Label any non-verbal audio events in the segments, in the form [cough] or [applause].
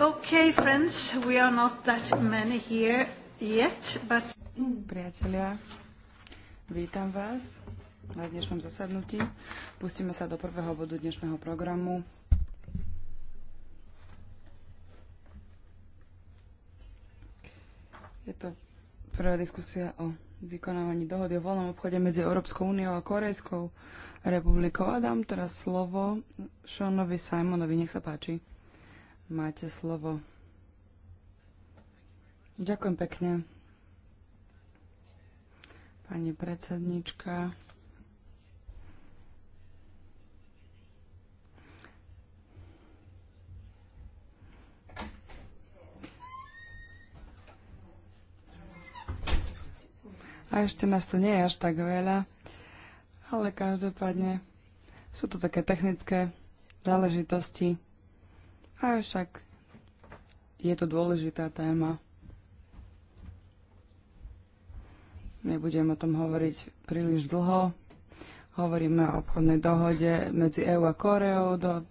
Okay, friends, we are not that many here yet, but... Priatelia, vítam vás na dnešnom zasadnutí. Pustíme sa do prvého bodu dnešného programu. Je to prvá diskusia o vykonávaní dohody o voľnom obchode medzi Európskou úniou a Korejskou republikou. A dám teraz slovo Seanovi Simonovi. Nech sa páči. Máte slovo. Ďakujem pekne. Pani predsednička. A ešte nás tu nie je až tak veľa, ale každopádne sú to také technické záležitosti. Avšak je to dôležitá téma. Nebudem o tom hovoriť príliš dlho. Hovoríme o obchodnej dohode medzi EÚ a Koreou. Do,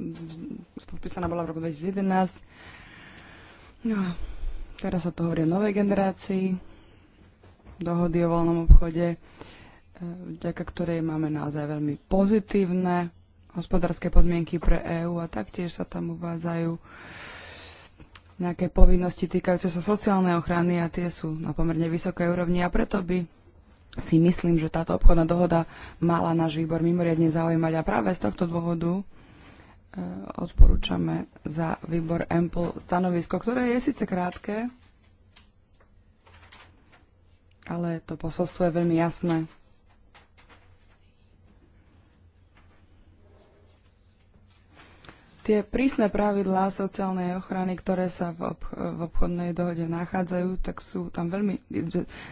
podpísaná bola v roku 2011. No, teraz sa to hovorí o novej generácii dohody o voľnom obchode, e, vďaka ktorej máme naozaj veľmi pozitívne hospodárske podmienky pre EÚ a taktiež sa tam uvádzajú nejaké povinnosti týkajúce sa sociálnej ochrany a tie sú na pomerne vysokej úrovni a preto by si myslím, že táto obchodná dohoda mala náš výbor mimoriadne zaujímať a práve z tohto dôvodu e, odporúčame za výbor EMPL stanovisko, ktoré je síce krátke, ale to posolstvo je veľmi jasné. Tie prísne pravidlá sociálnej ochrany, ktoré sa v, ob, v obchodnej dohode nachádzajú, tak sú tam veľmi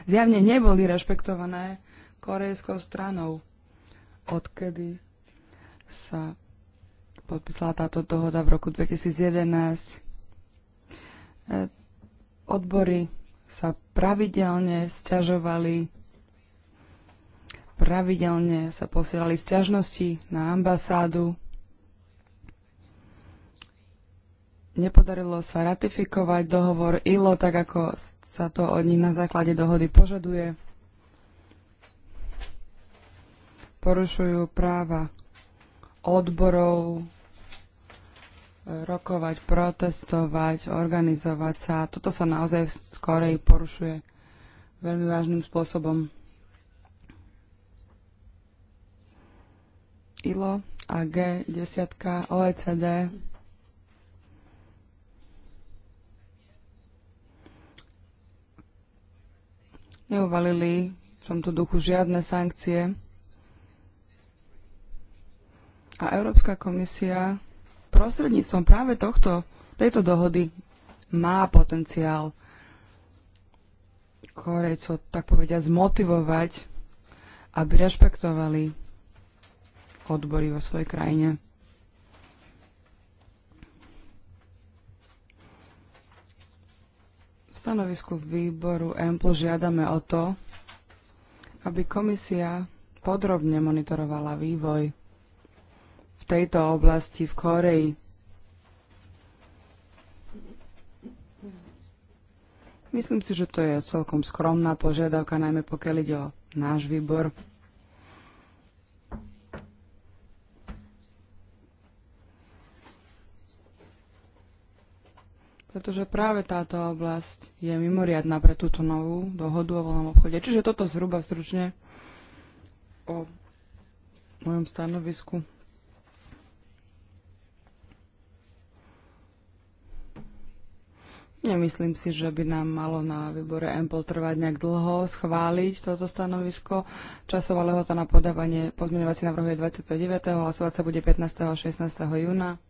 zjavne neboli rešpektované korejskou stranou, odkedy sa podpísala táto dohoda v roku 2011. E, odbory sa pravidelne sťažovali, pravidelne sa posielali sťažnosti na ambasádu nepodarilo sa ratifikovať dohovor ILO, tak ako sa to od nich na základe dohody požaduje. Porušujú práva odborov, rokovať, protestovať, organizovať sa. Toto sa naozaj v Koreji porušuje veľmi vážnym spôsobom. ILO a G10, OECD neuvalili v tomto duchu žiadne sankcie. A Európska komisia prostredníctvom práve tohto, tejto dohody má potenciál Korejcov, tak povedia, zmotivovať, aby rešpektovali odbory vo svojej krajine. stanovisku výboru EMPL žiadame o to, aby komisia podrobne monitorovala vývoj v tejto oblasti v Koreji. Myslím si, že to je celkom skromná požiadavka, najmä pokiaľ ide o náš výbor. pretože práve táto oblasť je mimoriadná pre túto novú dohodu o voľnom obchode. Čiže toto zhruba stručne o mojom stanovisku. Nemyslím si, že by nám malo na výbore MPL trvať nejak dlho schváliť toto stanovisko. Časová lehota na podávanie pozmeňovací návrhu je 29. hlasovať sa bude 15. a 16. júna.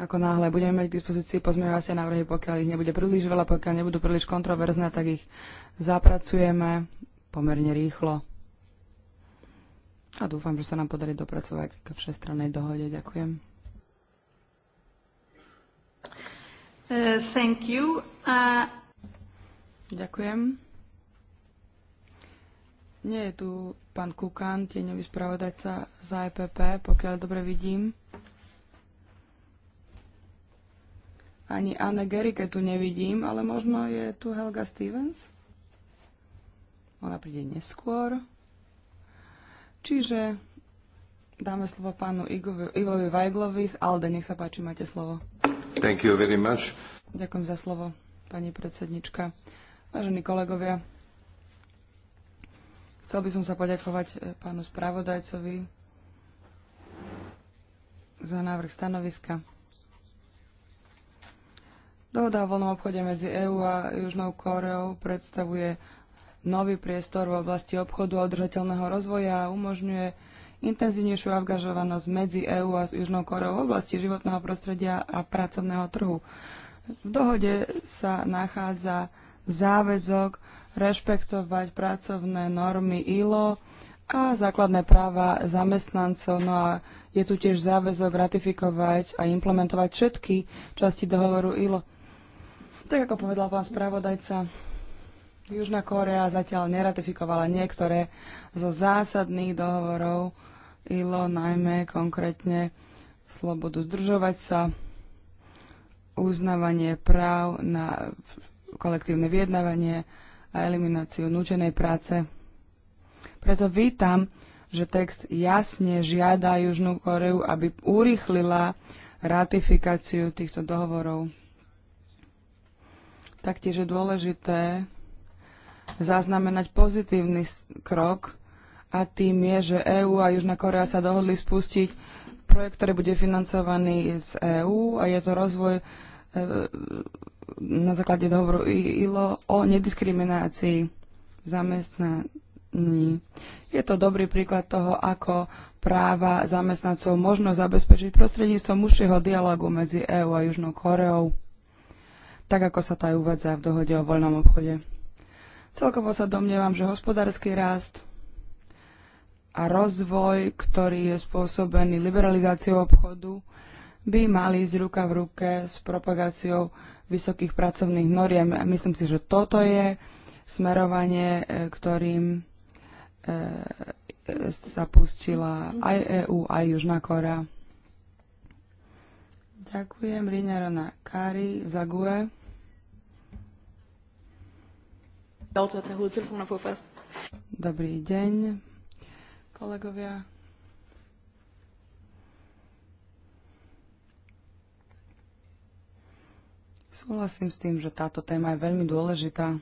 Ako náhle budeme mať k dispozícii pozmeňovacie návrhy, pokiaľ ich nebude príliš veľa, pokiaľ nebudú príliš kontroverzné, tak ich zapracujeme pomerne rýchlo. A dúfam, že sa nám podarí dopracovať k všestrannej dohode. Ďakujem. Uh, thank you. Uh... Ďakujem. Nie je tu pán Kukan, tieňový spravodajca za EPP, pokiaľ dobre vidím. Ani Anne Gerike tu nevidím, ale možno je tu Helga Stevens. Ona príde neskôr. Čiže dáme slovo pánu Igovi, Ivovi Vajglovi z Alde. Nech sa páči, máte slovo. Thank you very much. Ďakujem za slovo, pani predsednička. Vážení kolegovia, chcel by som sa poďakovať e, pánu spravodajcovi za návrh stanoviska. Dohoda o voľnom obchode medzi EÚ a Južnou Kóreou predstavuje nový priestor v oblasti obchodu a udržateľného rozvoja a umožňuje intenzívnejšiu angažovanosť medzi EÚ a Južnou Kóreou v oblasti životného prostredia a pracovného trhu. V dohode sa nachádza záväzok rešpektovať pracovné normy ILO a základné práva zamestnancov. No a je tu tiež záväzok ratifikovať a implementovať všetky časti dohovoru ILO. Tak ako povedal pán spravodajca, Južná Korea zatiaľ neratifikovala niektoré zo zásadných dohovorov ILO, najmä konkrétne slobodu združovať sa, uznávanie práv na kolektívne vyjednávanie a elimináciu nútenej práce. Preto vítam, že text jasne žiada Južnú Koreu, aby urýchlila ratifikáciu týchto dohovorov. Taktiež je dôležité zaznamenať pozitívny krok a tým je, že EÚ a Južná Korea sa dohodli spustiť projekt, ktorý bude financovaný z EÚ a je to rozvoj e, na základe dohovoru ILO o nediskriminácii v zamestnaní. Je to dobrý príklad toho, ako práva zamestnancov možno zabezpečiť prostredníctvom užšieho dialogu medzi EÚ a Južnou Koreou tak ako sa to aj uvádza v dohode o voľnom obchode. Celkovo sa domnievam, že hospodársky rast a rozvoj, ktorý je spôsobený liberalizáciou obchodu, by mali ísť ruka v ruke s propagáciou vysokých pracovných noriem. Myslím si, že toto je smerovanie, e, ktorým e, sa pustila aj EU, aj Južná Korea. Ďakujem Rinerona Kari za GUE. Dobrý deň, kolegovia. Súhlasím s tým, že táto téma je veľmi dôležitá.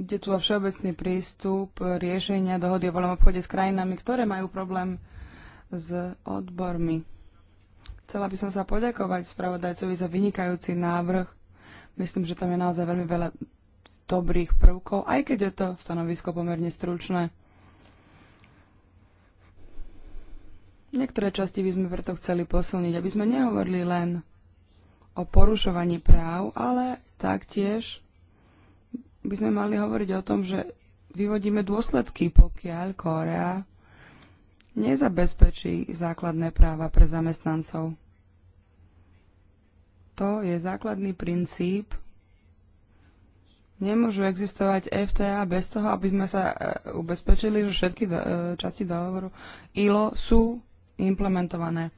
Ide tu o všeobecný prístup riešenia dohody o voľnom obchode s krajinami, ktoré majú problém s odbormi. Chcela by som sa poďakovať spravodajcovi za vynikajúci návrh. Myslím, že tam je naozaj veľmi veľa dobrých prvkov, aj keď je to stanovisko pomerne stručné. Niektoré časti by sme preto chceli posilniť, aby sme nehovorili len o porušovaní práv, ale taktiež by sme mali hovoriť o tom, že vyvodíme dôsledky, pokiaľ Korea nezabezpečí základné práva pre zamestnancov. To je základný princíp. Nemôžu existovať FTA bez toho, aby sme sa e, ubezpečili, že všetky e, časti dohovoru ILO sú implementované.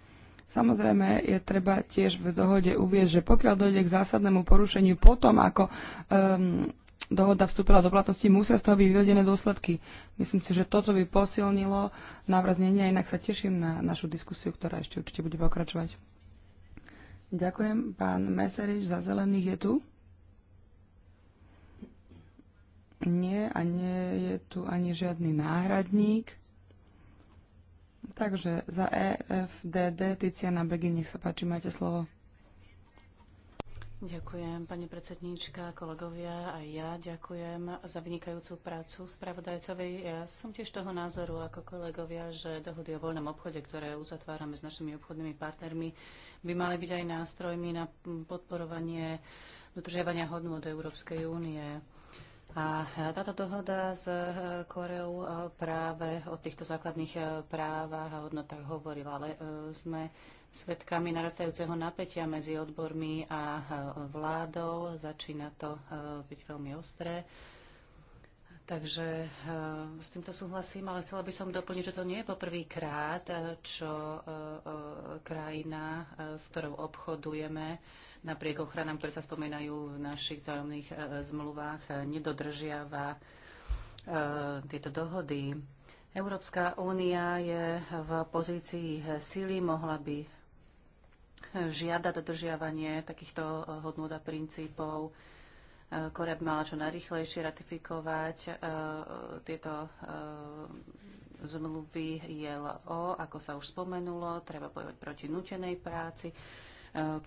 Samozrejme, je treba tiež v dohode uvieť, že pokiaľ dojde k zásadnému porušeniu potom, ako um, dohoda vstúpila do platnosti, musia z toho byť vyvedené dôsledky. Myslím si, že toto by posilnilo návraznenie, inak sa teším na našu diskusiu, ktorá ešte určite bude pokračovať. Ďakujem. Pán Meserič za zelených je tu? Nie a nie je tu ani žiadny náhradník. Takže za EFDD Tiziana Begin, nech sa páči, máte slovo. Ďakujem, pani predsedníčka, kolegovia, aj ja ďakujem za vynikajúcu prácu spravodajcovi. Ja som tiež toho názoru ako kolegovia, že dohody o voľnom obchode, ktoré uzatvárame s našimi obchodnými partnermi, by mali byť aj nástrojmi na podporovanie dodržiavania od Európskej únie. A táto dohoda s Koreou práve o týchto základných právach a hodnotách hovorila, ale e, sme svetkami narastajúceho napätia medzi odbormi a e, vládou. Začína to e, byť veľmi ostré. Takže e, s týmto súhlasím, ale chcela by som doplniť, že to nie je poprvýkrát, čo krajina, s ktorou obchodujeme, napriek ochranám, ktoré sa spomínajú v našich vzájomných zmluvách, nedodržiava tieto dohody. Európska únia je v pozícii sily, mohla by žiada dodržiavanie takýchto eh, hodnôt a princípov. Eh, Korea by mala čo najrychlejšie ratifikovať eh, tieto zmluvy JLO, ako sa už spomenulo, treba bojovať proti nutenej práci.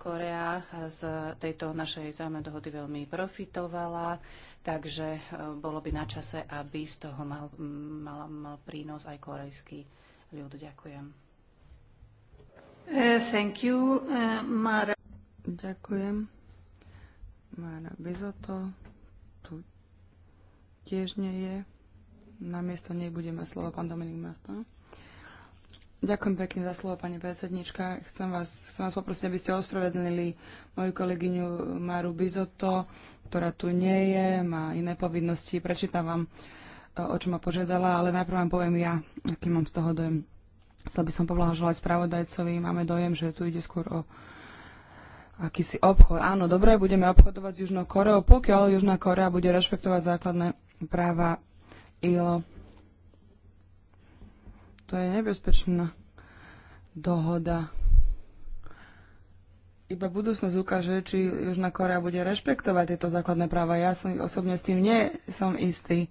Korea z tejto našej záme dohody veľmi profitovala, takže bolo by na čase, aby z toho mal, mal, mal prínos aj korejský ľud. Ďakujem. Eh, thank you, eh, Mara. Ďakujem. Mara Bizoto tu tiež nie je. Na miesto nej bude mať slovo pán Dominik Martin. Ďakujem pekne za slovo, pani predsednička. Chcem vás, chcem vás poprosiť, aby ste ospravedlnili moju kolegyňu Maru Bizoto, ktorá tu nie je, má iné povinnosti. Prečítam vám, eh, o čo ma požiadala, ale najprv vám poviem ja, aký mám z toho dojem. Chcel by som poblahoželať spravodajcovi. Máme dojem, že tu ide skôr o akýsi obchod. Áno, dobre, budeme obchodovať s Južnou Koreou, pokiaľ Južná Korea bude rešpektovať základné práva ILO. To je nebezpečná dohoda. Iba budúcnosť ukáže, či Južná Korea bude rešpektovať tieto základné práva. Ja som osobne s tým nie som istý.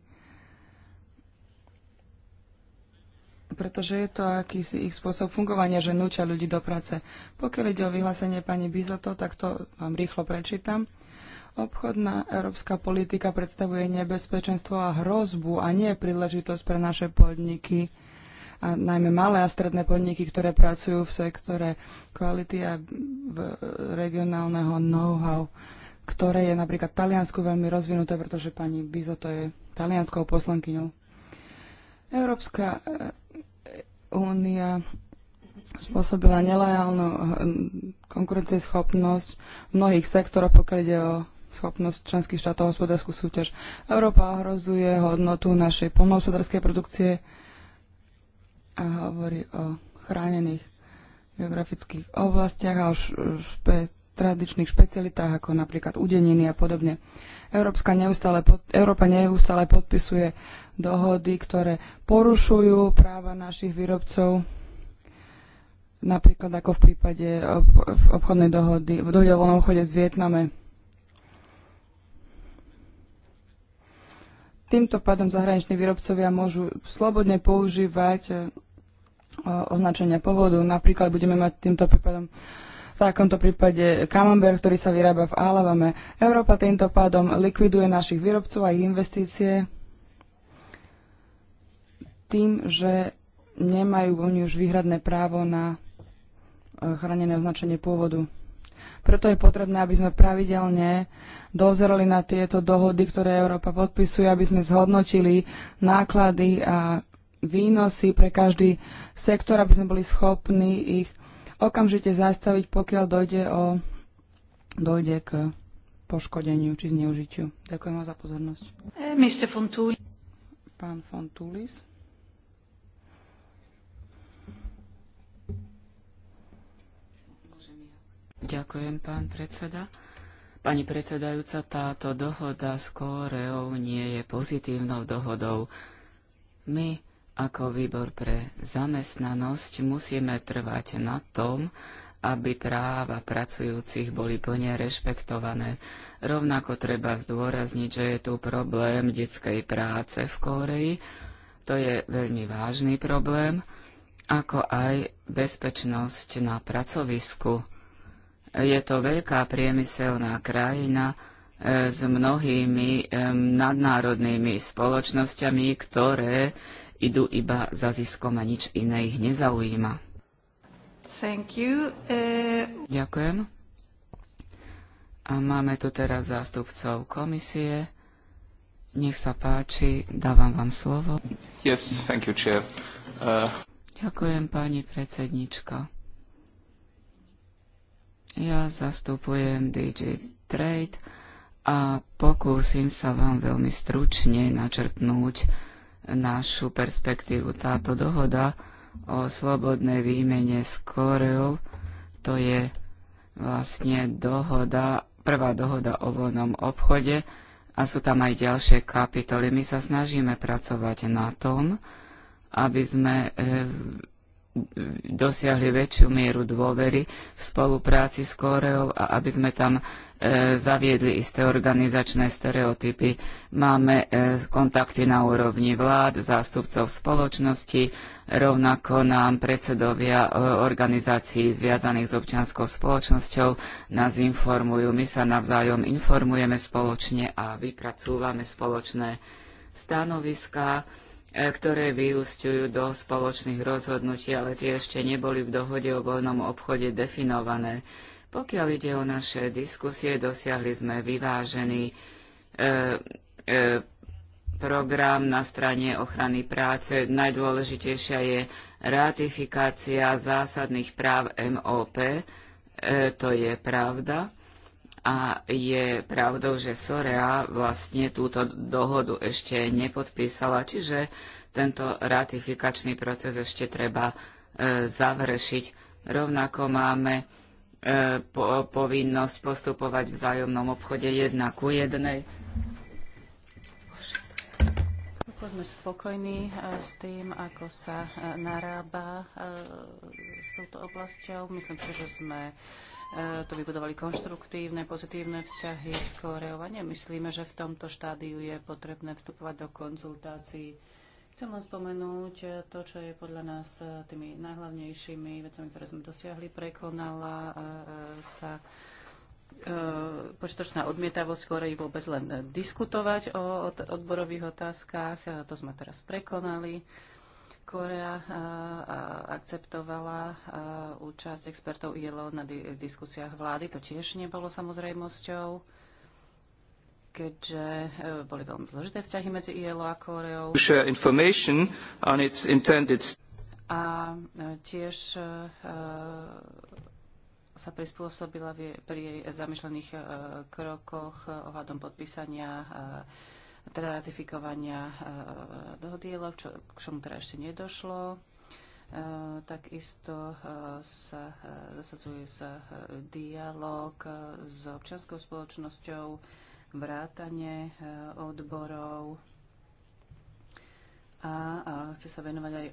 pretože je to akýsi ich spôsob fungovania, že núčia ľudí do práce. Pokiaľ ide o vyhlásenie pani Bizoto, tak to vám rýchlo prečítam. Obchodná európska politika predstavuje nebezpečenstvo a hrozbu a nie príležitosť pre naše podniky, a najmä malé a stredné podniky, ktoré pracujú v sektore kvality a regionálneho know-how, ktoré je napríklad v Taliansku veľmi rozvinuté, pretože pani Bizoto je talianskou poslankyňou. Európska únia spôsobila nelojálnu hm, konkurencieschopnosť v mnohých sektoroch, pokiaľ ide o schopnosť členských štátov hospodárskú súťaž. Európa ohrozuje hodnotu našej polnohospodárskej produkcie a hovorí o chránených geografických oblastiach a o špe- tradičných špecialitách, ako napríklad udeniny a podobne. Európska neustále, Európa neustále podpisuje dohody, ktoré porušujú práva našich výrobcov, napríklad ako v prípade obchodnej dohody, v dohode o voľnom obchode s Vietname. Týmto pádom zahraniční výrobcovia môžu slobodne používať eh, označenia povodu. Napríklad budeme mať týmto prípadom takomto prípade Camembert, ktorý sa vyrába v Álavame. Európa týmto pádom likviduje našich výrobcov a ich investície tým, že nemajú oni už výhradné právo na e, chránené označenie pôvodu. Preto je potrebné, aby sme pravidelne dozerali na tieto dohody, ktoré Európa podpisuje, aby sme zhodnotili náklady a výnosy pre každý sektor, aby sme boli schopní ich okamžite zastaviť, pokiaľ dojde, o, dojde k poškodeniu či zneužitiu. Ďakujem vám za pozornosť. E, Mr. Fontuli. Pán Fontulis. Ďakujem, pán predseda. Pani predsedajúca, táto dohoda s Kóreou nie je pozitívnou dohodou. My ako výbor pre zamestnanosť musíme trvať na tom, aby práva pracujúcich boli plne rešpektované. Rovnako treba zdôrazniť, že je tu problém detskej práce v Kórei, To je veľmi vážny problém, ako aj bezpečnosť na pracovisku. Je to veľká priemyselná krajina e, s mnohými e, nadnárodnými spoločnosťami, ktoré idú iba za ziskom a nič iné ich nezaujíma. Thank you. Uh... Ďakujem. A máme tu teraz zástupcov komisie. Nech sa páči, dávam vám slovo. Yes, thank you, chair. Uh... Ďakujem, pani predsednička. Ja zastupujem DG Trade a pokúsim sa vám veľmi stručne načrtnúť našu perspektívu. Táto dohoda o slobodnej výmene s Koreou, to je vlastne dohoda, prvá dohoda o voľnom obchode a sú tam aj ďalšie kapitoly. My sa snažíme pracovať na tom, aby sme e, dosiahli väčšiu mieru dôvery v spolupráci s Kóreou a aby sme tam e, zaviedli isté organizačné stereotypy. Máme e, kontakty na úrovni vlád, zástupcov spoločnosti, rovnako nám predsedovia e, organizácií zviazaných s občianskou spoločnosťou nás informujú. My sa navzájom informujeme spoločne a vypracúvame spoločné stanoviská E, ktoré vyústiujú do spoločných rozhodnutí, ale tie ešte neboli v dohode o voľnom obchode definované. Pokiaľ ide o naše diskusie, dosiahli sme vyvážený e, e, program na strane ochrany práce. Najdôležitejšia je ratifikácia zásadných práv MOP. E, to je pravda. A je pravdou, že Sorea vlastne túto dohodu ešte nepodpísala, čiže tento ratifikačný proces ešte treba e, završiť. Rovnako máme e, po, povinnosť postupovať v vzájomnom obchode jedna ku jednej. sme spokojní e, s tým, ako sa e, narába e, s touto oblasťou. Myslím si, že sme E, to vybudovali konštruktívne, pozitívne vzťahy s Koreou nemyslíme, že v tomto štádiu je potrebné vstupovať do konzultácií. Chcem len spomenúť to, čo je podľa nás e, tými najhlavnejšími vecami, ktoré sme dosiahli. Prekonala e, sa počítočná odmietavosť skorej vôbec len diskutovať o odborových otázkach. To sme teraz prekonali. Korea akceptovala účasť expertov ILO na diskusiách vlády. To tiež nebolo samozrejmosťou, keďže e, boli veľmi zložité vzťahy medzi ILO a Koreou. A e, tiež e, sa prispôsobila pri jej zamýšľaných krokoch ohľadom podpísania teda ratifikovania e, dohody, čo, k čomu teda ešte nedošlo. E, takisto e, sa zasadzuje sa dialog s občianskou spoločnosťou, vrátanie odborov a chce sa venovať aj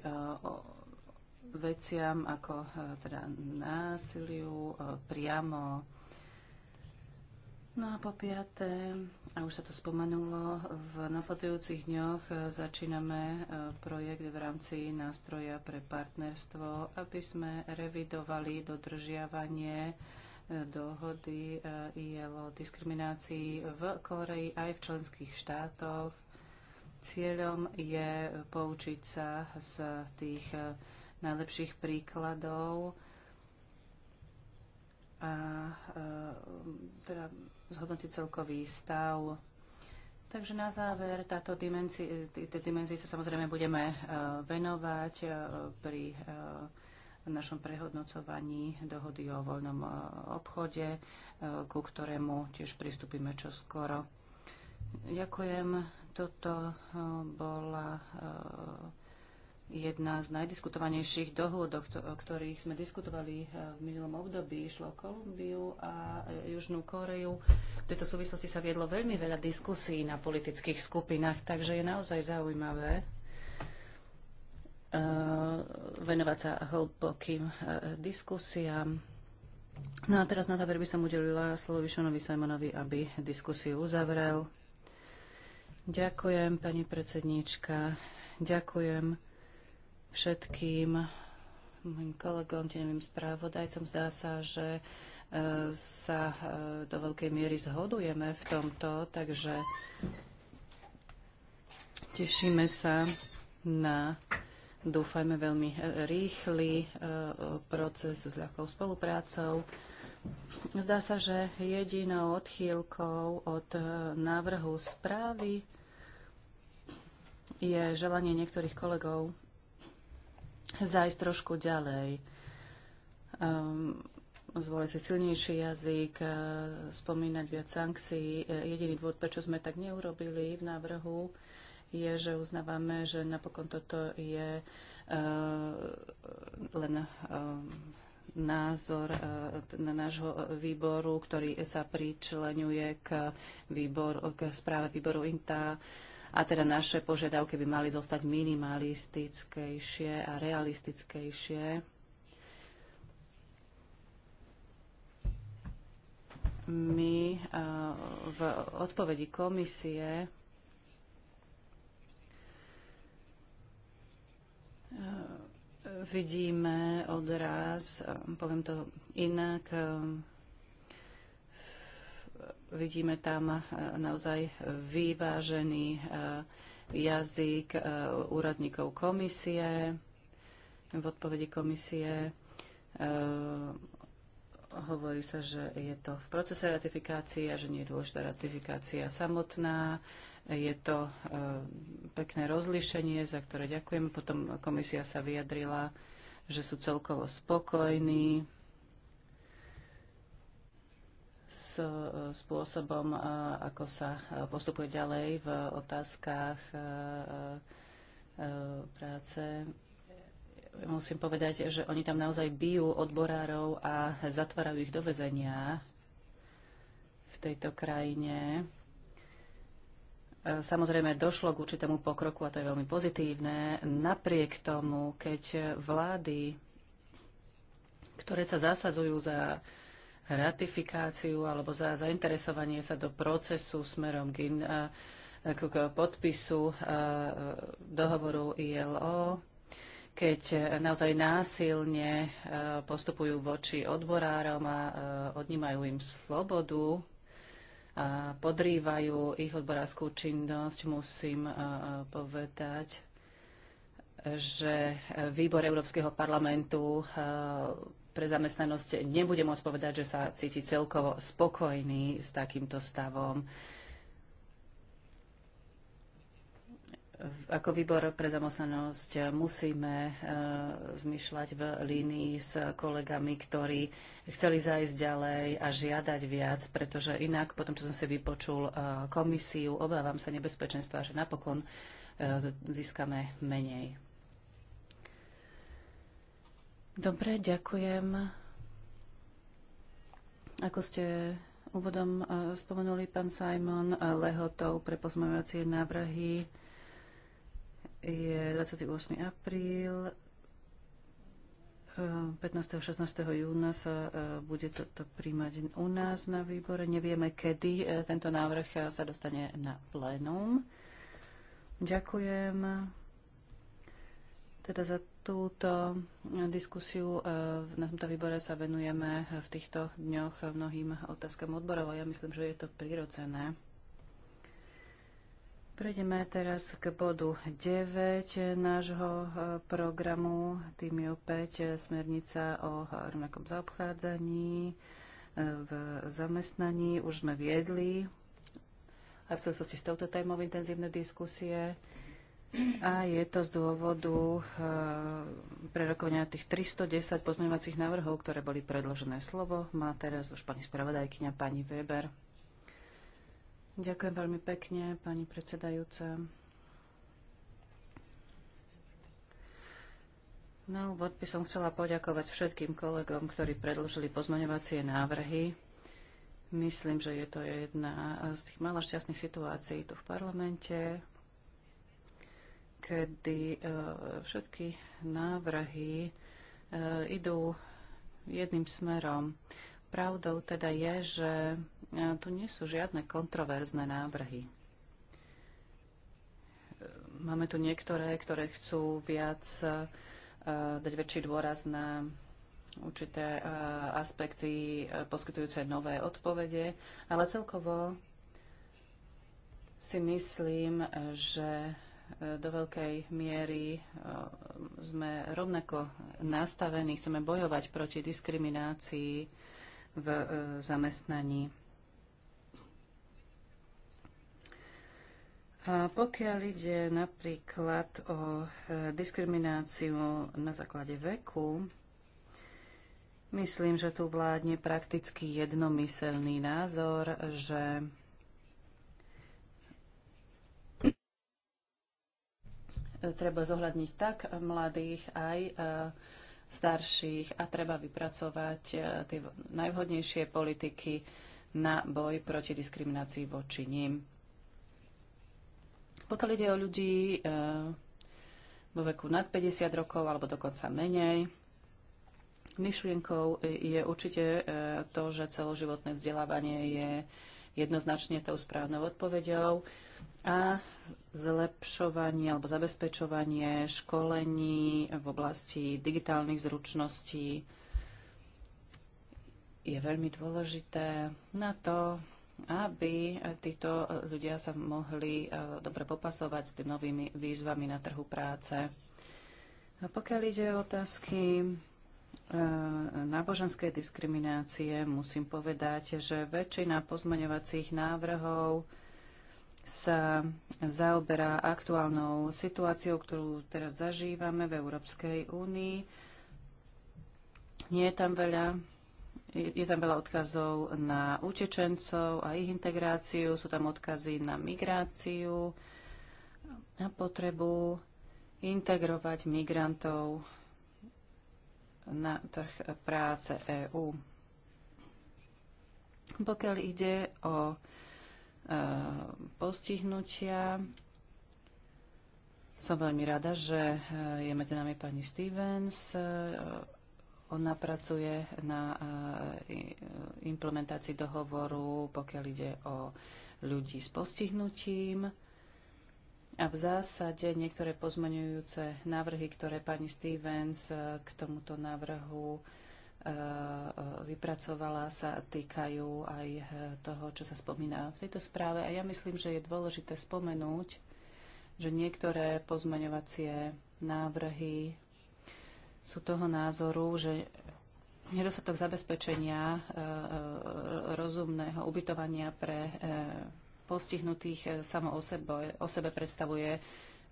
veciam ako teda násiliu priamo No a po piaté, a už sa to spomenulo, v nasledujúcich dňoch e, začíname e, projekt v rámci nástroja pre partnerstvo, aby sme revidovali dodržiavanie e, dohody ILO o diskriminácii v Koreji aj v členských štátoch. Cieľom je poučiť sa z tých najlepších príkladov a teda zhodnotiť celkový stav. Takže na záver táto dimenzii, tejto dimenzii sa samozrejme budeme e, venovať e, pri e, našom prehodnocovaní dohody o voľnom obchode, ku ktorému tiež pristúpime čoskoro. Ďakujem. Toto bola jedna z najdiskutovanejších dohôd, o ktorých sme diskutovali eh, v minulom období, išlo o Kolumbiu a eh, Južnú Koreju. V tejto súvislosti sa viedlo veľmi veľa diskusí na politických skupinách, takže je naozaj zaujímavé eh, venovať sa hlbokým diskusiám. No a teraz na záver by som udelila slovo Vyšonovi Simonovi, aby diskusiu uzavrel. Ďakujem, pani predsedníčka. Ďakujem všetkým mojim kolegom, tenovým správodajcom. Zdá sa, že e, sa e, do veľkej miery zhodujeme v tomto, takže tešíme sa na, dúfajme, veľmi rýchly e, proces s ľahkou spoluprácou. Zdá sa, že jedinou odchýlkou od návrhu správy je želanie niektorých kolegov zájsť trošku ďalej. Um, ehm, zvoliť si silnejší jazyk, e, spomínať viac sankcií. E, jediný dôvod, prečo sme tak neurobili v návrhu, je, že uznávame, že napokon toto je uh, len uh, názor uh, na nášho výboru, ktorý sa pričlenuje k, výboru, k správe výboru INTA. Uh, a teda naše požiadavky by mali zostať minimalistickejšie a realistickejšie. My v odpovedi komisie vidíme odraz, poviem to inak, Vidíme tam e, naozaj vyvážený e, jazyk e, úradníkov komisie. V odpovedi komisie hovorí sa, že je to v procese ratifikácie a že nie je dôležitá ratifikácia samotná. Je to pekné rozlíšenie, za ktoré ďakujem. Potom komisia sa vyjadrila, že sú celkovo spokojní s e, spôsobom, e, ako sa e, postupuje ďalej v otázkach práce. Musím povedať, že oni tam naozaj bijú odborárov a zatvárajú ich do vezenia v tejto krajine. Samozrejme, došlo k určitému pokroku a to je veľmi pozitívne. Napriek tomu, keď vlády, ktoré sa zasazujú za ratifikáciu alebo za zainteresovanie sa do procesu smerom k, in, k podpisu dohovoru ILO, keď naozaj násilne postupujú voči odborárom a odnímajú im slobodu a podrývajú ich odborárskú činnosť, musím povedať, že výbor Európskeho parlamentu pre zamestnanosť nebude môcť povedať, že sa cíti celkovo spokojný s takýmto stavom. Ako výbor pre zamestnanosť musíme e, zmyšľať v línii s kolegami, ktorí chceli zájsť ďalej a žiadať viac, pretože inak, potom čo som si vypočul e, komisiu, obávam sa nebezpečenstva, že napokon e, získame menej. Dobre, ďakujem. Ako ste úvodom e, spomenuli, pán Simon, e, lehotou pre pozmeňovacie návrhy je 28. apríl. 15. a 16. júna sa e, bude toto príjmať u nás na výbore. Nevieme, kedy tento návrh sa dostane na plénum. Ďakujem teda za túto diskusiu. E, na tomto výbore sa venujeme v týchto dňoch mnohým otázkam odborov a ja myslím, že je to prirodzené. Prejdeme teraz k bodu 9 nášho e, programu. Tým je opäť smernica o rovnakom zaobchádzaní e, v zamestnaní. Už sme viedli a v súvislosti s touto témou intenzívne diskusie. A je to z dôvodu e, prerokovania tých 310 pozmeňovacích návrhov, ktoré boli predložené slovo. Má teraz už pani spravodajkyňa, pani Weber. Ďakujem veľmi pekne, pani predsedajúca. Na úvod by som chcela poďakovať všetkým kolegom, ktorí predložili pozmeňovacie návrhy. Myslím, že je to jedna z tých malo šťastných situácií tu v parlamente, kedy e, všetky návrhy e, idú jedným smerom. Pravdou teda je, že e, tu nie sú žiadne kontroverzné návrhy. Máme tu niektoré, ktoré chcú viac dať väčší dôraz na určité aspekty poskytujúce nové odpovede, ale celkovo si myslím, že do veľkej miery e, sme rovnako nastavení, chceme bojovať proti diskriminácii v e, zamestnaní. A pokiaľ ide napríklad o e, diskrimináciu na základe veku, myslím, že tu vládne prakticky jednomyselný názor, že E, treba zohľadniť tak mladých aj e, starších a treba vypracovať e, tie najvhodnejšie politiky na boj proti diskriminácii voči ním. Pokiaľ ide o ľudí vo veku nad 50 rokov alebo dokonca menej, myšlienkou je určite to, že celoživotné vzdelávanie je jednoznačne tou správnou odpoveďou a zlepšovanie alebo zabezpečovanie školení v oblasti digitálnych zručností je veľmi dôležité na to, aby títo ľudia sa mohli e, dobre popasovať s tými novými výzvami na trhu práce. A pokiaľ ide o otázky e, náboženskej diskriminácie, musím povedať, že väčšina pozmaňovacích návrhov sa zaoberá aktuálnou situáciou, ktorú teraz zažívame v Európskej únii. Nie je tam veľa je tam veľa odkazov na utečencov a ich integráciu, sú tam odkazy na migráciu a potrebu integrovať migrantov na trh práce EÚ. Pokiaľ ide o Eh, postihnutia. Som veľmi rada, že eh, je medzi nami pani Stevens. Eh, ona pracuje na implementácii dohovoru, pokiaľ ide o ľudí s postihnutím. A v zásade niektoré pozmeňujúce návrhy, ktoré pani Stevens k tomuto návrhu vypracovala, sa týkajú aj toho, čo sa spomína v tejto správe. A ja myslím, že je dôležité spomenúť, že niektoré pozmaňovacie návrhy sú toho názoru, že nedostatok zabezpečenia rozumného ubytovania pre postihnutých samo o sebe, o sebe predstavuje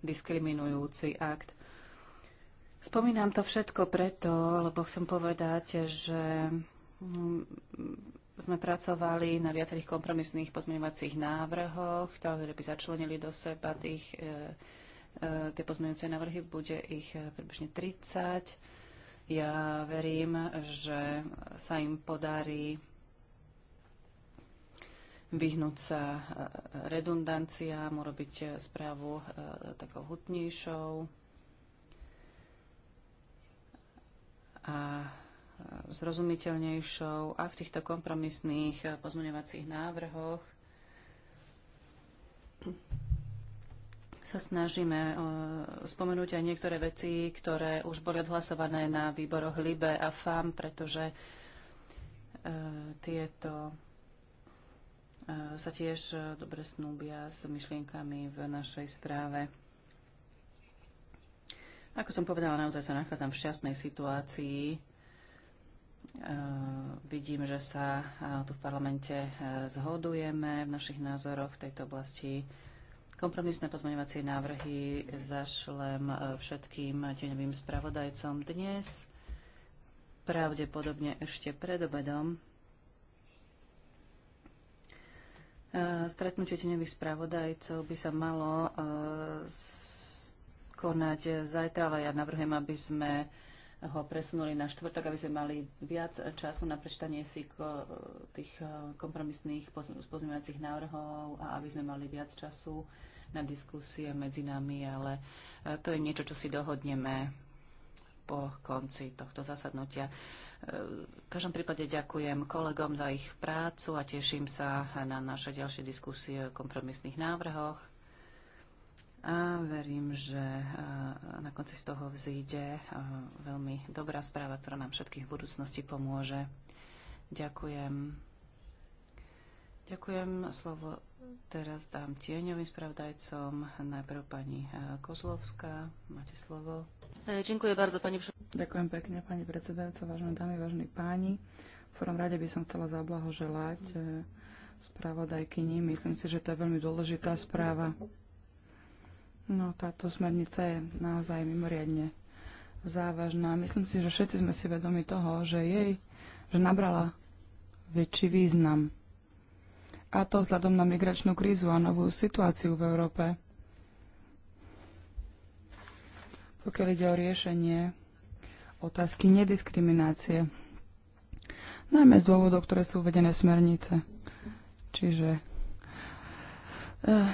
diskriminujúci akt. Spomínam to všetko preto, lebo chcem povedať, že mm, sme pracovali na viacerých kompromisných pozmeňovacích návrhoch, ktoré by začlenili do seba tých, e, e, tie pozmeňujúce návrhy, bude ich e, približne 30. Ja verím, že sa im podarí vyhnúť sa e, redundanciám, urobiť e, správu takou hutnejšou. a zrozumiteľnejšou a v týchto kompromisných pozmeňovacích návrhoch sa snažíme spomenúť aj niektoré veci, ktoré už boli odhlasované na výboroch LIBE a FAM, pretože e, tieto e, sa tiež e, dobre snúbia s myšlienkami v našej správe. Ako som povedala, naozaj sa nachádzam v šťastnej situácii. Uh, vidím, že sa uh, tu v parlamente uh, zhodujeme v našich názoroch v tejto oblasti. Kompromisné pozmeňovacie návrhy zašlem všetkým tieňovým spravodajcom dnes, pravdepodobne ešte pred obedom. Stretnutie tieňových spravodajcov by sa malo s konať zajtra, ale ja navrhujem, aby sme ho presunuli na štvrtok, aby sme mali viac času na prečtanie si tých eh, kompromisných pozmeňovacích návrhov a aby sme mali viac času na diskusie medzi nami, ale eh, to je niečo, čo si dohodneme po konci tohto zasadnutia. Eh, v každom prípade ďakujem kolegom za ich prácu a teším sa na naše ďalšie diskusie o kompromisných návrhoch. A verím, že na konci z toho vzíde veľmi dobrá správa, ktorá nám všetkých v budúcnosti pomôže. Ďakujem. Ďakujem. Slovo teraz dám tieňovým spravodajcom. Najprv pani Kozlovská. Máte slovo. E, ďakujem bardzo, pani Ďakujem pekne, pani predsedajúca, vážené dámy, vážení páni. V prvom rade by som chcela zablahoželať e, spravodajkyni. Myslím si, že to je veľmi dôležitá správa. No, táto smernica je naozaj mimoriadne závažná. Myslím si, že všetci sme si vedomi toho, že jej že nabrala väčší význam. A to vzhľadom na migračnú krízu a novú situáciu v Európe. Pokiaľ ide o riešenie otázky nediskriminácie, najmä z dôvodov, ktoré sú uvedené v smernice. Čiže eh,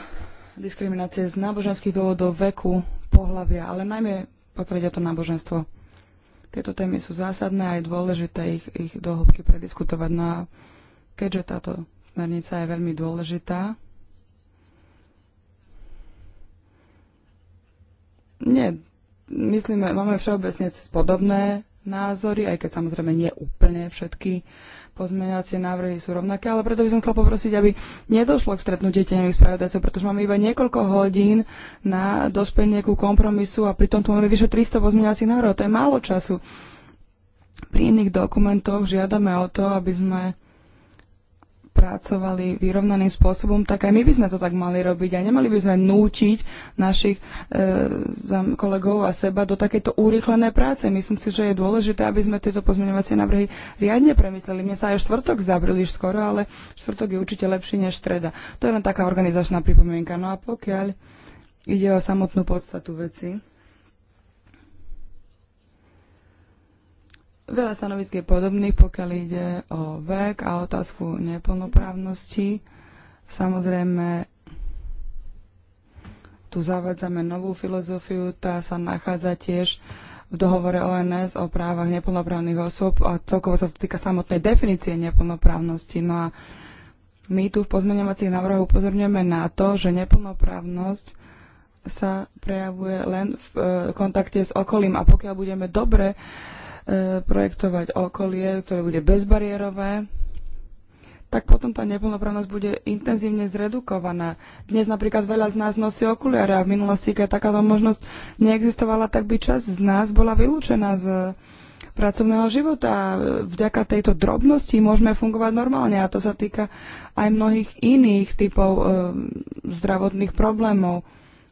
diskriminácie z náboženských dôvodov, veku, pohlavia, ale najmä pokiaľ ide o to náboženstvo. Tieto témy sú zásadné a je dôležité ich, ich hĺbky prediskutovať. No a keďže táto smernica je veľmi dôležitá, nie, myslíme, máme všeobecne podobné názory, aj keď samozrejme nie úplne všetky pozmeňovacie návrhy sú rovnaké, ale preto by som chcel poprosiť, aby nedošlo k stretnutiu tieňových spravodajcov, pretože máme iba niekoľko hodín na dospenie ku kompromisu a pritom tu máme vyše 300 pozmeňovacích návrhov, to je málo času. Pri iných dokumentoch žiadame o to, aby sme pracovali vyrovnaným spôsobom, tak aj my by sme to tak mali robiť a nemali by sme nútiť našich e, kolegov a seba do takejto urýchlenej práce. Myslím si, že je dôležité, aby sme tieto pozmeňovacie návrhy riadne premysleli. Mne sa aj štvrtok zabrili skoro, ale štvrtok je určite lepší než streda. To je len taká organizačná pripomienka. No a pokiaľ ide o samotnú podstatu veci, Veľa stanovisk je podobných, pokiaľ ide o vek a otázku neplnoprávnosti. Samozrejme, tu zavádzame novú filozofiu, tá sa nachádza tiež v dohovore ONS o právach neplnoprávnych osôb a celkovo sa to týka samotnej definície neplnoprávnosti. No a my tu v pozmeňovacích návrhoch upozorňujeme na to, že neplnoprávnosť sa prejavuje len v e, kontakte s okolím a pokiaľ budeme dobre projektovať okolie, ktoré bude bezbariérové, tak potom tá neplnoprávnosť bude intenzívne zredukovaná. Dnes napríklad veľa z nás nosí okuliare a v minulosti, keď takáto možnosť neexistovala, tak by časť z nás bola vylúčená z pracovného života. A vďaka tejto drobnosti môžeme fungovať normálne a to sa týka aj mnohých iných typov e, zdravotných problémov.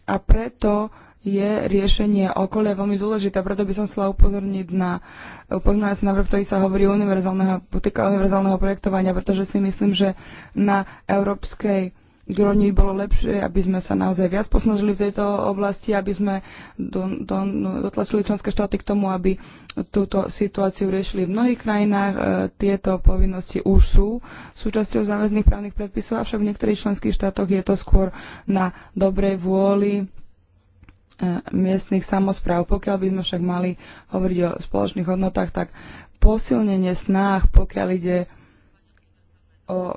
A preto je riešenie okolia veľmi dôležité, preto by som chcela upozorniť na pozmeňovací návrh, ktorý sa hovorí univerzálneho, týka univerzálneho projektovania, pretože si myslím, že na európskej úrovni by bolo lepšie, aby sme sa naozaj viac posnažili v tejto oblasti, aby sme do, do, dotlačili členské štáty k tomu, aby túto situáciu riešili. V mnohých krajinách e, tieto povinnosti už sú súčasťou záväzných právnych predpisov, avšak v niektorých členských štátoch je to skôr na dobrej vôli miestnych samozpráv. Pokiaľ by sme však mali hovoriť o spoločných hodnotách, tak posilnenie snách, pokiaľ ide o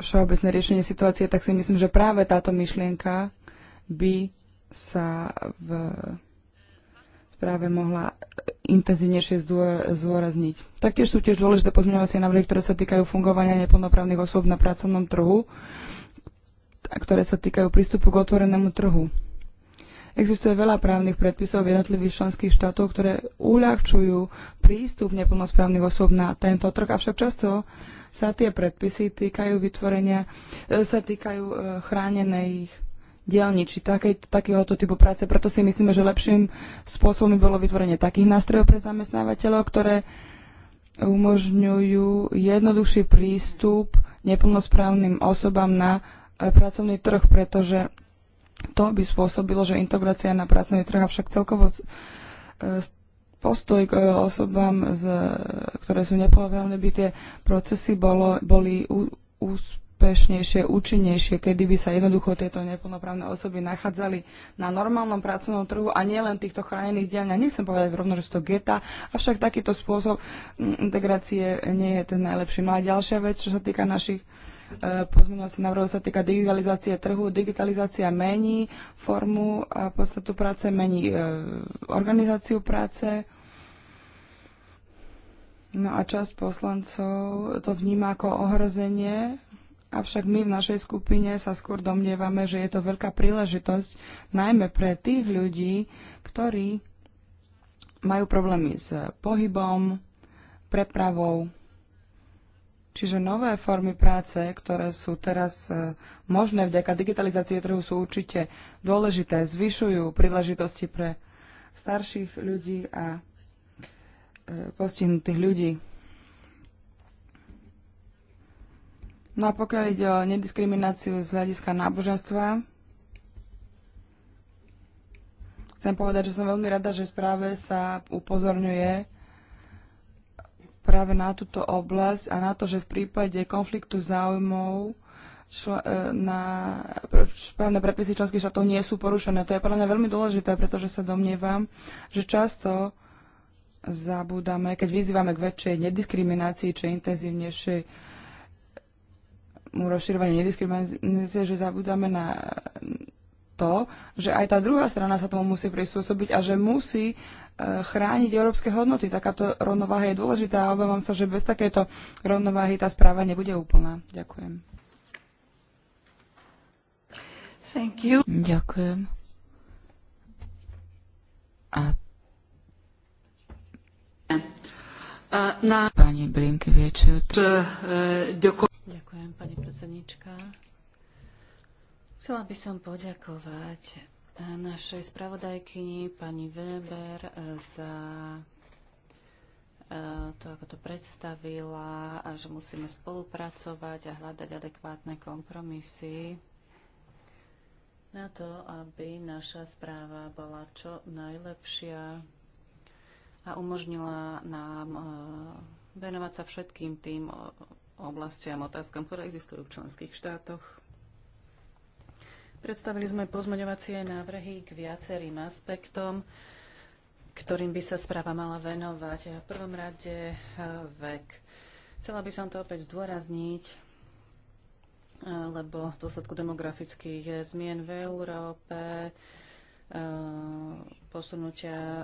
všeobecné riešenie situácie, tak si myslím, že práve táto myšlienka by sa v práve mohla intenzívnejšie zdôrazniť. Taktiež sú tiež dôležité pozmeňovacie návrhy, ktoré sa týkajú fungovania neplnoprávnych osôb na pracovnom trhu, a ktoré sa týkajú prístupu k otvorenému trhu. Existuje veľa právnych predpisov v jednotlivých členských štátoch, ktoré uľahčujú prístup neplnosprávnych osôb na tento trh, avšak často sa tie predpisy týkajú vytvorenia, e, sa týkajú e, chránených dielni či takéhoto typu práce. Preto si myslíme, že lepším spôsobom by bolo vytvorenie takých nástrojov pre zamestnávateľov, ktoré umožňujú jednoduchší prístup neplnosprávnym osobám na e, pracovný trh, pretože to by spôsobilo, že integrácia na pracovný trh, avšak celkovo e, postoj k e, osobám, z, ktoré sú nepovedané, by tie procesy bolo, boli úspešnejšie, účinnejšie, kedy by sa jednoducho tieto neplnoprávne osoby nachádzali na normálnom pracovnom trhu a nielen týchto chránených dielňach. Nechcem povedať rovno, že sú to geta, avšak takýto spôsob integrácie nie je ten najlepší. No a ďalšia vec, čo sa týka našich pozmeňovací návrh sa týka digitalizácie trhu. Digitalizácia mení formu a podstatu práce, mení e, organizáciu práce. No a časť poslancov to vníma ako ohrozenie, avšak my v našej skupine sa skôr domnievame, že je to veľká príležitosť najmä pre tých ľudí, ktorí majú problémy s pohybom, prepravou, Čiže nové formy práce, ktoré sú teraz e, možné vďaka digitalizácie trhu, sú určite dôležité, zvyšujú príležitosti pre starších ľudí a e, postihnutých ľudí. No a pokiaľ ide o nediskrimináciu z hľadiska náboženstva, chcem povedať, že som veľmi rada, že v správe sa upozorňuje práve na túto oblasť a na to, že v prípade konfliktu záujmov e, na predpisy členských štátov nie sú porušené. To je podľa mňa veľmi dôležité, pretože sa domnievam, že často zabúdame, keď vyzývame k väčšej nediskriminácii či intenzívnejšej mu mm, rozširovanie nediskriminácie, že zabúdame na to, že aj tá druhá strana sa tomu musí prispôsobiť a že musí e, chrániť európske hodnoty. Takáto rovnováha je dôležitá a obávam sa, že bez takéto rovnováhy tá správa nebude úplná. Ďakujem. Thank you. Ďakujem. A A na... Pani Blinkeviečut. E, e, ďakujem, pani predsednička. Chcela by som poďakovať eh, našej spravodajkyni pani Weber eh, za eh, to, ako to predstavila a že musíme spolupracovať a hľadať adekvátne kompromisy na to, aby naša správa bola čo najlepšia a umožnila nám venovať sa všetkým tým oblastiam, otázkam, ktoré existujú v členských štátoch. Predstavili sme pozmeňovacie návrhy k viacerým aspektom, ktorým by sa správa mala venovať. V prvom rade eh, vek. Chcela by som to opäť zdôrazniť, eh, lebo v dôsledku demografických eh, zmien v Európe, posunutia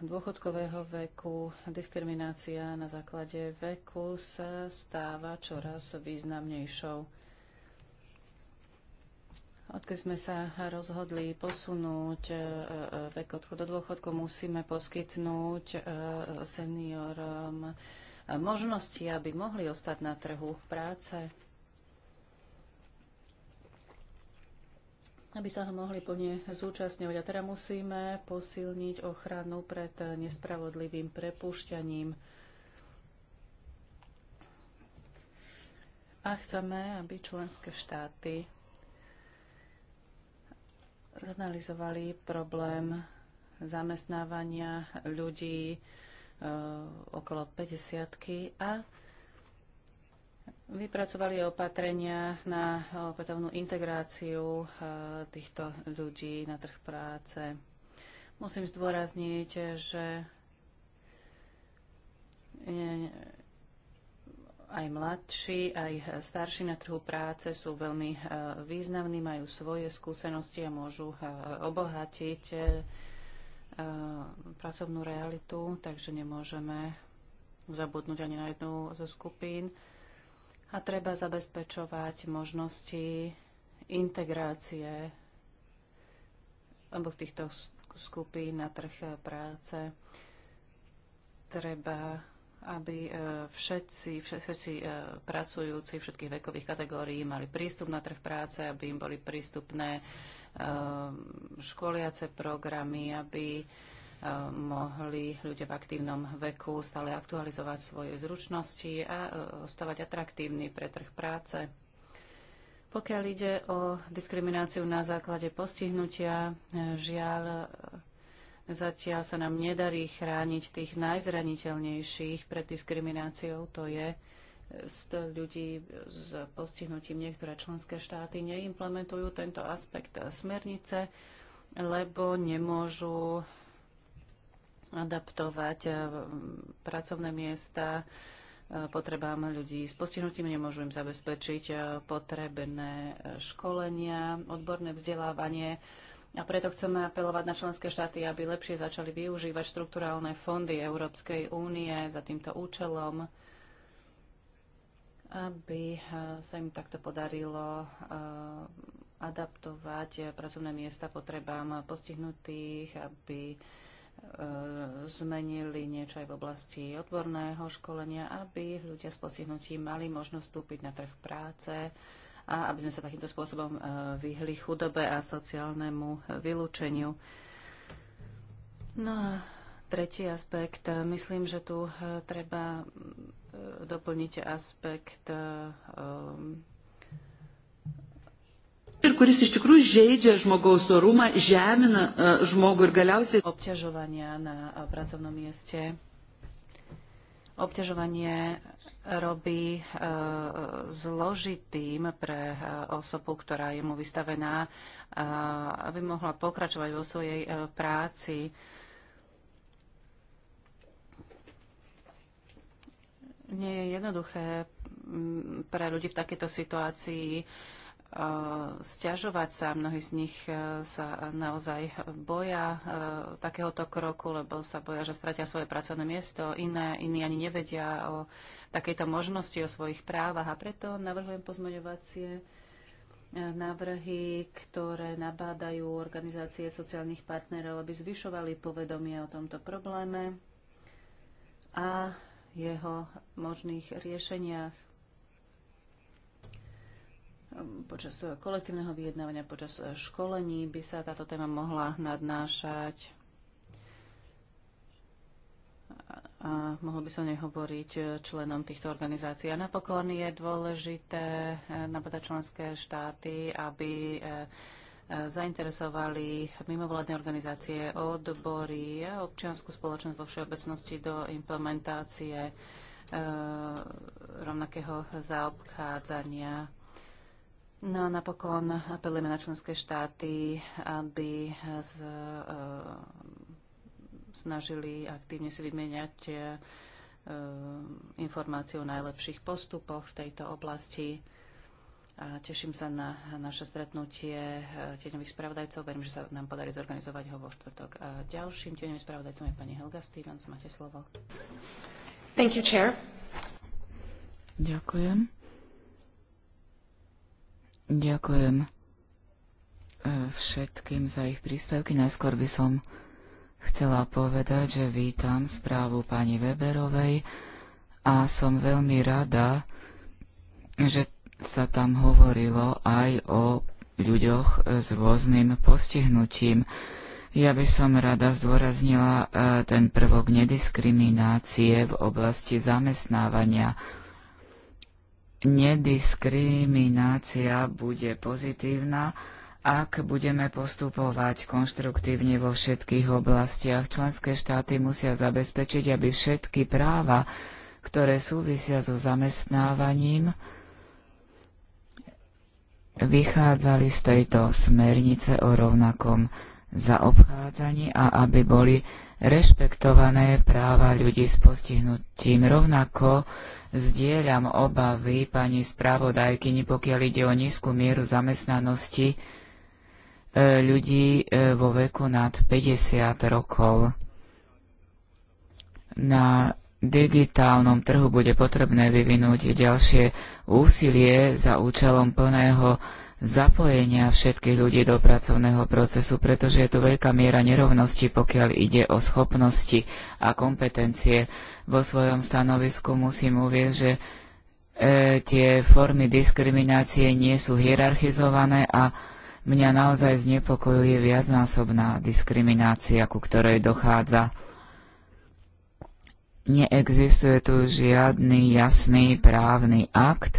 dôchodkového veku, diskriminácia na základe veku sa stáva čoraz významnejšou. Odkedy sme sa rozhodli posunúť e, e, vek odchodu do dôchodku, musíme poskytnúť e, seniorom možnosti, aby mohli ostať na trhu práce, aby sa ho mohli plne zúčastňovať. A teda musíme posilniť ochranu pred nespravodlivým prepušťaním. A chceme, aby členské štáty zanalizovali problém zamestnávania ľudí e, okolo 50 a vypracovali opatrenia na opätovnú integráciu e, týchto ľudí na trh práce. Musím zdôrazniť, že aj mladší, aj starší na trhu práce sú veľmi eh, významní, majú svoje skúsenosti a môžu eh, obohatiť eh, pracovnú realitu, takže nemôžeme zabudnúť ani na jednu zo skupín. A treba zabezpečovať možnosti integrácie alebo týchto skupín na trh práce. Treba aby e, všetci, všetci e, pracujúci všetkých vekových kategórií mali prístup na trh práce, aby im boli prístupné e, školiace programy, aby mohli ľudia v aktívnom veku stále aktualizovať svoje zručnosti a ostávať atraktívni pre trh práce. Pokiaľ ide o diskrimináciu na základe postihnutia, žiaľ, Zatiaľ sa nám nedarí chrániť tých najzraniteľnejších pred diskrimináciou, to je z e, ľudí s postihnutím. Niektoré členské štáty neimplementujú tento aspekt smernice, lebo nemôžu adaptovať e, pracovné miesta e, potrebám ľudí s postihnutím, nemôžu im zabezpečiť potrebné školenia, odborné vzdelávanie a preto chceme apelovať na členské štáty, aby lepšie začali využívať štrukturálne fondy Európskej únie za týmto účelom, aby eh, sa im takto podarilo eh, adaptovať eh, pracovné miesta potrebám postihnutých, aby zmenili niečo aj v oblasti odborného školenia, aby ľudia s postihnutím mali možnosť vstúpiť na trh práce, a aby sme sa takýmto spôsobom e, vyhli chudobe a sociálnemu vylúčeniu. No a tretí aspekt. Myslím, že tu e, treba e, doplniť aspekt ir kuris iš tikrųjų žaidžia žmogaus orumą, žemina žmogų ir galiausiai. Obťažovania na pracovnom mieste. Obťažovanie robí e, zložitým pre e, osobu, ktorá je mu vystavená, aby mohla pokračovať vo svojej e, práci. Nie je jednoduché pre ľudí v takejto situácii stiažovať sa. Mnohí z nich e, sa naozaj boja e, takéhoto kroku, lebo sa boja, že stratia svoje pracovné miesto. Iné, iní ani nevedia o takejto možnosti, o svojich právach. A preto navrhujem pozmeňovacie e, návrhy, ktoré nabádajú organizácie sociálnych partnerov, aby zvyšovali povedomie o tomto probléme a jeho možných riešeniach počas kolektívneho vyjednávania, počas školení by sa táto téma mohla nadnášať a mohlo by sa o nej hovoriť členom týchto organizácií. A napokon je dôležité eh, napadať členské štáty, aby eh, zainteresovali mimovládne organizácie, odbory a občianskú spoločnosť vo všeobecnosti do implementácie eh, rovnakého zaobchádzania No a napokon apelujeme na členské štáty, aby z, e, snažili aktívne si vymieňať e, informácie o najlepších postupoch v tejto oblasti. A teším sa na naše stretnutie e, tieňových spravodajcov. Verím, že sa nám podarí zorganizovať ho vo štvrtok. A ďalším tieňovým spravodajcom je pani Helga Stevens. Máte slovo. Thank you, chair. Ďakujem. Ďakujem eh, všetkým za ich príspevky. Najskôr by som chcela povedať, že vítam správu pani Weberovej a som veľmi rada, že sa tam hovorilo aj o ľuďoch s rôznym postihnutím. Ja by som rada zdôraznila eh, ten prvok nediskriminácie v oblasti zamestnávania nediskriminácia bude pozitívna, ak budeme postupovať konštruktívne vo všetkých oblastiach. Členské štáty musia zabezpečiť, aby všetky práva, ktoré súvisia so zamestnávaním, vychádzali z tejto smernice o rovnakom zaobchádzaní a aby boli rešpektované práva ľudí s postihnutím. Rovnako zdieľam obavy pani spravodajkyni, pokiaľ ide o nízku mieru zamestnanosti e, ľudí e, vo veku nad 50 rokov. Na digitálnom trhu bude potrebné vyvinúť ďalšie úsilie za účelom plného zapojenia všetkých ľudí do pracovného procesu, pretože je tu veľká miera nerovnosti, pokiaľ ide o schopnosti a kompetencie. Vo svojom stanovisku musím uvieť, že e, tie formy diskriminácie nie sú hierarchizované a mňa naozaj znepokojuje viacnásobná diskriminácia, ku ktorej dochádza. Neexistuje tu žiadny jasný právny akt,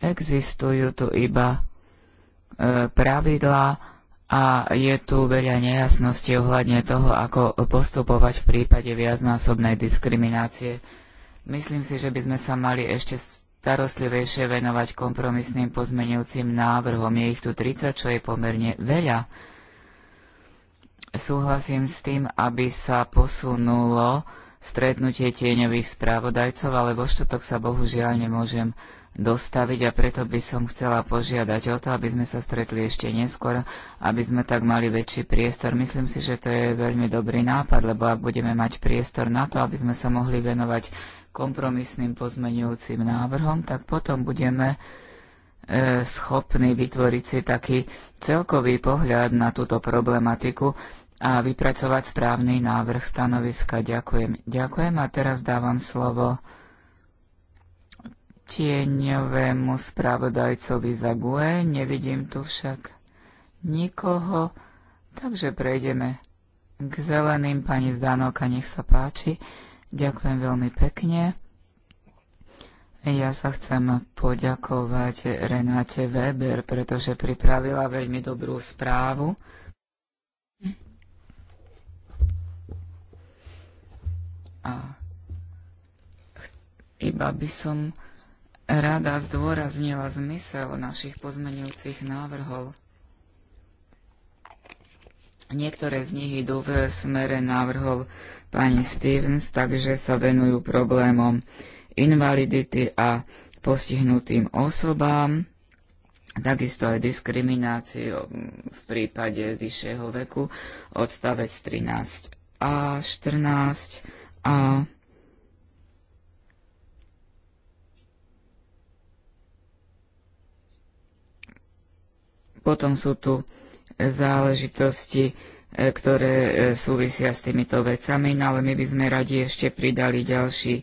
Existujú tu iba e, pravidlá a je tu veľa nejasností ohľadne toho, ako postupovať v prípade viacnásobnej diskriminácie. Myslím si, že by sme sa mali ešte starostlivejšie venovať kompromisným pozmenujúcim návrhom. Je ich tu 30, čo je pomerne veľa. Súhlasím s tým, aby sa posunulo stretnutie tieňových správodajcov, ale vo štotok sa bohužiaľ nemôžem dostaviť a preto by som chcela požiadať o to, aby sme sa stretli ešte neskôr, aby sme tak mali väčší priestor. Myslím si, že to je veľmi dobrý nápad, lebo ak budeme mať priestor na to, aby sme sa mohli venovať kompromisným pozmenujúcim návrhom, tak potom budeme e, schopní vytvoriť si taký celkový pohľad na túto problematiku a vypracovať správny návrh stanoviska. Ďakujem. Ďakujem a teraz dávam slovo tieňovému spravodajcovi za e. nevidím tu však nikoho, takže prejdeme k zeleným. Pani a nech sa páči. Ďakujem veľmi pekne. Ja sa chcem poďakovať Renáte Weber, pretože pripravila veľmi dobrú správu. A iba by som rada zdôraznila zmysel našich pozmenujúcich návrhov. Niektoré z nich idú v smere návrhov pani Stevens, takže sa venujú problémom invalidity a postihnutým osobám, takisto aj diskriminácii v prípade vyššieho veku, odstavec 13 a 14 a Potom sú tu e, záležitosti, e, ktoré e, súvisia s týmito vecami, no ale my by sme radi ešte pridali ďalší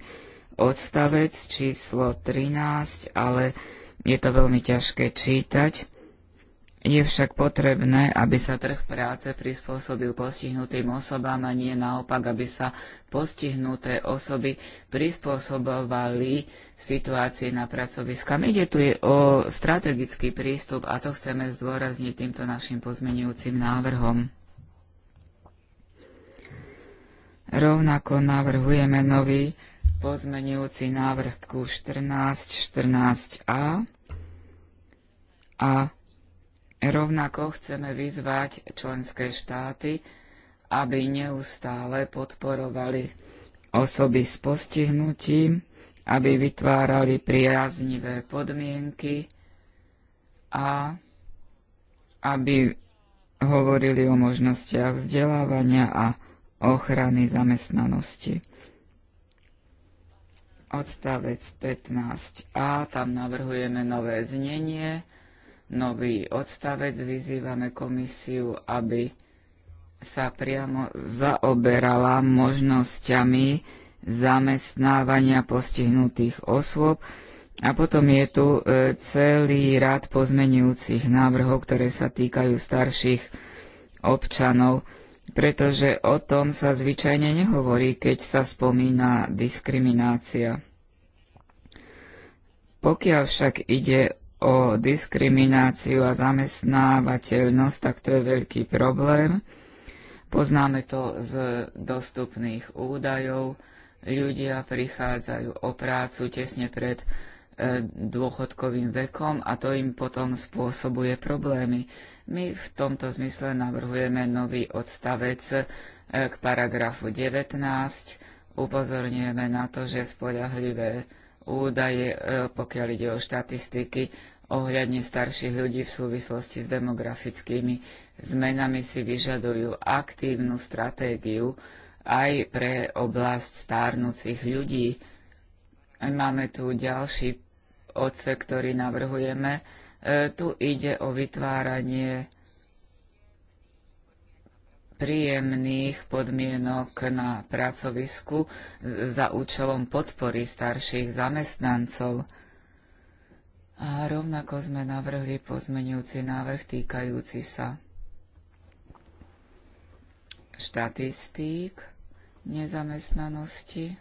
odstavec číslo 13, ale je to veľmi ťažké čítať. Je však potrebné, aby sa trh práce prispôsobil postihnutým osobám a nie naopak, aby sa postihnuté osoby prispôsobovali situácii na pracoviskách. Ide tu o strategický prístup a to chceme zdôrazniť týmto našim pozmenujúcim návrhom. Rovnako navrhujeme nový pozmenujúci návrh ku 14, 14a a Rovnako chceme vyzvať členské štáty, aby neustále podporovali osoby s postihnutím, aby vytvárali priaznivé podmienky a aby hovorili o možnostiach vzdelávania a ochrany zamestnanosti. Odstavec 15a, tam navrhujeme nové znenie nový odstavec. Vyzývame komisiu, aby sa priamo zaoberala možnosťami zamestnávania postihnutých osôb. A potom je tu e, celý rad pozmenujúcich návrhov, ktoré sa týkajú starších občanov, pretože o tom sa zvyčajne nehovorí, keď sa spomína diskriminácia. Pokiaľ však ide o diskrimináciu a zamestnávateľnosť, tak to je veľký problém. Poznáme to z dostupných údajov. Ľudia prichádzajú o prácu tesne pred e, dôchodkovým vekom a to im potom spôsobuje problémy. My v tomto zmysle navrhujeme nový odstavec e, k paragrafu 19. Upozorňujeme na to, že spoľahlivé údaje, e, pokiaľ ide o štatistiky ohľadne starších ľudí v súvislosti s demografickými zmenami si vyžadujú aktívnu stratégiu aj pre oblasť stárnúcich ľudí. Máme tu ďalší odsek, ktorý navrhujeme. E, tu ide o vytváranie príjemných podmienok na pracovisku za účelom podpory starších zamestnancov. A rovnako sme navrhli pozmenujúci návrh týkajúci sa štatistík nezamestnanosti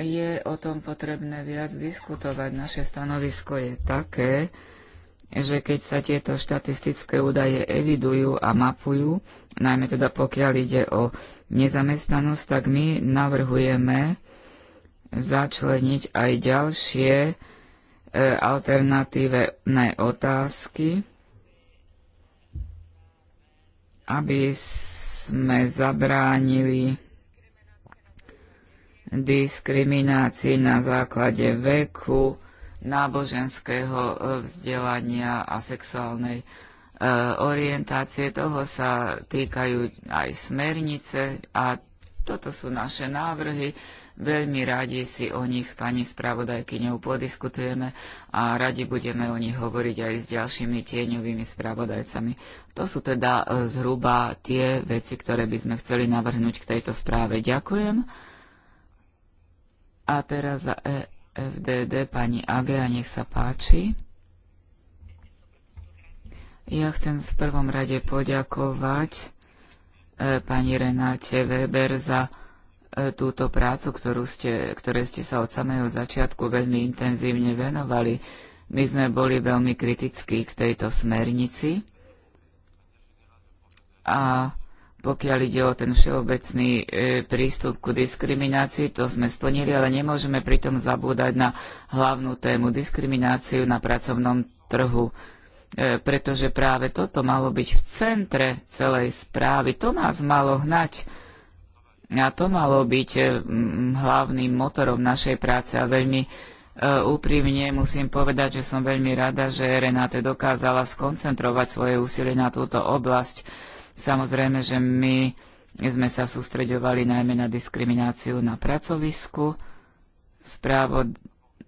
je o tom potrebné viac diskutovať. Naše stanovisko je také, že keď sa tieto štatistické údaje evidujú a mapujú, najmä teda pokiaľ ide o nezamestnanosť, tak my navrhujeme začleniť aj ďalšie e, alternatívne otázky, aby sme zabránili diskriminácii na základe veku, náboženského e, vzdelania a sexuálnej e, orientácie. Toho sa týkajú aj smernice a toto sú naše návrhy. Veľmi radi si o nich s pani spravodajkyňou podiskutujeme a radi budeme o nich hovoriť aj s ďalšími tieňovými spravodajcami. To sú teda e, zhruba tie veci, ktoré by sme chceli navrhnúť k tejto správe. Ďakujem. A teraz za EFDD pani Agea, nech sa páči. Ja chcem v prvom rade poďakovať e, pani Renáte Weber za e, túto prácu, ktorú ste, ktoré ste sa od samého začiatku veľmi intenzívne venovali. My sme boli veľmi kritickí k tejto smernici a pokiaľ ide o ten všeobecný e, prístup ku diskriminácii, to sme splnili, ale nemôžeme pritom zabúdať na hlavnú tému diskrimináciu na pracovnom trhu, e, pretože práve toto malo byť v centre celej správy. To nás malo hnať. A to malo byť e, hlavným motorom našej práce a veľmi e, úprimne musím povedať, že som veľmi rada, že Renate dokázala skoncentrovať svoje úsilie na túto oblasť. Samozrejme, že my sme sa sústreďovali najmä na diskrimináciu na pracovisku. Správo,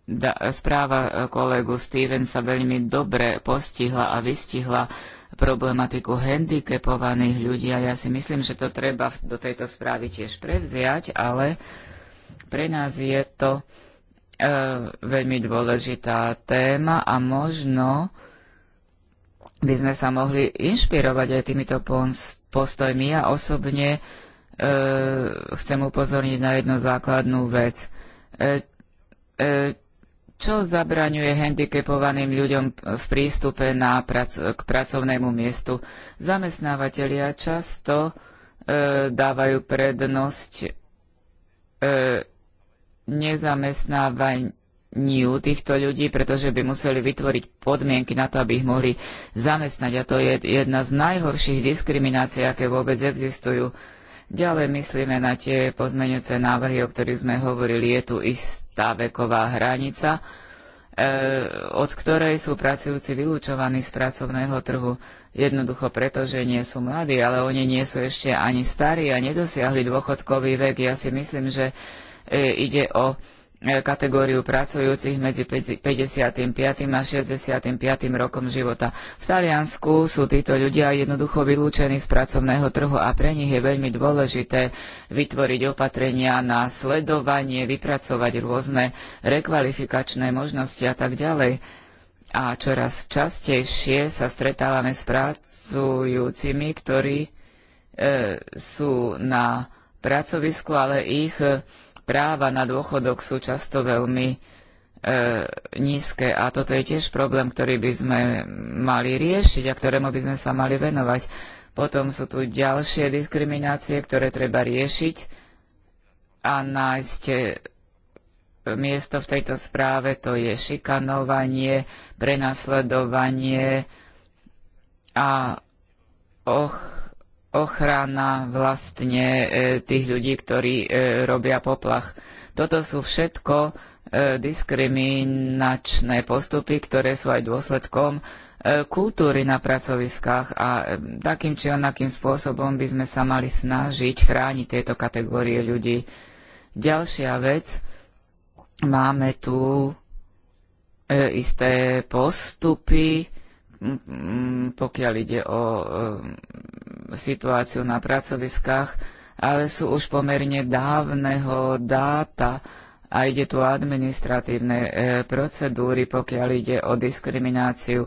da, správa kolegu sa veľmi dobre postihla a vystihla problematiku handicapovaných ľudí a ja si myslím, že to treba do tejto správy tiež prevziať, ale pre nás je to e, veľmi dôležitá téma a možno e, by sme sa mohli inšpirovať aj týmito postojmi. Ja osobne e, chcem upozorniť na jednu základnú vec. E, e, čo zabraňuje handicapovaným ľuďom v prístupe na prac- k pracovnému miestu? Zamestnávateľia často e, dávajú prednosť e, nezamestnávaním zamestnaniu týchto ľudí, pretože by museli vytvoriť podmienky na to, aby ich mohli zamestnať. A to je jedna z najhorších diskriminácií, aké vôbec existujú. Ďalej myslíme na tie pozmenujúce návrhy, o ktorých sme hovorili. Je tu istá veková hranica, e, od ktorej sú pracujúci vylúčovaní z pracovného trhu. Jednoducho preto, že nie sú mladí, ale oni nie sú ešte ani starí a nedosiahli dôchodkový vek. Ja si myslím, že e, ide o E, kategóriu pracujúcich medzi 55. a 65. rokom života. V Taliansku sú títo ľudia jednoducho vylúčení z pracovného trhu a pre nich je veľmi dôležité vytvoriť opatrenia na sledovanie, vypracovať rôzne rekvalifikačné možnosti a tak ďalej. A čoraz častejšie sa stretávame s pracujúcimi, ktorí e, sú na pracovisku, ale ich e, práva na dôchodok sú často veľmi e, nízke a toto je tiež problém, ktorý by sme mali riešiť a ktorému by sme sa mali venovať. Potom sú tu ďalšie diskriminácie, ktoré treba riešiť a nájsť e, miesto v tejto správe, to je šikanovanie, prenasledovanie a och, ochrana vlastne e, tých ľudí, ktorí e, robia poplach. Toto sú všetko e, diskriminačné postupy, ktoré sú aj dôsledkom kultúry na pracoviskách a takým či onakým spôsobom by sme sa mali snažiť chrániť tieto kategórie ľudí. Ďalšia vec, máme tu isté postupy, pokiaľ ide o situáciu na pracoviskách, ale sú už pomerne dávneho dáta a ide tu administratívne e, procedúry, pokiaľ ide o diskrimináciu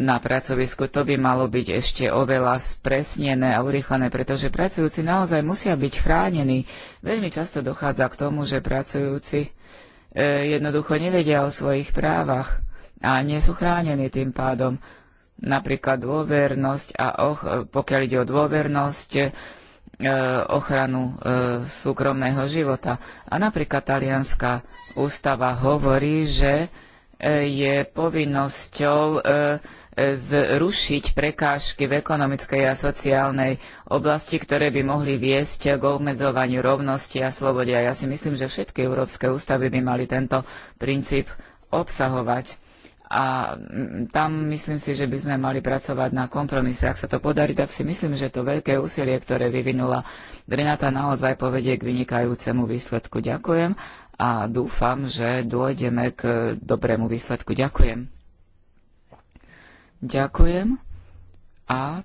na pracovisku. To by malo byť ešte oveľa spresnené a urychlené, pretože pracujúci naozaj musia byť chránení. Veľmi často dochádza k tomu, že pracujúci e, jednoducho nevedia o svojich právach a nie sú chránení tým pádom napríklad dôvernosť a och, pokiaľ ide o dôvernosť, e, ochranu e, súkromného života. A napríklad talianská ústava hovorí, že e, je povinnosťou e, e, zrušiť prekážky v ekonomickej a sociálnej oblasti, ktoré by mohli viesť k obmedzovaniu rovnosti a slobode. A ja si myslím, že všetky európske ústavy by mali tento princíp obsahovať. A mm, tam myslím si, že by sme mali pracovať na kompromise. Ak sa to podarí, tak si myslím, že to veľké úsilie, ktoré vyvinula Renata, naozaj povedie k vynikajúcemu výsledku. Ďakujem a dúfam, že dôjdeme k dobrému výsledku. Ďakujem. Ďakujem. A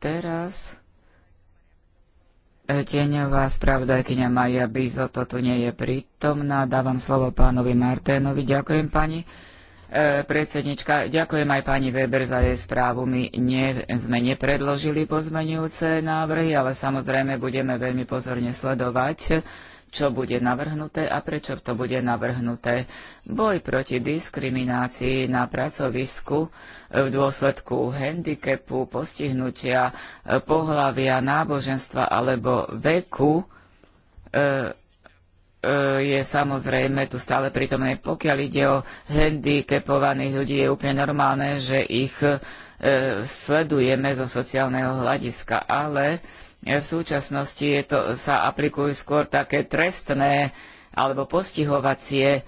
teraz e, tieňová spravodajkynia Maja Bizo, tu nie je prítomná. Dávam slovo pánovi Marténovi. Ďakujem pani E, predsednička, ďakujem aj pani Weber za jej správu. My nie, sme nepredložili pozmenujúce návrhy, ale samozrejme budeme veľmi pozorne sledovať, čo bude navrhnuté a prečo to bude navrhnuté. Boj proti diskriminácii na pracovisku v dôsledku handicapu, postihnutia, e, pohlavia, náboženstva alebo veku e, E, je samozrejme tu stále prítomné. Pokiaľ ide o handicapovaných ľudí, je úplne normálne, že ich e, sledujeme zo sociálneho hľadiska, ale e, v súčasnosti je to, sa aplikujú skôr také trestné alebo postihovacie e,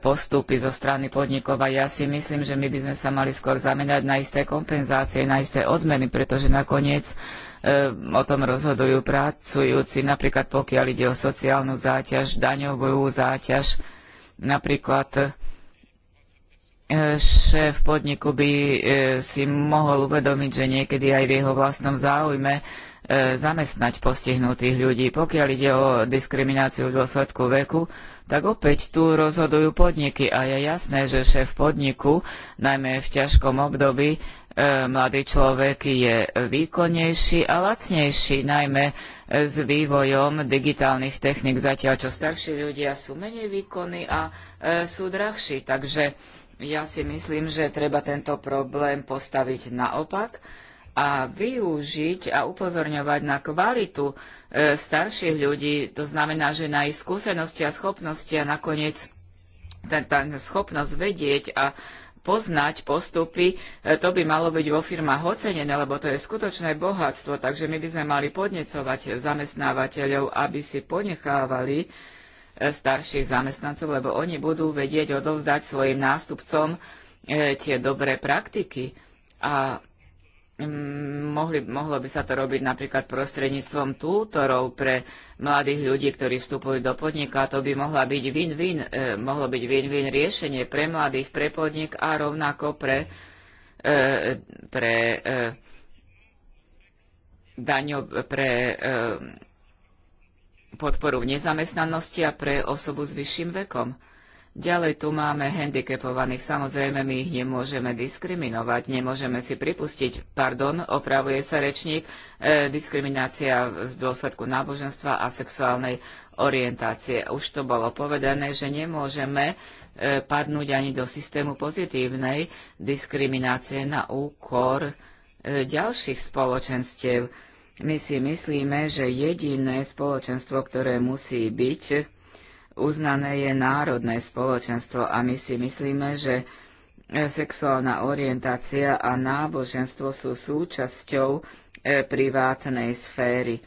postupy zo strany podnikov a ja si myslím, že my by sme sa mali skôr zamenať na isté kompenzácie, na isté odmeny, pretože nakoniec o tom rozhodujú pracujúci, napríklad pokiaľ ide o sociálnu záťaž, daňovú záťaž, napríklad e, šéf podniku by e, si mohol uvedomiť, že niekedy aj v jeho vlastnom záujme e, zamestnať postihnutých ľudí. Pokiaľ ide o diskrimináciu v dôsledku veku, tak opäť tu rozhodujú podniky a je jasné, že šéf podniku, najmä v ťažkom období, E, mladý človek je výkonnejší a lacnejší, najmä e, s vývojom digitálnych technik, zatiaľ čo starší ľudia sú menej výkonní a e, sú drahší. Takže ja si myslím, že treba tento problém postaviť naopak a využiť a upozorňovať na kvalitu starších ľudí. To znamená, že na ich skúsenosti a schopnosti a nakoniec tá schopnosť vedieť a poznať postupy, e, to by malo byť vo firmách ocenené, lebo to je skutočné bohatstvo, takže my by sme mali podnecovať zamestnávateľov, aby si ponechávali e, starších zamestnancov, lebo oni budú vedieť odovzdať svojim nástupcom e, tie dobré praktiky. A Mm, mohli, mohlo by sa to robiť napríklad prostredníctvom tútorov pre mladých ľudí, ktorí vstupujú do podnika. To by mohla byť win-win, eh, mohlo byť win-win riešenie pre mladých, pre podnik a rovnako pre, eh, pre, eh, daňo, pre eh, podporu v nezamestnanosti a pre osobu s vyšším vekom. Ďalej tu máme handicapovaných. Samozrejme, my ich nemôžeme diskriminovať, nemôžeme si pripustiť, pardon, opravuje sa rečník, e, diskriminácia z dôsledku náboženstva a sexuálnej orientácie. Už to bolo povedané, že nemôžeme e, padnúť ani do systému pozitívnej diskriminácie na úkor e, ďalších spoločenstiev. My si myslíme, že jediné spoločenstvo, ktoré musí byť uznané je národné spoločenstvo a my si myslíme, že sexuálna orientácia a náboženstvo sú súčasťou e, privátnej sféry.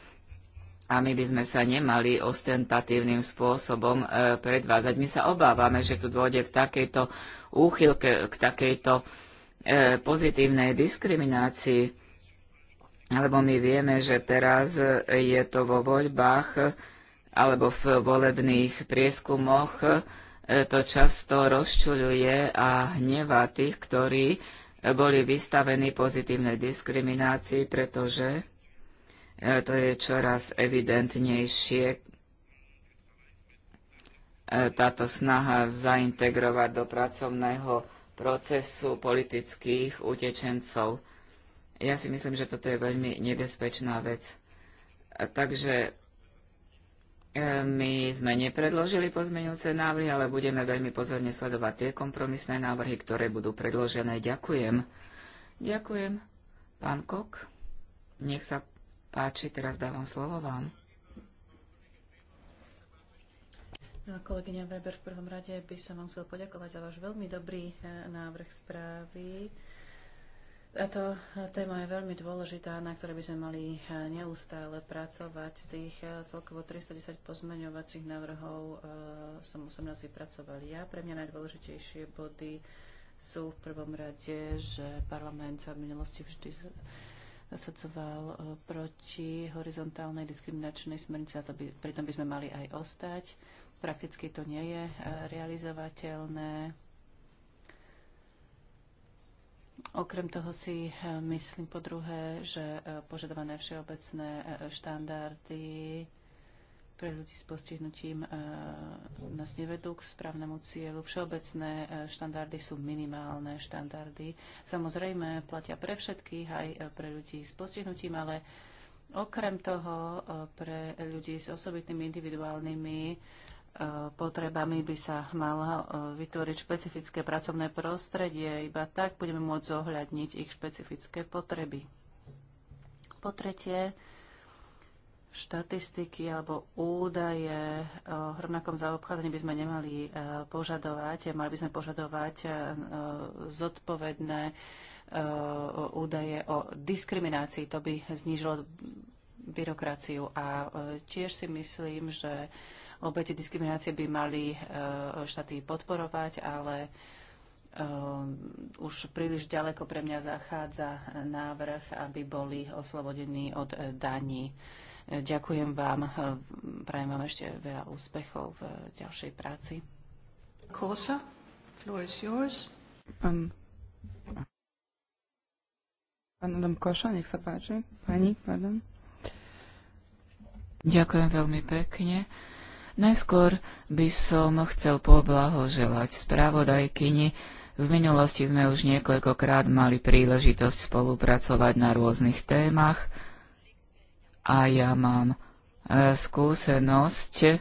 A my by sme sa nemali ostentatívnym spôsobom e, predvádzať. My sa obávame, že tu dôjde k takejto úchylke, k takejto e, pozitívnej diskriminácii, lebo my vieme, že teraz je to vo voľbách alebo v volebných prieskumoch e, to často rozčuľuje a hnevá tých, ktorí boli vystavení pozitívnej diskriminácii, pretože e, to je čoraz evidentnejšie e, táto snaha zaintegrovať do pracovného procesu politických utečencov. Ja si myslím, že toto je veľmi nebezpečná vec. Takže my sme nepredložili pozmeňujúce návrhy, ale budeme veľmi pozorne sledovať tie kompromisné návrhy, ktoré budú predložené. Ďakujem. Ďakujem. Pán Kok, nech sa páči, teraz dávam slovo vám. Milá kolegyňa Weber, v prvom rade by som vám chcel poďakovať za váš veľmi dobrý eh, návrh správy. Táto téma je veľmi dôležitá, na ktorej by sme mali eh, neustále pracovať. Z tých eh, celkovo 310 pozmeňovacích návrhov eh, som 18 vypracoval ja. Pre mňa najdôležitejšie body sú v prvom rade, že parlament sa v minulosti vždy zasadzoval proti horizontálnej diskriminačnej smernici a to by, pritom by sme mali aj ostať. Prakticky to nie je realizovateľné Okrem toho si eh, myslím po druhé, že eh, požadované všeobecné eh, štandardy pre ľudí s postihnutím nás nevedú k správnemu cieľu. Všeobecné štandardy sú minimálne štandardy. Samozrejme, platia pre všetkých, aj pre ľudí s postihnutím, ale okrem toho pre ľudí s osobitnými individuálnymi potrebami by sa malo eh, vytvoriť špecifické pracovné prostredie. Iba tak budeme môcť zohľadniť ich špecifické potreby. Po tretie, štatistiky alebo údaje o rovnakom zaobchádzaní by sme nemali eh, požadovať. Mali by sme požadovať eh, zodpovedné údaje o diskriminácii. To by znížilo byrokraciu. A tiež si myslím, že Obete diskriminácie by mali e, štáty podporovať, ale e, už príliš ďaleko pre mňa zachádza návrh, aby boli oslobodení od e, daní. Ďakujem vám, prajem vám ešte veľa úspechov v ďalšej práci. Kosa, floor is yours. Pán, pán Adam Koša, nech sa páči. Pani, pardon. Ďakujem veľmi pekne. Najskôr by som chcel poblahoželať spravodajkyni. V minulosti sme už niekoľkokrát mali príležitosť spolupracovať na rôznych témach a ja mám e, skúsenosť, e,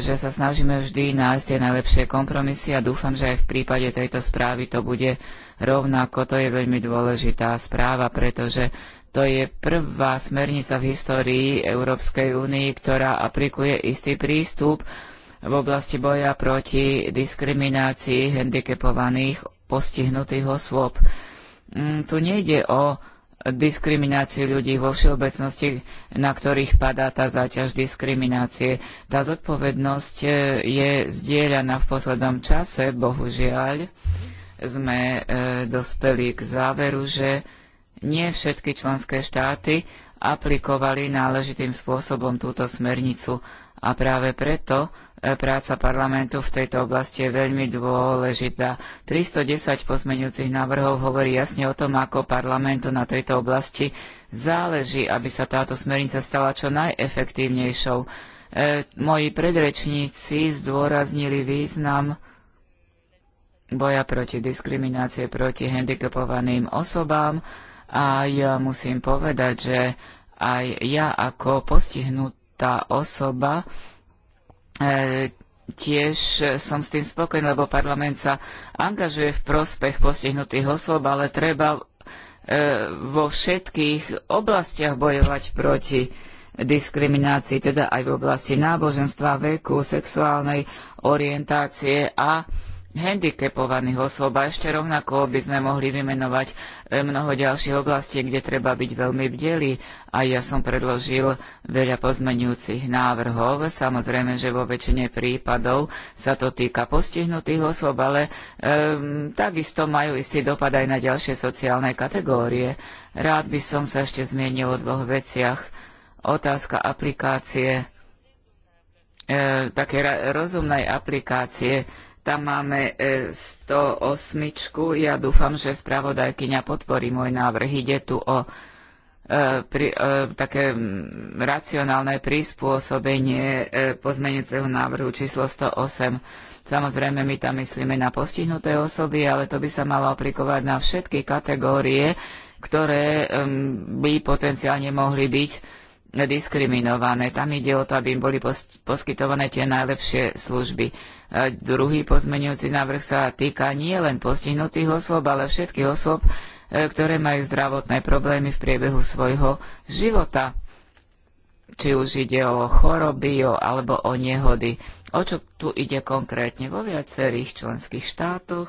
že sa snažíme vždy nájsť tie najlepšie kompromisy a dúfam, že aj v prípade tejto správy to bude rovnako. To je veľmi dôležitá správa, pretože to je prvá smernica v histórii Európskej únii, ktorá aplikuje istý prístup v oblasti boja proti diskriminácii handicapovaných postihnutých osôb. Mm, tu nejde o diskrimináciu ľudí vo všeobecnosti, na ktorých padá tá záťaž diskriminácie. Tá zodpovednosť e, je zdieľaná v poslednom čase, bohužiaľ. Sme e, dospeli k záveru, že nie všetky členské štáty aplikovali náležitým spôsobom túto smernicu a práve preto e, práca parlamentu v tejto oblasti je veľmi dôležitá. 310 pozmeňujúcich návrhov hovorí jasne o tom, ako parlamentu na tejto oblasti záleží, aby sa táto smernica stala čo najefektívnejšou. E, moji predrečníci zdôraznili význam boja proti diskriminácie proti handicapovaným osobám, a ja musím povedať, že aj ja ako postihnutá osoba e, tiež som s tým spokojný, lebo parlament sa angažuje v prospech postihnutých osôb, ale treba e, vo všetkých oblastiach bojovať proti diskriminácii, teda aj v oblasti náboženstva, veku, sexuálnej orientácie a handicapovaných osôb a ešte rovnako by sme mohli vymenovať e, mnoho ďalších oblastí, kde treba byť veľmi bdelí. a ja som predložil veľa pozmenujúcich návrhov. Samozrejme, že vo väčšine prípadov sa to týka postihnutých osôb, ale um, takisto majú istý dopad aj na ďalšie sociálne kategórie. Rád by som sa ešte zmienil o dvoch veciach. Otázka aplikácie, e, také rozumnej aplikácie tam máme 108. E, ja dúfam, že spravodajkyňa podporí môj návrh. Ide tu o e, pri, e, také racionálne prispôsobenie pozmenujúceho návrhu číslo 108. Samozrejme, my tam myslíme na postihnuté osoby, ale to by sa malo aplikovať na všetky kategórie, ktoré by potenciálne mohli byť diskriminované. Tam ide o to, aby im boli poskytované tie najlepšie služby. A druhý pozmeňujúci návrh sa týka nie len postihnutých osôb, ale všetkých osôb, e, ktoré majú zdravotné problémy v priebehu svojho života. Či už ide o choroby alebo o nehody. O čo tu ide konkrétne vo viacerých členských štátoch?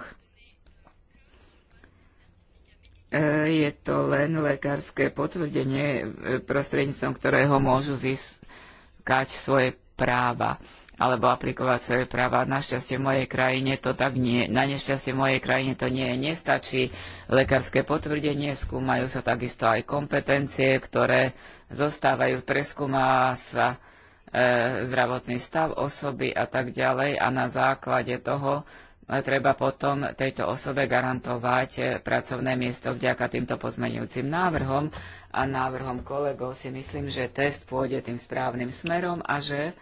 E, je to len lekárske potvrdenie, e, prostredníctvom ktorého môžu získať svoje práva alebo aplikovať svoje práva. Našťastie v mojej krajine to tak nie, na nešťastie v mojej krajine to nie nestačí. Lekárske potvrdenie skúmajú sa takisto aj kompetencie, ktoré zostávajú, preskúma sa e, zdravotný stav osoby a tak ďalej a na základe toho e, treba potom tejto osobe garantovať e, pracovné miesto vďaka týmto pozmenujúcim návrhom a návrhom kolegov si myslím, že test pôjde tým správnym smerom a že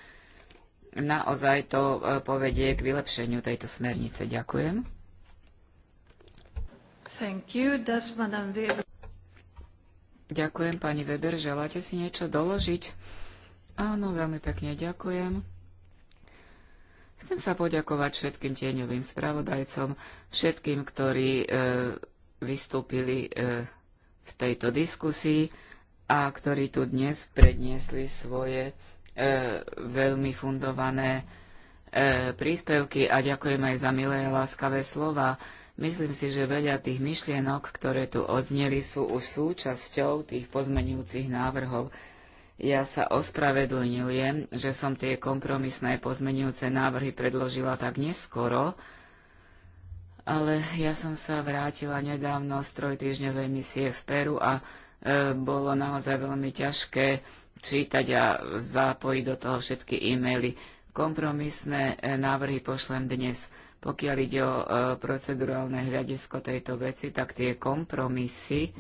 naozaj to e, povedie k vylepšeniu tejto smernice. Ďakujem. Thank you. Does Madame Weber... Ďakujem, pani Weber. Želáte si niečo doložiť? Áno, veľmi pekne ďakujem. Chcem sa poďakovať všetkým tieňovým spravodajcom, všetkým, ktorí e, vystúpili e, v tejto diskusii a ktorí tu dnes predniesli svoje E, veľmi fundované e, príspevky a ďakujem aj za milé a láskavé slova. Myslím si, že veľa tých myšlienok, ktoré tu odzneli, sú už súčasťou tých pozmenujúcich návrhov. Ja sa ospravedlňujem, že som tie kompromisné pozmenujúce návrhy predložila tak neskoro, ale ja som sa vrátila nedávno z trojtyžňovej misie v Peru a e, bolo naozaj veľmi ťažké čítať a zapojiť do toho všetky e-maily. Kompromisné e, návrhy pošlem dnes. Pokiaľ ide o e, procedurálne hľadisko tejto veci, tak tie kompromisy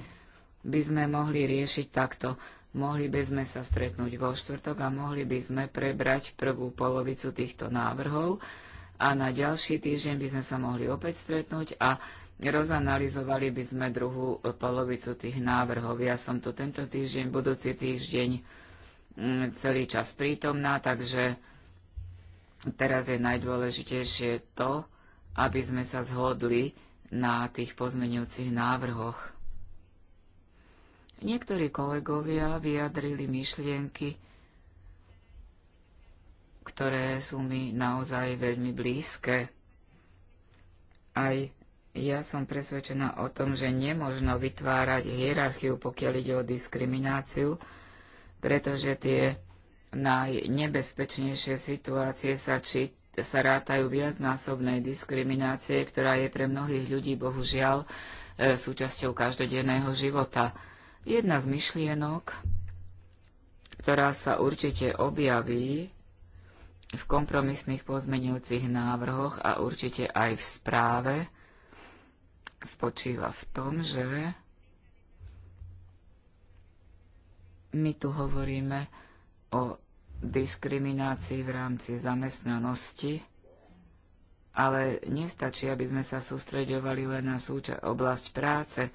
by sme mohli riešiť takto. Mohli by sme sa stretnúť vo štvrtok a mohli by sme prebrať prvú polovicu týchto návrhov a na ďalší týždeň by sme sa mohli opäť stretnúť a rozanalizovali by sme druhú polovicu tých návrhov. Ja som tu tento týždeň, budúci týždeň Mm, celý čas prítomná, takže teraz je najdôležitejšie to, aby sme sa zhodli na tých pozmeňujúcich návrhoch. Niektorí kolegovia vyjadrili myšlienky, ktoré sú mi naozaj veľmi blízke. Aj ja som presvedčená o tom, že nemožno vytvárať hierarchiu, pokiaľ ide o diskrimináciu, pretože tie najnebezpečnejšie situácie sa, či, sa rátajú viacnásobnej diskriminácie, ktorá je pre mnohých ľudí bohužiaľ e, súčasťou každodenného života. Jedna z myšlienok, ktorá sa určite objaví v kompromisných pozmeňujúcich návrhoch a určite aj v správe, spočíva v tom, že My tu hovoríme o diskriminácii v rámci zamestnanosti, ale nestačí, aby sme sa sústreďovali len na súča- oblasť práce,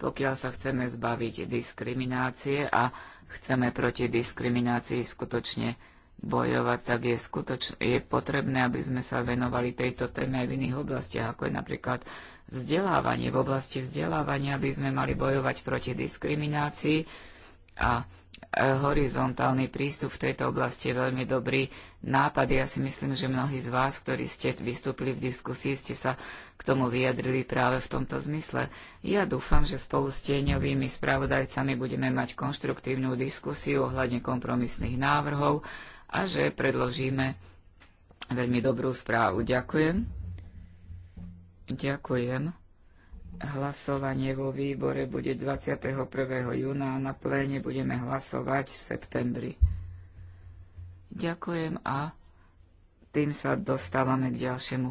pokiaľ sa chceme zbaviť diskriminácie a chceme proti diskriminácii skutočne bojovať, tak je, skutoč- je potrebné, aby sme sa venovali tejto téme aj v iných oblastiach, ako je napríklad vzdelávanie. V oblasti vzdelávania aby sme mali bojovať proti diskriminácii, a e, horizontálny prístup v tejto oblasti je veľmi dobrý nápad. Ja si myslím, že mnohí z vás, ktorí ste vystúpili v diskusii, ste sa k tomu vyjadrili práve v tomto zmysle. Ja dúfam, že spolu s tieňovými spravodajcami budeme mať konštruktívnu diskusiu ohľadne kompromisných návrhov a že predložíme veľmi dobrú správu. Ďakujem. Ďakujem. Hlasovanie vo výbore bude 21. júna a na pléne budeme hlasovať v septembri. Ďakujem a tým sa dostávame k ďalšiemu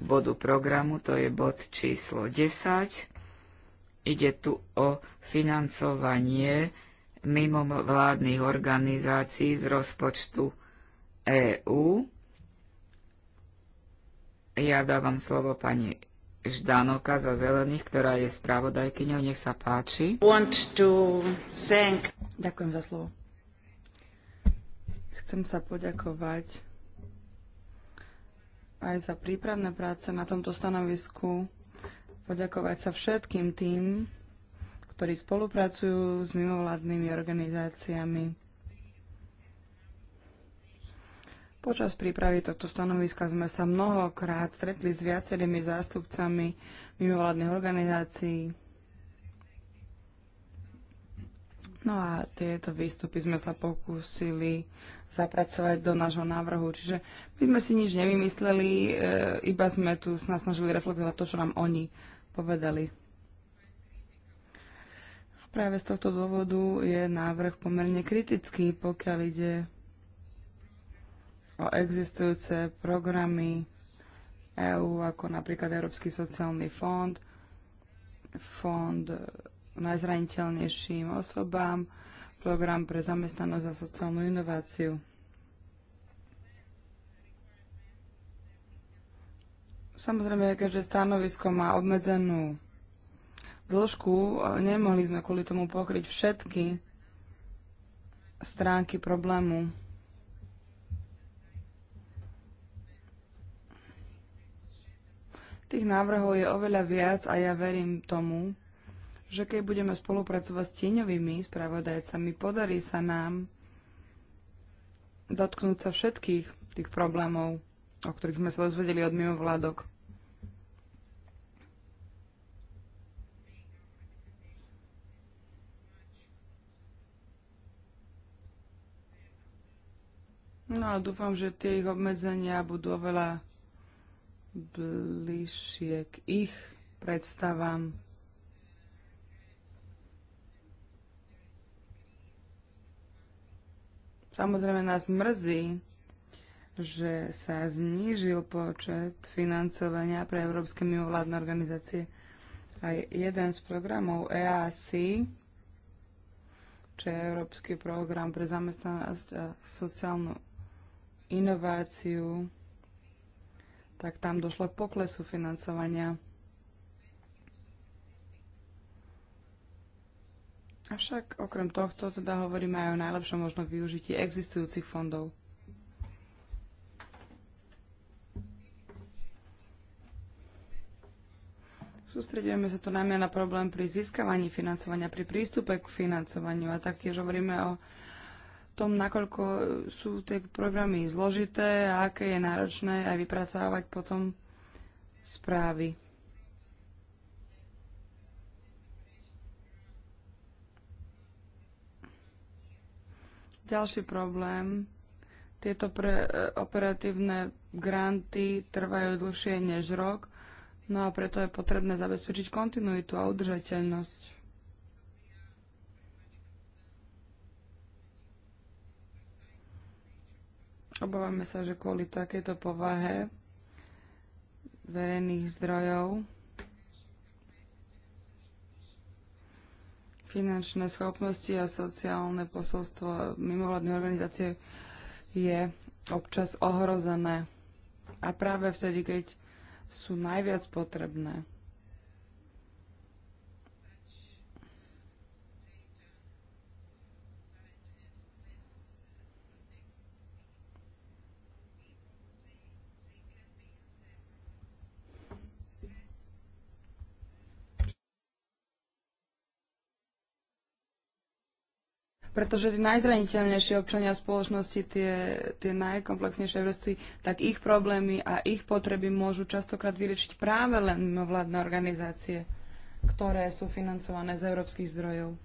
bodu programu, to je bod číslo 10. Ide tu o financovanie mimo vládnych organizácií z rozpočtu EÚ. Ja dávam slovo pani Ždanoka za zelených, ktorá je spravodajkyňou. Nech sa páči. Ďakujem za slovo. Chcem sa poďakovať aj za prípravné práce na tomto stanovisku. Poďakovať sa všetkým tým, ktorí spolupracujú s mimovládnymi organizáciami Počas prípravy tohto stanoviska sme sa mnohokrát stretli s viacerými zástupcami mimovládnych organizácií. No a tieto výstupy sme sa pokúsili zapracovať do nášho návrhu. Čiže my sme si nič nevymysleli, e, iba sme tu snažili reflektovať to, čo nám oni povedali. práve z tohto dôvodu je návrh pomerne kritický, pokiaľ ide o existujúce programy EÚ, ako napríklad Európsky sociálny fond, fond najzraniteľnejším osobám, program pre zamestnanosť a sociálnu inováciu. Samozrejme, keďže stanovisko má obmedzenú dĺžku, nemohli sme kvôli tomu pokryť všetky stránky problému. Tých návrhov je oveľa viac a ja verím tomu, že keď budeme spolupracovať s tieňovými spravodajcami, podarí sa nám dotknúť sa všetkých tých problémov, o ktorých sme sa dozvedeli od mimovládok. No a dúfam, že tie ich obmedzenia budú oveľa bližšie k ich predstavám. Samozrejme nás mrzí, že sa znížil počet financovania pre európske mimovládne organizácie. A jeden z programov EAC, čo je Európsky program pre zamestnanosť a sociálnu inováciu, tak tam došlo k poklesu financovania. Avšak okrem tohto teda hovoríme aj o najlepšom možnom využití existujúcich fondov. Sústredujeme sa tu najmä na problém pri získavaní financovania, pri prístupe k financovaniu a taktiež hovoríme o tom, nakoľko sú tie programy zložité a aké je náročné aj vypracávať potom správy. Ďalší problém. Tieto pre, e, operatívne granty trvajú dlhšie než rok, no a preto je potrebné zabezpečiť kontinuitu a udržateľnosť. Obávame sa, že kvôli takéto povahe verejných zdrojov finančné schopnosti a sociálne posolstvo mimovládnej organizácie je občas ohrozené. A práve vtedy, keď sú najviac potrebné. pretože tie najzraniteľnejšie občania spoločnosti, tie, tie najkomplexnejšie vrstvy, tak ich problémy a ich potreby môžu častokrát vyriešiť práve len mimovládne organizácie, ktoré sú financované z európskych zdrojov.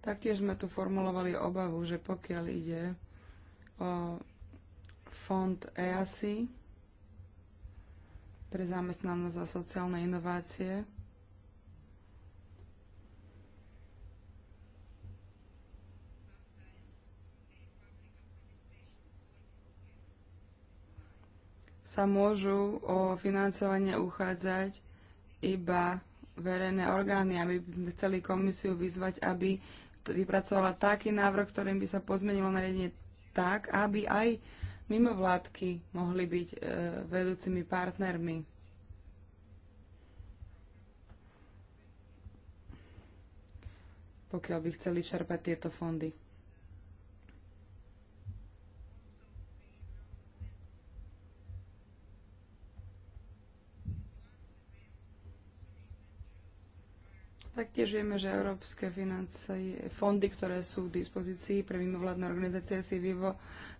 Taktiež sme tu formulovali obavu, že pokiaľ ide fond EASI pre zamestnanosť a sociálne inovácie. sa môžu o financovanie uchádzať iba verejné orgány aby chceli komisiu vyzvať, aby vypracovala taký návrh, ktorým by sa pozmenilo nariadenie tak, aby aj mimovládky mohli byť e, vedúcimi partnermi. pokiaľ by chceli čerpať tieto fondy. Taktiež vieme, že európske financie, fondy, ktoré sú k dispozícii pre mimovládne organizácie, si vivo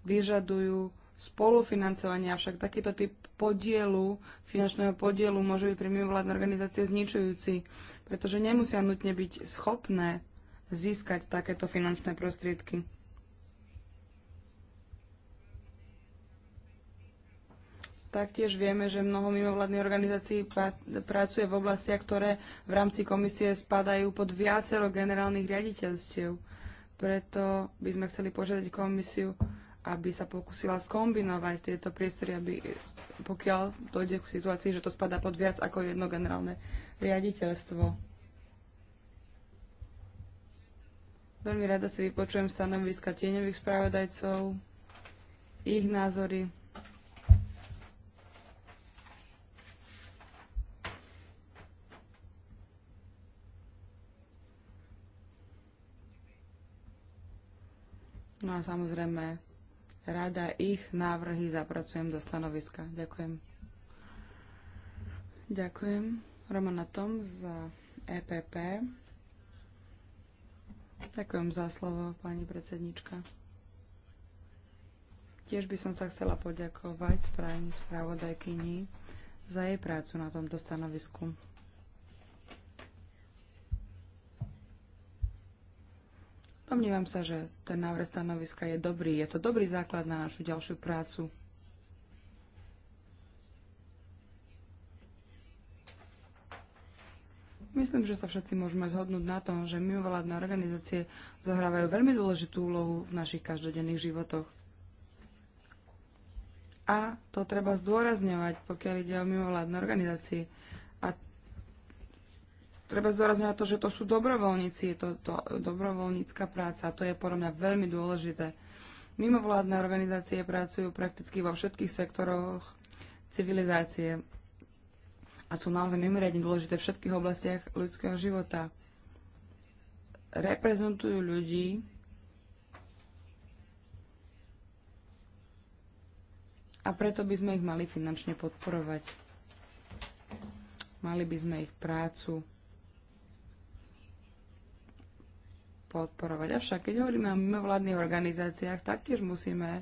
vyžadujú spolufinancovanie, avšak takýto typ podielu, finančného podielu môže byť pre mimovládne organizácie zničujúci, pretože nemusia nutne byť schopné získať takéto finančné prostriedky. Taktiež vieme, že mnoho mimovládnych organizácií pracuje v oblastiach, ktoré v rámci komisie spadajú pod viacero generálnych riaditeľstiev. Preto by sme chceli požiadať komisiu, aby sa pokúsila skombinovať tieto priestory, aby, pokiaľ dojde k situácii, že to spadá pod viac ako jedno generálne riaditeľstvo. Veľmi rada si vypočujem stanoviska tieňových spravodajcov, ich názory No a samozrejme, rada ich návrhy zapracujem do stanoviska. Ďakujem. Ďakujem. Romana Tom za EPP. Ďakujem za slovo, pani predsednička. Tiež by som sa chcela poďakovať správni spravodajkyni za jej prácu na tomto stanovisku. Domnívam sa, že ten návrh stanoviska je dobrý. Je to dobrý základ na našu ďalšiu prácu. Myslím, že sa všetci môžeme zhodnúť na tom, že mimovládne organizácie zohrávajú veľmi dôležitú úlohu v našich každodenných životoch. A to treba zdôrazňovať, pokiaľ ide o mimovládne organizácie treba zdôrazňovať to, že to sú dobrovoľníci, je to, to dobrovoľnícka práca a to je podľa mňa veľmi dôležité. Mimovládne organizácie pracujú prakticky vo všetkých sektoroch civilizácie a sú naozaj mimoriadne dôležité v všetkých oblastiach ľudského života. Reprezentujú ľudí, a preto by sme ich mali finančne podporovať. Mali by sme ich prácu podporovať. Avšak keď hovoríme o mimovládnych organizáciách, taktiež musíme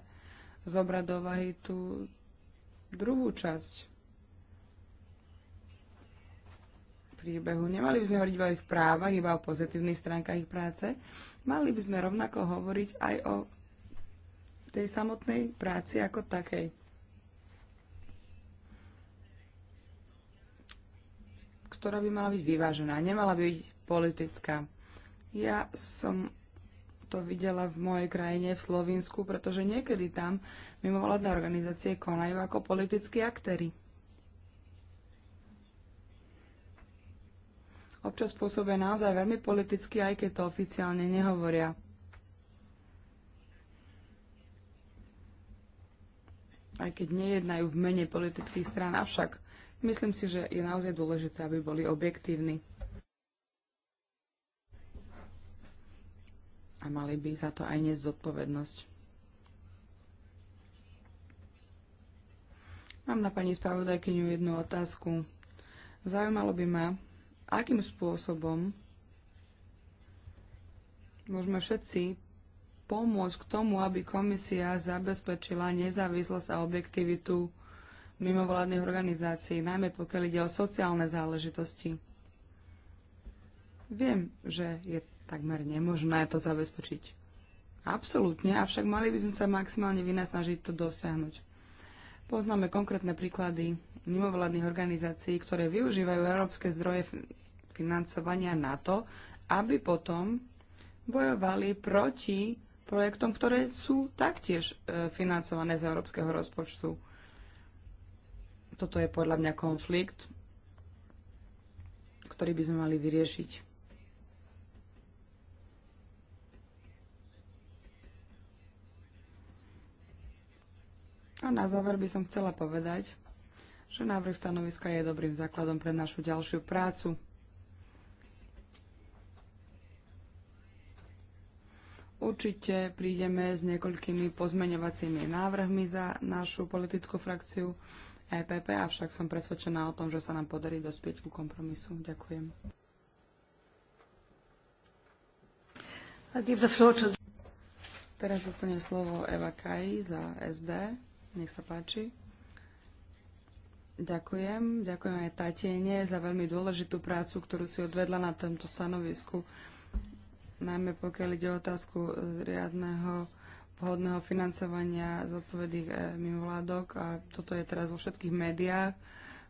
zobrať do vahy tú druhú časť príbehu. Nemali by sme hovoriť iba o ich právach, iba o pozitívnych stránkach ich práce. Mali by sme rovnako hovoriť aj o tej samotnej práci ako takej. ktorá by mala byť vyvážená, nemala by byť politická. Ja som to videla v mojej krajine, v Slovensku, pretože niekedy tam mimovládne organizácie konajú ako politickí aktéry. Občas pôsobia naozaj veľmi politicky, aj keď to oficiálne nehovoria. Aj keď nejednajú v mene politických strán, avšak myslím si, že je naozaj dôležité, aby boli objektívni. a mali by za to aj niesť zodpovednosť. Mám na pani spravodajkyňu jednu otázku. Zaujímalo by ma, akým spôsobom môžeme všetci pomôcť k tomu, aby komisia zabezpečila nezávislosť a objektivitu mimovládnych organizácií, najmä pokiaľ ide o sociálne záležitosti. Viem, že je takmer nemožné to zabezpečiť. Absolútne, avšak mali by sme sa maximálne vynasnažiť to dosiahnuť. Poznáme konkrétne príklady mimovládnych organizácií, ktoré využívajú európske zdroje financovania na to, aby potom bojovali proti projektom, ktoré sú taktiež e, financované z európskeho rozpočtu. Toto je podľa mňa konflikt, ktorý by sme mali vyriešiť. A na záver by som chcela povedať, že návrh stanoviska je dobrým základom pre našu ďalšiu prácu. Určite prídeme s niekoľkými pozmeňovacími návrhmi za našu politickú frakciu EPP, avšak som presvedčená o tom, že sa nám podarí dospieť ku kompromisu. Ďakujem. Teraz dostane slovo Eva Kaj za SD. Nech sa páči. Ďakujem. Ďakujem aj Tatiene za veľmi dôležitú prácu, ktorú si odvedla na tomto stanovisku. Najmä pokiaľ ide o otázku e, riadného vhodného financovania zodpovedných e, mimovládok a toto je teraz vo všetkých médiách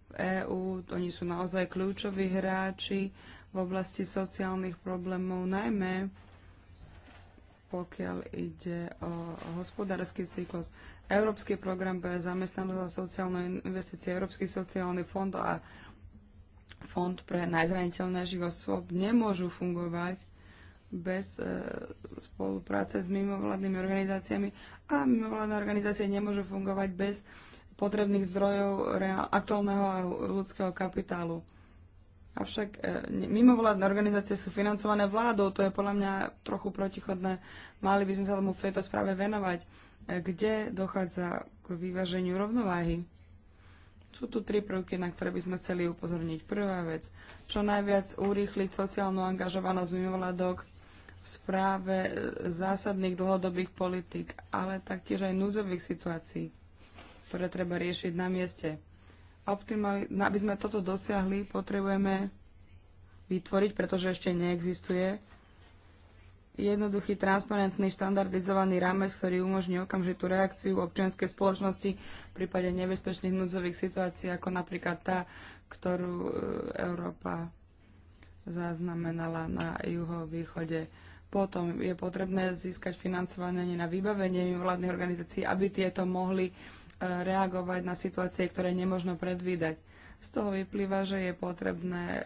v EÚ. Oni sú naozaj kľúčoví hráči v oblasti sociálnych problémov, najmä pokiaľ ide o hospodársky cyklus. Európsky program pre zamestnanosť a sociálne investície, Európsky sociálny fond a fond pre najzraniteľnejších osôb nemôžu fungovať bez e, spolupráce s mimovládnymi organizáciami a mimovládne organizácie nemôžu fungovať bez potrebných zdrojov reál, aktuálneho a ľudského kapitálu. Avšak e, mimovládne organizácie sú financované vládou, to je podľa mňa trochu protichodné. Mali by sme sa tomu v tejto správe venovať kde dochádza k vyváženiu rovnováhy. Sú tu tri prvky, na ktoré by sme chceli upozorniť. Prvá vec, čo najviac urýchliť sociálnu angažovanosť mimovládok v správe e, zásadných dlhodobých politik, ale taktiež aj núdzových situácií, ktoré treba riešiť na mieste. Optimali- aby sme toto dosiahli, potrebujeme vytvoriť, pretože ešte neexistuje, jednoduchý, transparentný, štandardizovaný rámec, ktorý umožní okamžitú reakciu občianskej spoločnosti v prípade nebezpečných núdzových situácií, ako napríklad tá, ktorú e, Európa zaznamenala na juhovýchode. Potom je potrebné získať financovanie na vybavenie mimovládnych organizácií, aby tieto mohli e, reagovať na situácie, ktoré nemožno predvídať. Z toho vyplýva, že je potrebné e,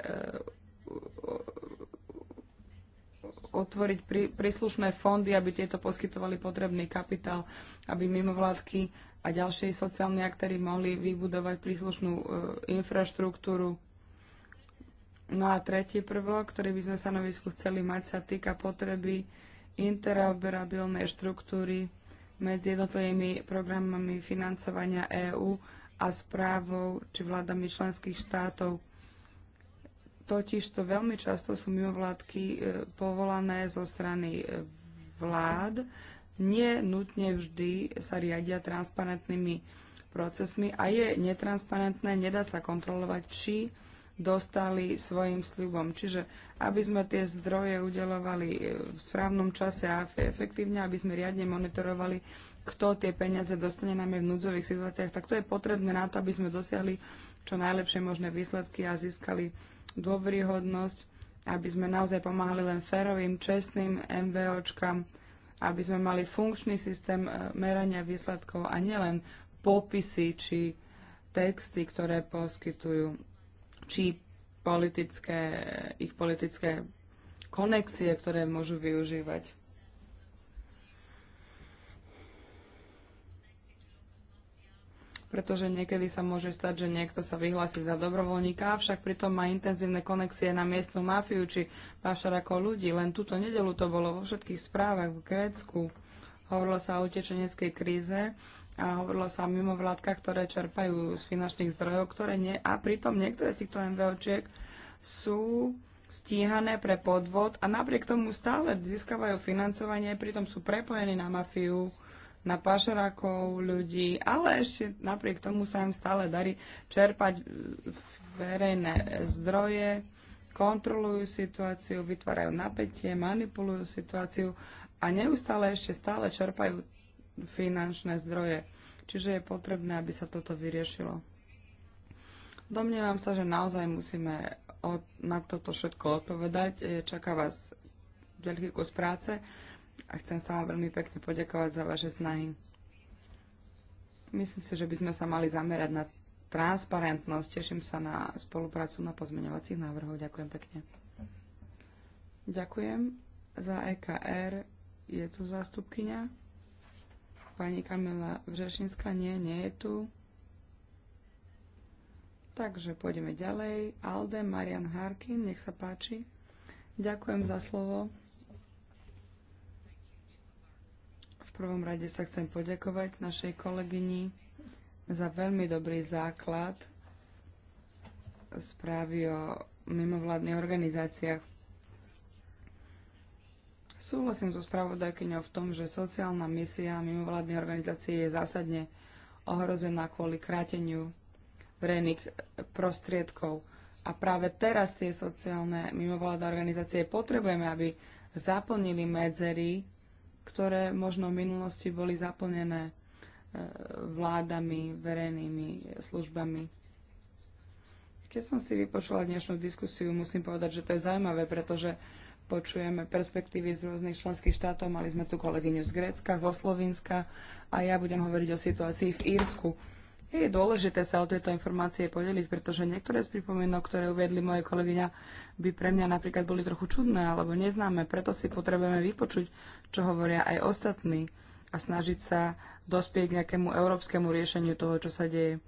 otvoriť príslušné fondy, aby tieto poskytovali potrebný kapitál, aby mimovládky a ďalší sociálni aktéry mohli vybudovať príslušnú e, infraštruktúru. No a tretí prvok, ktorý by sme na výsku chceli mať, sa týka potreby interoperabilnej štruktúry medzi jednotlivými programami financovania EÚ a správou či vládami členských štátov to veľmi často sú mimovládky e, povolané zo strany e, vlád, nie nutne vždy sa riadia transparentnými procesmi a je netransparentné, nedá sa kontrolovať, či dostali svojim sľubom. Čiže aby sme tie zdroje udelovali e, v správnom čase a efektívne, aby sme riadne monitorovali, kto tie peniaze dostane najmä v núdzových situáciách, tak to je potrebné na to, aby sme dosiahli čo najlepšie možné výsledky a získali dôveryhodnosť, aby sme naozaj pomáhali len férovým, čestným MVOčkám, aby sme mali funkčný systém e, merania výsledkov a nielen popisy či texty, ktoré poskytujú, či politické, ich politické konexie, ktoré môžu využívať. pretože niekedy sa môže stať, že niekto sa vyhlási za dobrovoľníka, avšak pritom má intenzívne konexie na miestnu mafiu či pášar ako ľudí. Len túto nedelu to bolo vo všetkých správach v Grécku. Hovorilo sa o utečeneckej kríze a hovorilo sa o mimovládkach, ktoré čerpajú z finančných zdrojov, ktoré nie, a pritom niektoré z týchto MVOčiek sú stíhané pre podvod a napriek tomu stále získavajú financovanie, pritom sú prepojení na mafiu, na pašerákov ľudí, ale ešte napriek tomu sa im stále darí čerpať e, verejné zdroje, kontrolujú situáciu, vytvárajú napätie, manipulujú situáciu a neustále ešte stále čerpajú finančné zdroje. Čiže je potrebné, aby sa toto vyriešilo. Domnievam sa, že naozaj musíme od, na toto všetko odpovedať. E, čaká vás veľký kus práce a chcem sa vám veľmi pekne poďakovať za vaše snahy. Myslím si, že by sme sa mali zamerať na transparentnosť. Teším sa na spoluprácu na pozmeňovacích návrhov. Ďakujem pekne. Ďakujem. Za EKR je tu zástupkynia. Pani Kamila Vřešinská nie, nie je tu. Takže pôjdeme ďalej. Alde, Marian Harkin, nech sa páči. Ďakujem za slovo. prvom rade sa chcem poďakovať našej kolegyni za veľmi dobrý základ správy o mimovládnych organizáciách. Súhlasím so spravodajkyňou v tom, že sociálna misia mimovládnych organizácie je zásadne ohrozená kvôli kráteniu verejných prostriedkov. A práve teraz tie sociálne mimovládne organizácie potrebujeme, aby zaplnili medzery ktoré možno v minulosti boli zaplnené e, vládami, verejnými službami. Keď som si vypočula dnešnú diskusiu, musím povedať, že to je zaujímavé, pretože počujeme perspektívy z rôznych členských štátov. Mali sme tu kolegyňu z Grécka, zo Slovenska a ja budem hovoriť o situácii v Írsku. Je dôležité sa o tieto informácie podeliť, pretože niektoré z pripomienok, ktoré uviedli moje kolegyňa, by pre mňa napríklad boli trochu čudné alebo neznáme, preto si potrebujeme vypočuť, čo hovoria aj ostatní a snažiť sa dospieť k nejakému európskemu riešeniu toho, čo sa deje.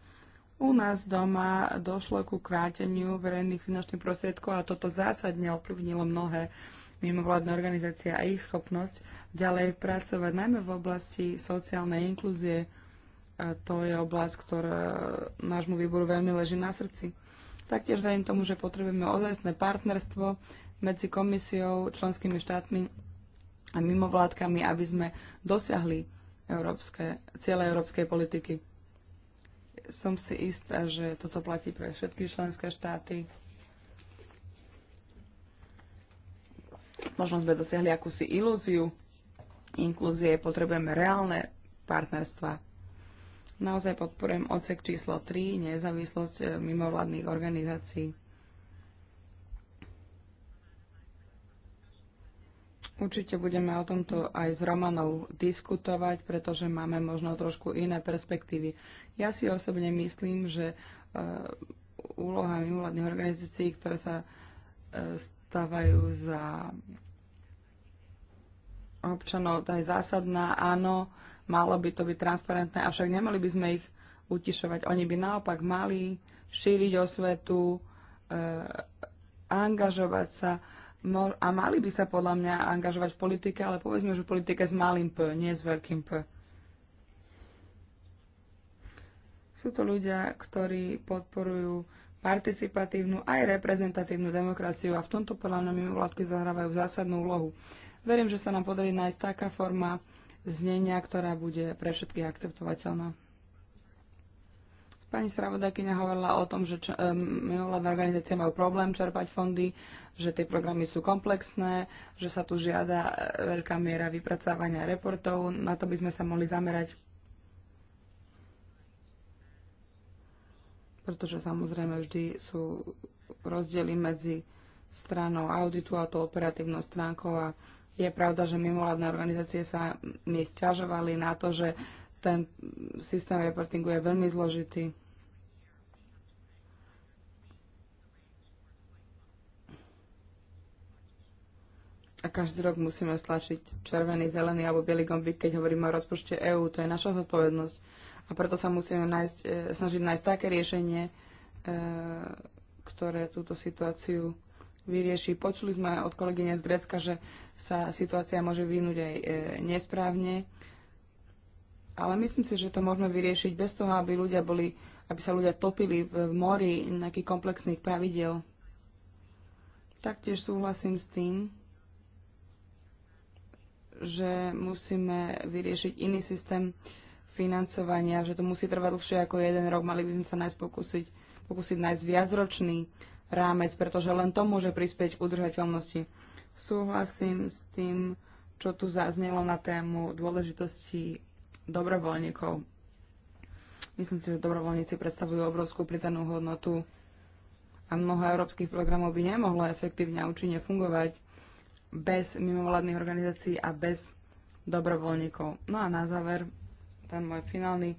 U nás doma došlo ku kráteniu verejných finančných prostriedkov a toto zásadne ovplyvnilo mnohé mimovládne organizácie a ich schopnosť ďalej pracovať najmä v oblasti sociálnej inklúzie, a to je oblasť, ktorá nášmu výboru veľmi leží na srdci. Taktiež verím tomu, že potrebujeme ozajstné partnerstvo medzi komisiou, členskými štátmi a mimovládkami, aby sme dosiahli európske, cieľe európskej politiky. Som si istá, že toto platí pre všetky členské štáty. Možno sme dosiahli akúsi ilúziu inklúzie, potrebujeme reálne partnerstva Naozaj podporujem odsek číslo 3, nezávislosť e, mimovládnych organizácií. Určite budeme o tomto aj s Romanov diskutovať, pretože máme možno trošku iné perspektívy. Ja si osobne myslím, že e, úloha mimovládnych organizácií, ktoré sa e, stávajú za občanov, tá je zásadná. Áno, Malo by to byť transparentné, avšak nemali by sme ich utišovať. Oni by naopak mali šíriť osvetu, e, angažovať sa a mali by sa podľa mňa angažovať v politike, ale povedzme, že v politike s malým P, nie s veľkým P. Sú to ľudia, ktorí podporujú participatívnu aj reprezentatívnu demokraciu a v tomto podľa mňa mimovládky zahrávajú zásadnú úlohu. Verím, že sa nám podarí nájsť taká forma, znenia, ktorá bude pre všetkých akceptovateľná. Pani spravodajkyňa hovorila o tom, že mimovládne organizácie majú problém čerpať fondy, že tie programy sú komplexné, že sa tu žiada e, veľká miera vypracávania reportov. Na to by sme sa mohli zamerať, pretože samozrejme vždy sú rozdiely medzi stranou auditu a to operatívnou stránkou a je pravda, že mimovládne organizácie sa mi stiažovali na to, že ten systém reportingu je veľmi zložitý. A každý rok musíme stlačiť červený, zelený alebo biely gombík, keď hovoríme o rozpočte EÚ. To je naša zodpovednosť. A preto sa musíme nájsť, e, snažiť nájsť také riešenie, e, ktoré túto situáciu vyrieši. Počuli sme od kolegyne z Grécka, že sa situácia môže vynúť aj e, nesprávne, ale myslím si, že to môžeme vyriešiť bez toho, aby ľudia boli, aby sa ľudia topili v mori nejakých komplexných pravidel. Taktiež súhlasím s tým, že musíme vyriešiť iný systém financovania, že to musí trvať dlhšie ako jeden rok. Mali by sme sa nájsť pokúsiť, pokúsiť nájsť viacročný rámec, pretože len to môže prispieť k udržateľnosti. Súhlasím s tým, čo tu zaznelo na tému dôležitosti dobrovoľníkov. Myslím si, že dobrovoľníci predstavujú obrovskú pridanú hodnotu a mnoho európskych programov by nemohlo efektívne a účinne fungovať bez mimovládnych organizácií a bez dobrovoľníkov. No a na záver, ten môj finálny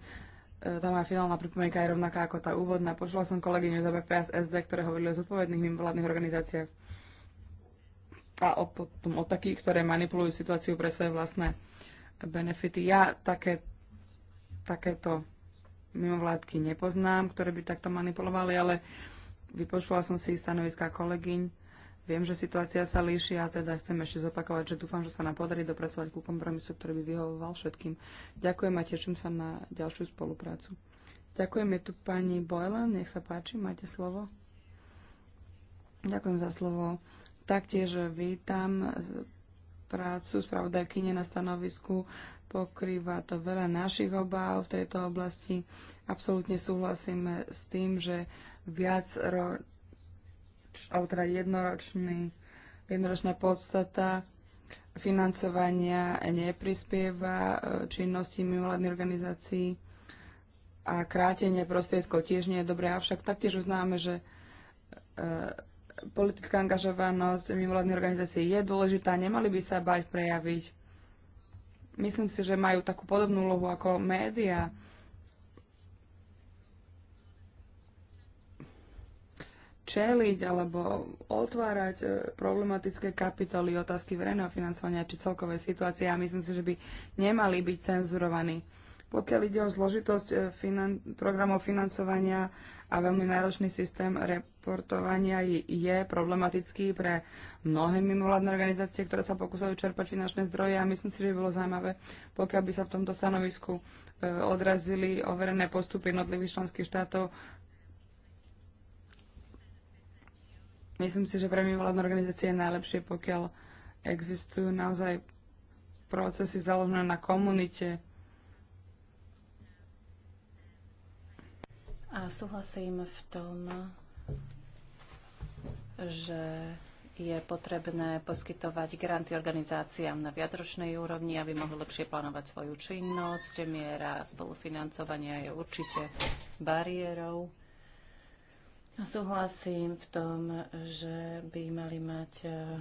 E, tá moja finálna pripomienka je rovnaká ako tá úvodná. Počula som kolegyňu z ABP e SD, ktoré hovorili o zodpovedných mimovládnych organizáciách a o, potom o takých, ktoré manipulujú situáciu pre svoje vlastné benefity. Ja také, takéto mimovládky nepoznám, ktoré by takto manipulovali, ale vypočula som si stanoviská kolegyň Viem, že situácia sa líši a teda chcem ešte zopakovať, že dúfam, že sa nám podarí dopracovať ku kompromisu, ktorý by vyhovoval všetkým. Ďakujem a teším sa na ďalšiu spoluprácu. Ďakujem, je tu pani Boylan, nech sa páči, máte slovo. Ďakujem za slovo. Taktiež vítam prácu spravodajkyne na stanovisku. Pokrýva to veľa našich obáv v tejto oblasti. Absolútne súhlasím s tým, že viac alebo teda jednoročný, jednoročná podstata financovania neprispieva e, činnosti mimovládnych organizácií a krátenie prostriedkov tiež nie je dobré. Avšak taktiež uznáme, že e, politická angažovanosť mimovládnej organizácií je dôležitá, nemali by sa bať prejaviť. Myslím si, že majú takú podobnú úlohu ako médiá. čeliť alebo otvárať e, problematické kapitoly otázky verejného financovania či celkovej situácie a myslím si, že by nemali byť cenzurovaní. Pokiaľ ide o zložitosť e, finan- programov financovania a veľmi náročný systém reportovania je problematický pre mnohé mimovládne organizácie, ktoré sa pokúsajú čerpať finančné zdroje a myslím si, že by bolo zaujímavé, pokiaľ by sa v tomto stanovisku e, odrazili overené postupy jednotlivých členských štátov Myslím si, že pre mimovládne organizácie je najlepšie, pokiaľ existujú naozaj procesy založené na komunite. A súhlasím v tom, že je potrebné poskytovať granty organizáciám na viacročnej úrovni, aby mohli lepšie plánovať svoju činnosť. Miera spolufinancovania je určite bariérou Súhlasím v tom, že by mali mať eh,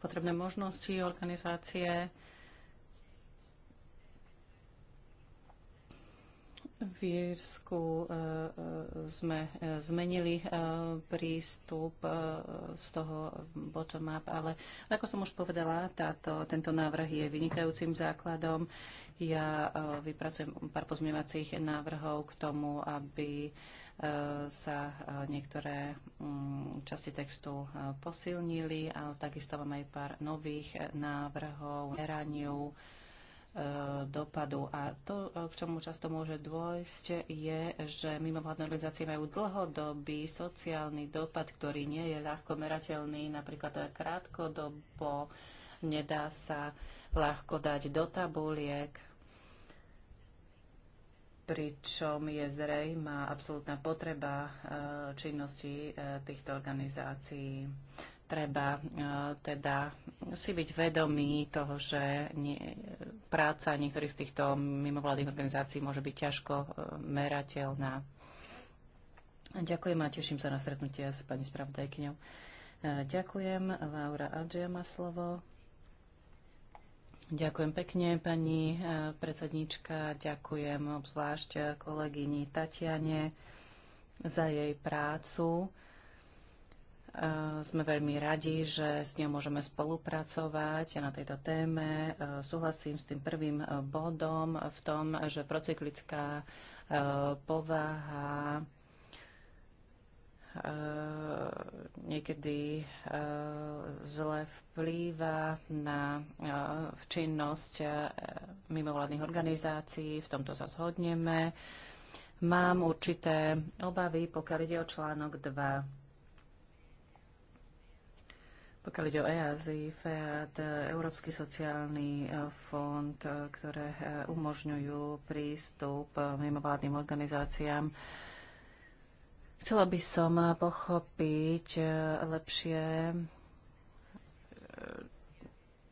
potrebné možnosti organizácie V Írsku e, e, sme e, zmenili prístup z toho bottom-up, ale ako som už povedala, táto, tento návrh je vynikajúcim základom. Ja vypracujem pár pozmievacích návrhov k tomu, aby sa niektoré mm, časti textu posilnili, ale takisto mám aj pár nových návrhov, eraniu, E, dopadu. A to, e, k čomu často môže dôjsť, je, že mimovládne organizácie majú dlhodobý sociálny dopad, ktorý nie je ľahko merateľný, napríklad krátkodobo, nedá sa ľahko dať do tabuliek, pričom je zrejma absolútna potreba e, činnosti týchto organizácií treba e, teda si byť vedomý toho, že nie, práca niektorých z týchto mimovládnych organizácií môže byť ťažko e, merateľná. Ďakujem a teším sa na stretnutie s pani spravodajkňou. E, ďakujem. Laura Adžia má slovo. Ďakujem pekne, pani predsednička. Ďakujem obzvlášť kolegyni Tatiane za jej prácu E, sme veľmi radi, že s ňou môžeme spolupracovať na tejto téme. E, súhlasím s tým prvým e, bodom v tom, že procyklická povaha niekedy zle vplýva na činnosť mimovládnych organizácií, v tomto sa zhodneme. Mám určité obavy, pokiaľ ide o článok 2 pokiaľ ide o EASI, FEAD, Európsky sociálny e, fond, e, ktoré e, umožňujú prístup mimovládnym organizáciám, chcela by som pochopiť lepšie,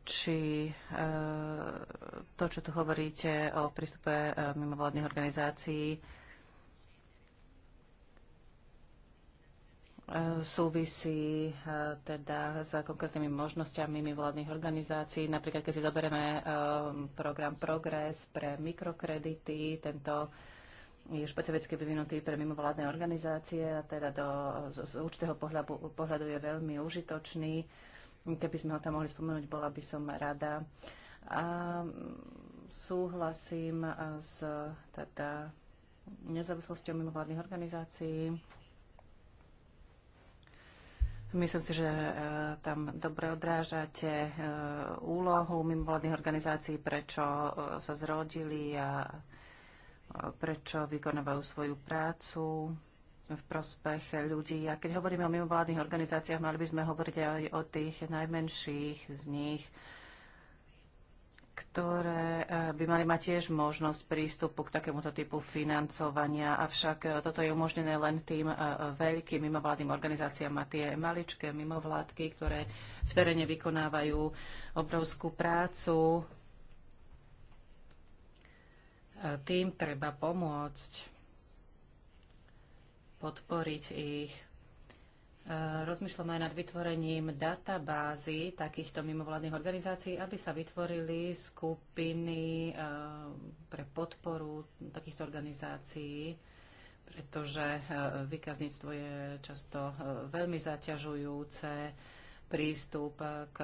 či to, čo tu hovoríte o prístupe mimovládnych organizácií, E, súvisí e, teda s konkrétnymi možnosťami mimovládnych organizácií. Napríklad, keď si zoberieme e, program Progress pre mikrokredity, tento je špecificky vyvinutý pre mimovládne organizácie a teda do, z, z určitého pohľadu, pohľadu je veľmi užitočný. Keby sme ho tam mohli spomenúť, bola by som rada. A súhlasím s teda nezávislosťou mimovládnych organizácií. Myslím si, že e, tam dobre odrážate e, úlohu mimovládnych organizácií, prečo e, sa zrodili a prečo vykonávajú svoju prácu v prospech ľudí. A keď hovoríme o mimovládnych organizáciách, mali by sme hovoriť aj o tých najmenších z nich, ktoré eh, by mali mať tiež možnosť prístupu k takémuto typu financovania, avšak eh, toto je umožnené len tým eh, veľkým mimovládnym organizáciám a tie maličké mimovládky, ktoré v teréne vykonávajú obrovskú prácu. Tým treba pomôcť, podporiť ich, E, Rozmýšľam aj nad vytvorením databázy takýchto mimovládnych organizácií, aby sa vytvorili skupiny e, pre podporu takýchto organizácií, pretože e, vykazníctvo je často veľmi zaťažujúce, prístup k,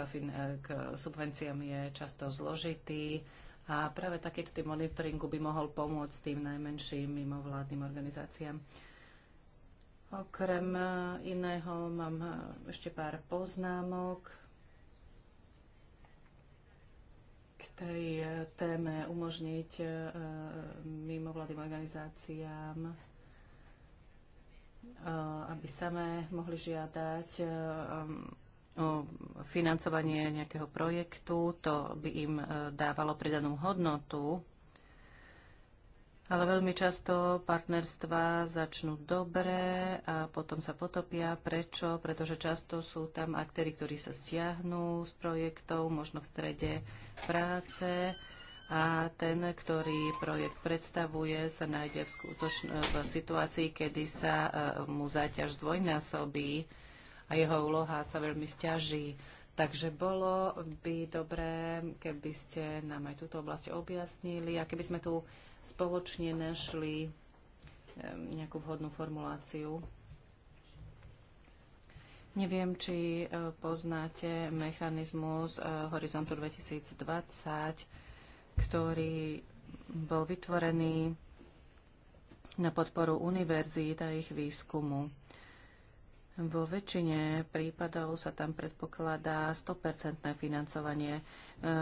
k subvenciám je často zložitý a práve takýto monitoringu by mohol pomôcť tým najmenším mimovládnym organizáciám. Okrem e, iného mám e, ešte pár poznámok k tej e, téme umožniť mimovládnym organizáciám aby samé mohli žiadať o financovanie nejakého projektu. To by im dávalo pridanú hodnotu ale veľmi často partnerstva začnú dobre a potom sa potopia. Prečo? Pretože často sú tam aktéry, ktorí sa stiahnú z projektov, možno v strede práce a ten, ktorý projekt predstavuje, sa nájde v, skutočno, v situácii, kedy sa e, mu záťaž zdvojnásobí a jeho úloha sa veľmi stiaží. Takže bolo by dobré, keby ste nám aj túto oblasť objasnili a keby sme tu spoločne našli nejakú vhodnú formuláciu. Neviem, či e, poznáte mechanizmus e, Horizontu 2020, ktorý bol vytvorený na podporu univerzít a ich výskumu. Vo väčšine prípadov sa tam predpokladá 100% financovanie, e,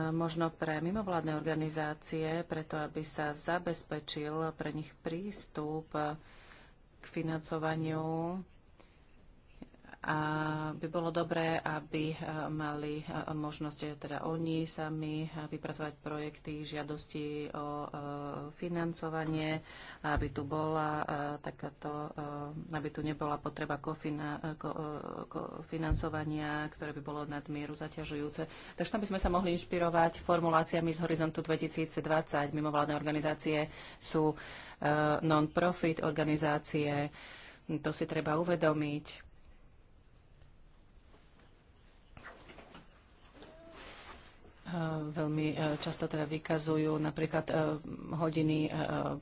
možno pre mimovládne organizácie, preto aby sa zabezpečil pre nich prístup k financovaniu a by bolo dobré, aby e, mali e, možnosť e, teda oni sami vypracovať projekty, žiadosti o financovanie, aby tu bola takáto, aby tu nebola potreba kofinancovania, ktoré by bolo nadmieru zaťažujúce. Takže tam by sme sa mohli inšpirovať formuláciami z Horizontu 2020. Mimovládne organizácie sú non-profit organizácie, to si treba uvedomiť Eh, veľmi eh, často teda vykazujú napríklad eh, hodiny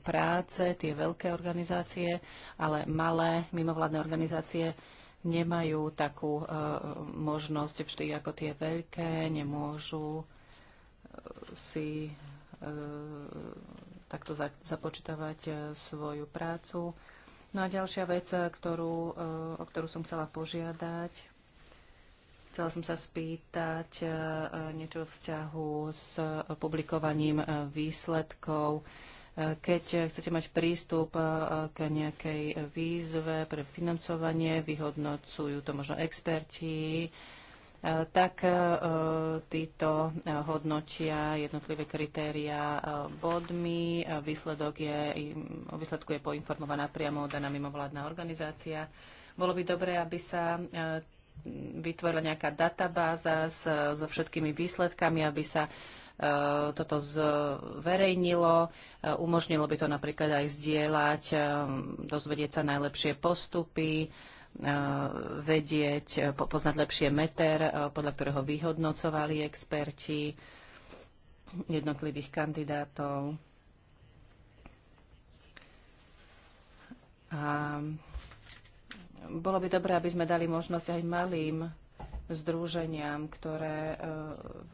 práce, tie veľké organizácie, ale malé mimovládne organizácie nemajú takú možnosť vždy ako tie veľké, nemôžu si takto započítavať svoju prácu. No a ďalšia vec, ktorú, o ktorú som chcela požiadať, Chcela som sa spýtať e, e, niečo vo vzťahu s publikovaním e, výsledkov. Keď chcete mať prístup k nejakej výzve pre financovanie, vyhodnocujú to možno experti, tak títo hodnotia jednotlivé kritéria bodmi. Výsledok je, o výsledku je poinformovaná priamo daná mimovládna organizácia. Bolo by dobré, aby sa vytvorila nejaká databáza s, so všetkými výsledkami, aby sa e, toto zverejnilo. E, umožnilo by to napríklad aj zdieľať, e, dozvedieť sa najlepšie postupy, vedieť, poznať lepšie meter, podľa ktorého vyhodnocovali experti jednotlivých kandidátov. A bolo by dobré, aby sme dali možnosť aj malým združeniam, ktoré e,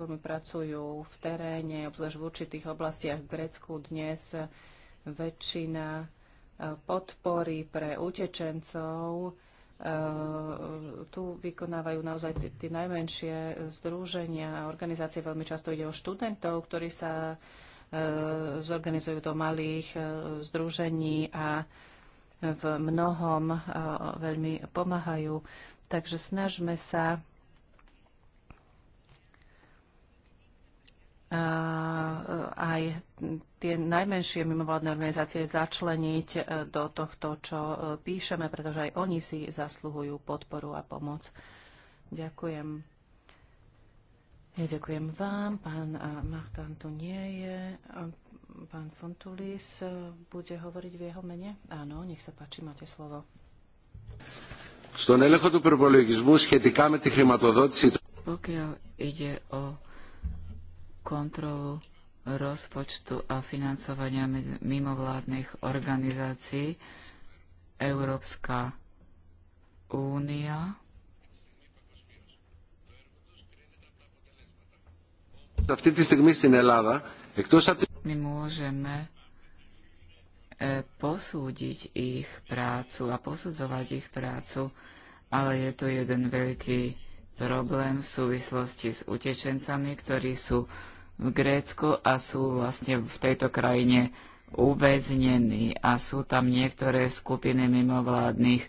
veľmi pracujú v teréne, obzvlášť v určitých oblastiach v Grécku dnes väčšina e, podpory pre utečencov e, tu vykonávajú naozaj tie najmenšie združenia a organizácie. Veľmi často ide o študentov, ktorí sa zorganizujú do malých združení a v mnohom eh, veľmi pomáhajú. Takže snažme sa eh, aj tie najmenšie mimovládne organizácie začleniť eh, do tohto, čo píšeme, pretože aj oni si zasluhujú podporu a pomoc. Ďakujem. Ja ďakujem vám. Pán Machtan tu nie je. Pán Fontulis e, bude hovoriť v jeho mene? Áno, nech sa páči, máte slovo. Pokiaľ ide o kontrolu rozpočtu a financovania mimovládnych organizácií, Európska únia Αυτή τη στιγμή στην Ελλάδα, εκτός από my môžeme e, posúdiť ich prácu a posudzovať ich prácu, ale je tu jeden veľký problém v súvislosti s utečencami, ktorí sú v Grécku a sú vlastne v tejto krajine uväznení a sú tam niektoré skupiny mimovládnych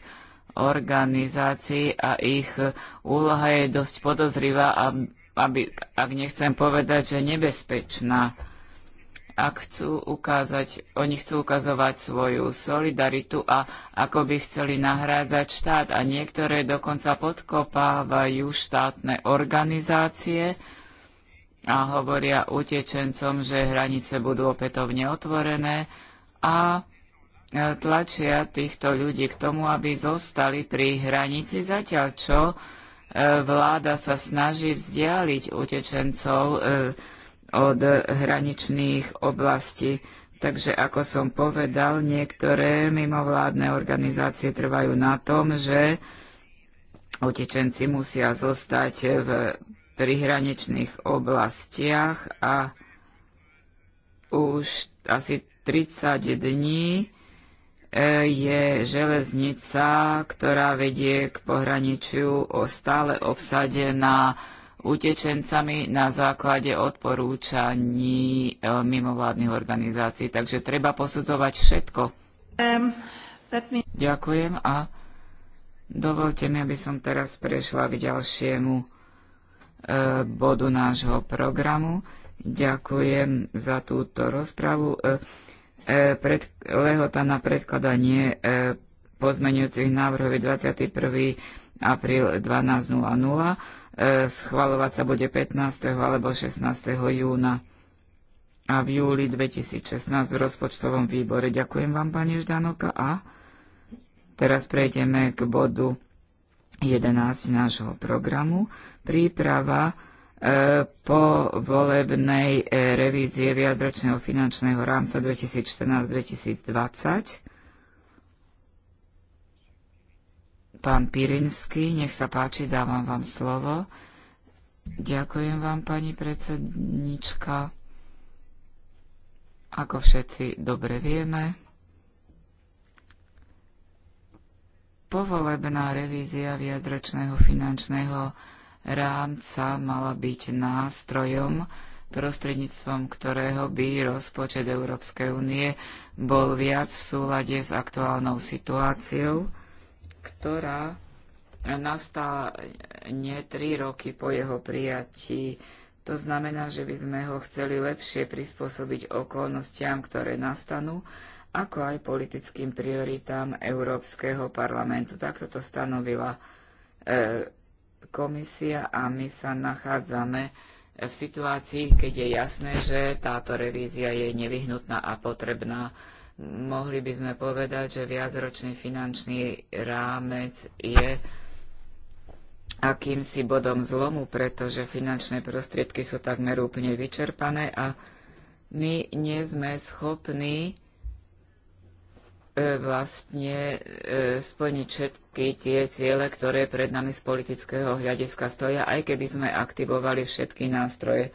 organizácií a ich úloha je dosť podozrivá, aby, ak nechcem povedať, že nebezpečná ak chcú ukázať, oni chcú ukazovať svoju solidaritu a ako by chceli nahrádzať štát a niektoré dokonca podkopávajú štátne organizácie a hovoria utečencom, že hranice budú opätovne otvorené a tlačia týchto ľudí k tomu, aby zostali pri hranici, zatiaľ čo e, vláda sa snaží vzdialiť utečencov e, od hraničných oblastí. Takže ako som povedal, niektoré mimovládne organizácie trvajú na tom, že utečenci musia zostať v prihraničných oblastiach a už asi 30 dní e, je železnica, ktorá vedie k pohraničiu, stále obsadená utečencami na základe odporúčaní e, mimovládnych organizácií. Takže treba posudzovať všetko. Um, Ďakujem a dovolte mi, aby som teraz prešla k ďalšiemu e, bodu nášho programu. Ďakujem za túto rozpravu. E, pred, lehota na predkladanie pozmeňujúcich návrhov je 21. apríl 12.00 E, schvalovať sa bude 15. alebo 16. júna a v júli 2016 v rozpočtovom výbore. Ďakujem vám, pani Ždanoka. A teraz prejdeme k bodu 11 nášho programu. Príprava e, po volebnej e, revízie viacročného finančného rámca 2014-2020 Pán Pirinsky, nech sa páči, dávam vám slovo. Ďakujem vám, pani predsednička. Ako všetci dobre vieme, povolebná revízia viadročného finančného rámca mala byť nástrojom, prostredníctvom ktorého by rozpočet Európskej únie bol viac v súlade s aktuálnou situáciou ktorá nastala nie tri roky po jeho prijatí. To znamená, že by sme ho chceli lepšie prispôsobiť okolnostiam, ktoré nastanú, ako aj politickým prioritám Európskeho parlamentu. Takto to stanovila e, komisia a my sa nachádzame v situácii, keď je jasné, že táto revízia je nevyhnutná a potrebná mohli by sme povedať, že viacročný finančný rámec je akýmsi bodom zlomu, pretože finančné prostriedky sú takmer úplne vyčerpané a my nie sme schopní e, vlastne e, splniť všetky tie ciele, ktoré pred nami z politického hľadiska stoja, aj keby sme aktivovali všetky nástroje.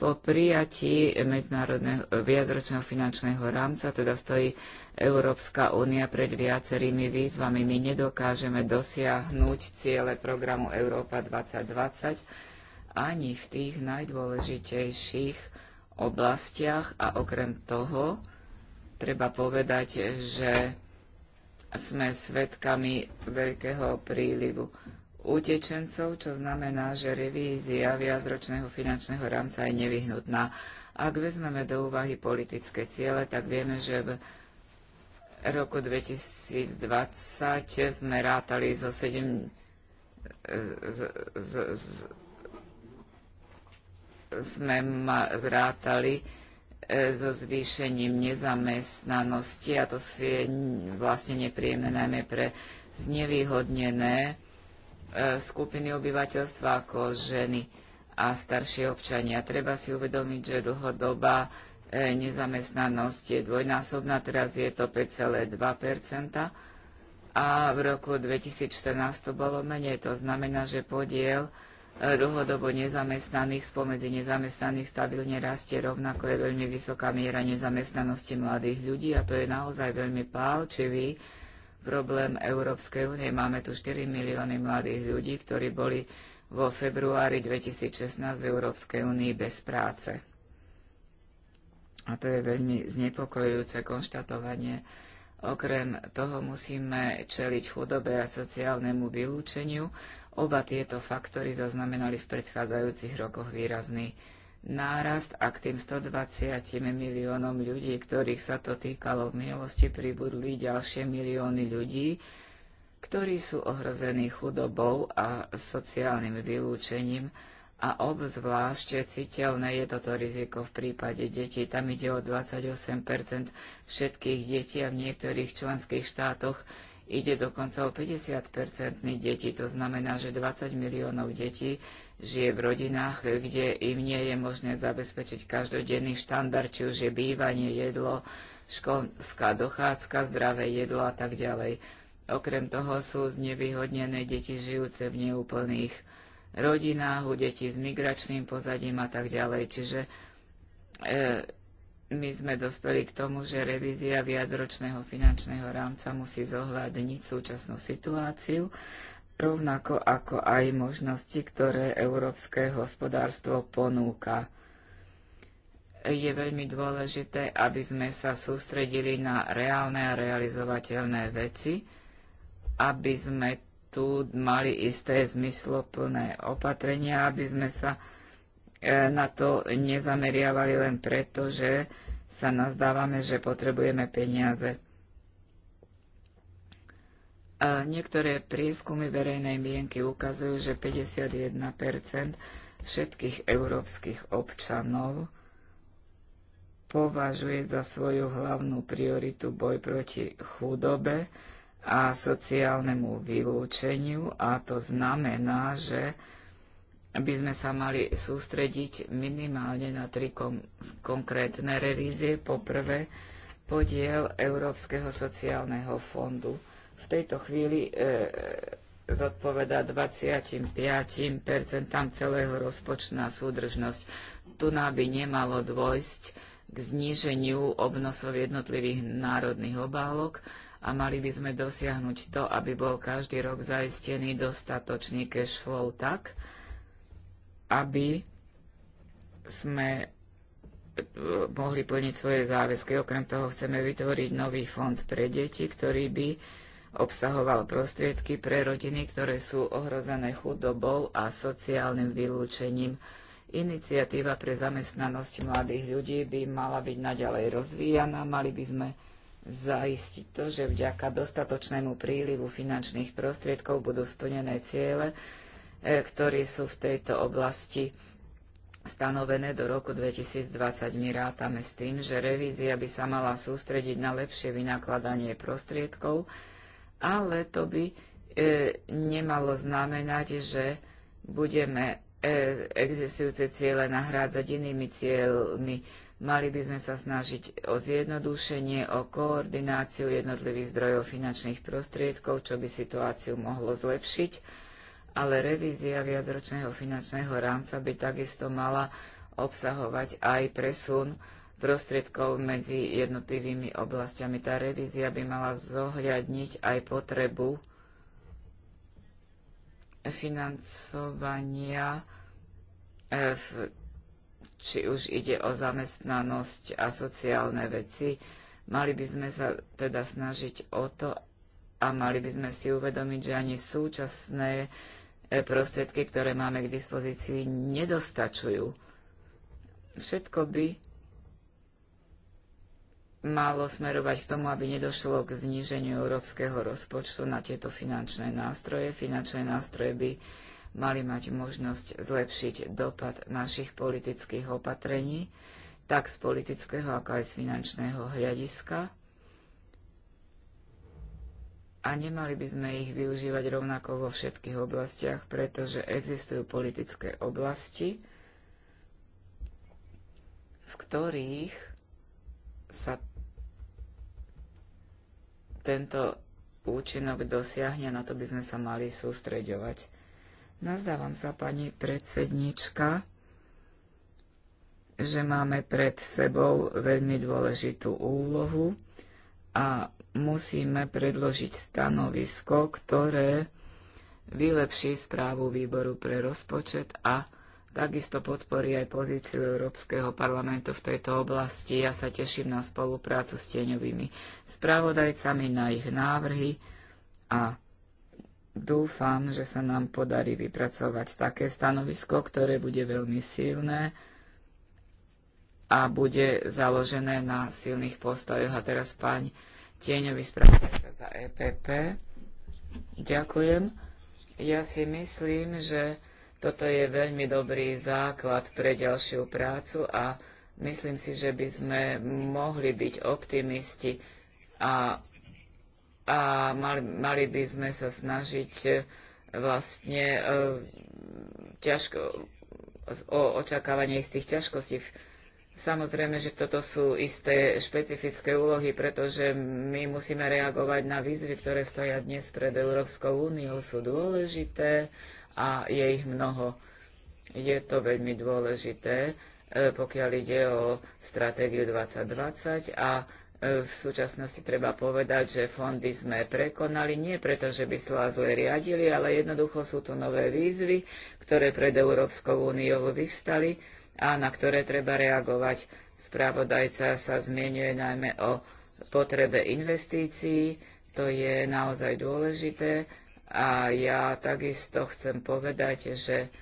Po prijatí medzinárodného viacročného finančného rámca teda stojí Európska únia pred viacerými výzvami. My nedokážeme dosiahnuť ciele programu Európa 2020 ani v tých najdôležitejších oblastiach a okrem toho treba povedať, že sme svedkami veľkého prílivu utečencov, čo znamená, že revízia viacročného finančného rámca je nevyhnutná. Ak vezmeme do úvahy politické ciele, tak vieme, že v roku 2020 sme rátali zo 7 z, z, z, sme ma, zrátali e, so zvýšením nezamestnanosti a to si je vlastne nepríjemné najmä pre znevýhodnené E, skupiny obyvateľstva ako ženy a starší občania. Treba si uvedomiť, že dlhodobá e, nezamestnanosť je dvojnásobná, teraz je to 5,2 a v roku 2014 to bolo menej. To znamená, že podiel e, dlhodobo nezamestnaných spomedzi nezamestnaných stabilne rastie, rovnako je veľmi vysoká miera nezamestnanosti mladých ľudí a to je naozaj veľmi pálčivý problém Európskej únie. Máme tu 4 milióny mladých ľudí, ktorí boli vo februári 2016 v Európskej únii bez práce. A to je veľmi znepokojujúce konštatovanie. Okrem toho musíme čeliť chudobe a sociálnemu vylúčeniu. Oba tieto faktory zaznamenali v predchádzajúcich rokoch výrazný nárast a k tým 120 miliónom ľudí, ktorých sa to týkalo v minulosti, pribudli ďalšie milióny ľudí, ktorí sú ohrození chudobou a sociálnym vylúčením a obzvlášť citeľné je toto riziko v prípade detí. Tam ide o 28 všetkých detí a v niektorých členských štátoch Ide dokonca o 50-percentný deti, to znamená, že 20 miliónov detí žije v rodinách, kde im nie je možné zabezpečiť každodenný štandard, či už je bývanie, jedlo, školská dochádzka, zdravé jedlo a tak ďalej. Okrem toho sú znevýhodnené deti žijúce v neúplných rodinách, u detí s migračným pozadím a tak ďalej. Čiže e, my sme dospeli k tomu, že revízia viacročného finančného rámca musí zohľadniť súčasnú situáciu, rovnako ako aj možnosti, ktoré európske hospodárstvo ponúka. Je veľmi dôležité, aby sme sa sústredili na reálne a realizovateľné veci, aby sme tu mali isté zmysloplné opatrenia, aby sme sa E, na to nezameriavali len preto, že sa nazdávame, že potrebujeme peniaze. A niektoré prieskumy verejnej mienky ukazujú, že 51 všetkých európskych občanov považuje za svoju hlavnú prioritu boj proti chudobe a sociálnemu vylúčeniu a to znamená, že by sme sa mali sústrediť minimálne na tri konkrétne revízie. Poprvé, podiel Európskeho sociálneho fondu. V tejto chvíli e, zodpoveda 25% celého rozpočtu na súdržnosť. Tu nám by nemalo dôjsť k zníženiu obnosov jednotlivých národných obálok a mali by sme dosiahnuť to, aby bol každý rok zaistený dostatočný cash flow tak, aby sme eh, mohli plniť svoje záväzky. Okrem toho chceme vytvoriť nový fond pre deti, ktorý by obsahoval prostriedky pre rodiny, ktoré sú ohrozené chudobou a sociálnym vylúčením. Iniciatíva pre zamestnanosť mladých ľudí by mala byť naďalej rozvíjana. Mali by sme zaistiť to, že vďaka dostatočnému prílivu finančných prostriedkov budú splnené ciele, E, ktoré sú v tejto oblasti stanovené do roku 2020. My rátame s tým, že revízia by sa mala sústrediť na lepšie vynakladanie prostriedkov, ale to by e, nemalo znamenať, že budeme e, existujúce ciele nahrádzať inými cieľmi. Mali by sme sa snažiť o zjednodušenie, o koordináciu jednotlivých zdrojov finančných prostriedkov, čo by situáciu mohlo zlepšiť ale revízia viacročného finančného rámca by takisto mala obsahovať aj presun prostriedkov medzi jednotlivými oblastiami. Tá revízia by mala zohľadniť aj potrebu financovania, eh, či už ide o zamestnanosť a sociálne veci. Mali by sme sa teda snažiť o to a mali by sme si uvedomiť, že ani súčasné prostriedky, ktoré máme k dispozícii, nedostačujú. Všetko by malo smerovať k tomu, aby nedošlo k zníženiu európskeho rozpočtu na tieto finančné nástroje. Finančné nástroje by mali mať možnosť zlepšiť dopad našich politických opatrení, tak z politického, ako aj z finančného hľadiska a nemali by sme ich využívať rovnako vo všetkých oblastiach, pretože existujú politické oblasti, v ktorých sa tento účinok dosiahne, na to by sme sa mali sústreďovať. Nazdávam sa, pani predsednička, že máme pred sebou veľmi dôležitú úlohu a musíme predložiť stanovisko, ktoré vylepší správu výboru pre rozpočet a takisto podporí aj pozíciu Európskeho parlamentu v tejto oblasti. Ja sa teším na spoluprácu s tieňovými spravodajcami, na ich návrhy a dúfam, že sa nám podarí vypracovať také stanovisko, ktoré bude veľmi silné a bude založené na silných postojoch. A teraz pán Tieňový spravodajca za EPP. Ďakujem. Ja si myslím, že toto je veľmi dobrý základ pre ďalšiu prácu a myslím si, že by sme mohli byť optimisti a, a mali, mali by sme sa snažiť e, vlastne e, ťažko, o očakávanie istých ťažkostí v Samozrejme, že toto sú isté špecifické úlohy, pretože my musíme reagovať na výzvy, ktoré stoja dnes pred Európskou úniou, sú dôležité a je ich mnoho. Je to veľmi dôležité, e, pokiaľ ide o stratégiu 2020 a e, v súčasnosti treba povedať, že fondy sme prekonali, nie preto, že by sa zle riadili, ale jednoducho sú tu nové výzvy, ktoré pred Európskou úniou vyvstali a na ktoré treba reagovať. Spravodajca sa zmienuje najmä o potrebe investícií, to je naozaj dôležité a ja takisto chcem povedať, že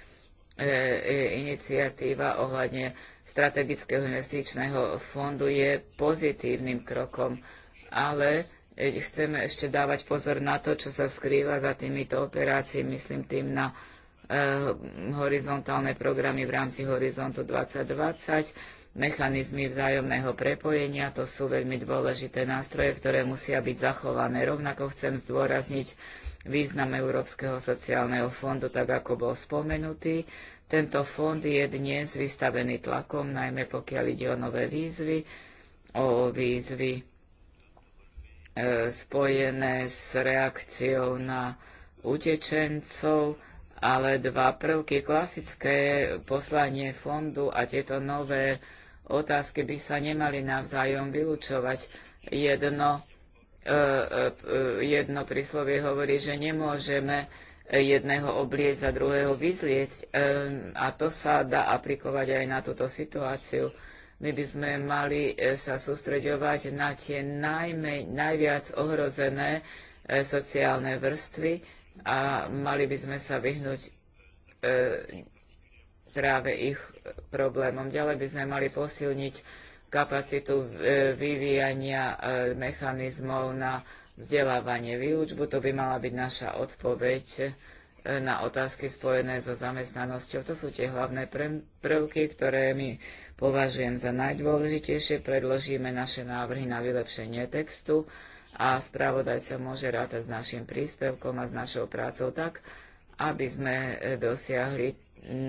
e, e, iniciatíva ohľadne strategického investičného fondu je pozitívnym krokom, ale e, chceme ešte dávať pozor na to, čo sa skrýva za týmito operáciami, myslím tým na Eh, horizontálne programy v rámci Horizontu 2020, mechanizmy vzájomného prepojenia, to sú veľmi dôležité nástroje, ktoré musia byť zachované. Rovnako chcem zdôrazniť význam Európskeho sociálneho fondu, tak ako bol spomenutý. Tento fond je dnes vystavený tlakom, najmä pokiaľ ide o nové výzvy, o výzvy eh, spojené s reakciou na utečencov, ale dva prvky, klasické poslanie fondu a tieto nové otázky by sa nemali navzájom vylúčovať. Jedno, e, e, e, jedno príslovie hovorí, že nemôžeme jedného obliecť a druhého vyzliecť a to sa dá aplikovať aj na túto situáciu. My by sme mali sa sústreďovať na tie najmä, najviac ohrozené sociálne vrstvy, a mali by sme sa vyhnúť e, práve ich problémom. Ďalej by sme mali posilniť kapacitu e, vyvíjania e, mechanizmov na vzdelávanie výučbu. To by mala byť naša odpoveď e, na otázky spojené so zamestnanosťou. To sú tie hlavné prvky, ktoré my považujem za najdôležitejšie. Predložíme naše návrhy na vylepšenie textu a spravodajca môže rátať s našim príspevkom a s našou prácou tak, aby sme e, dosiahli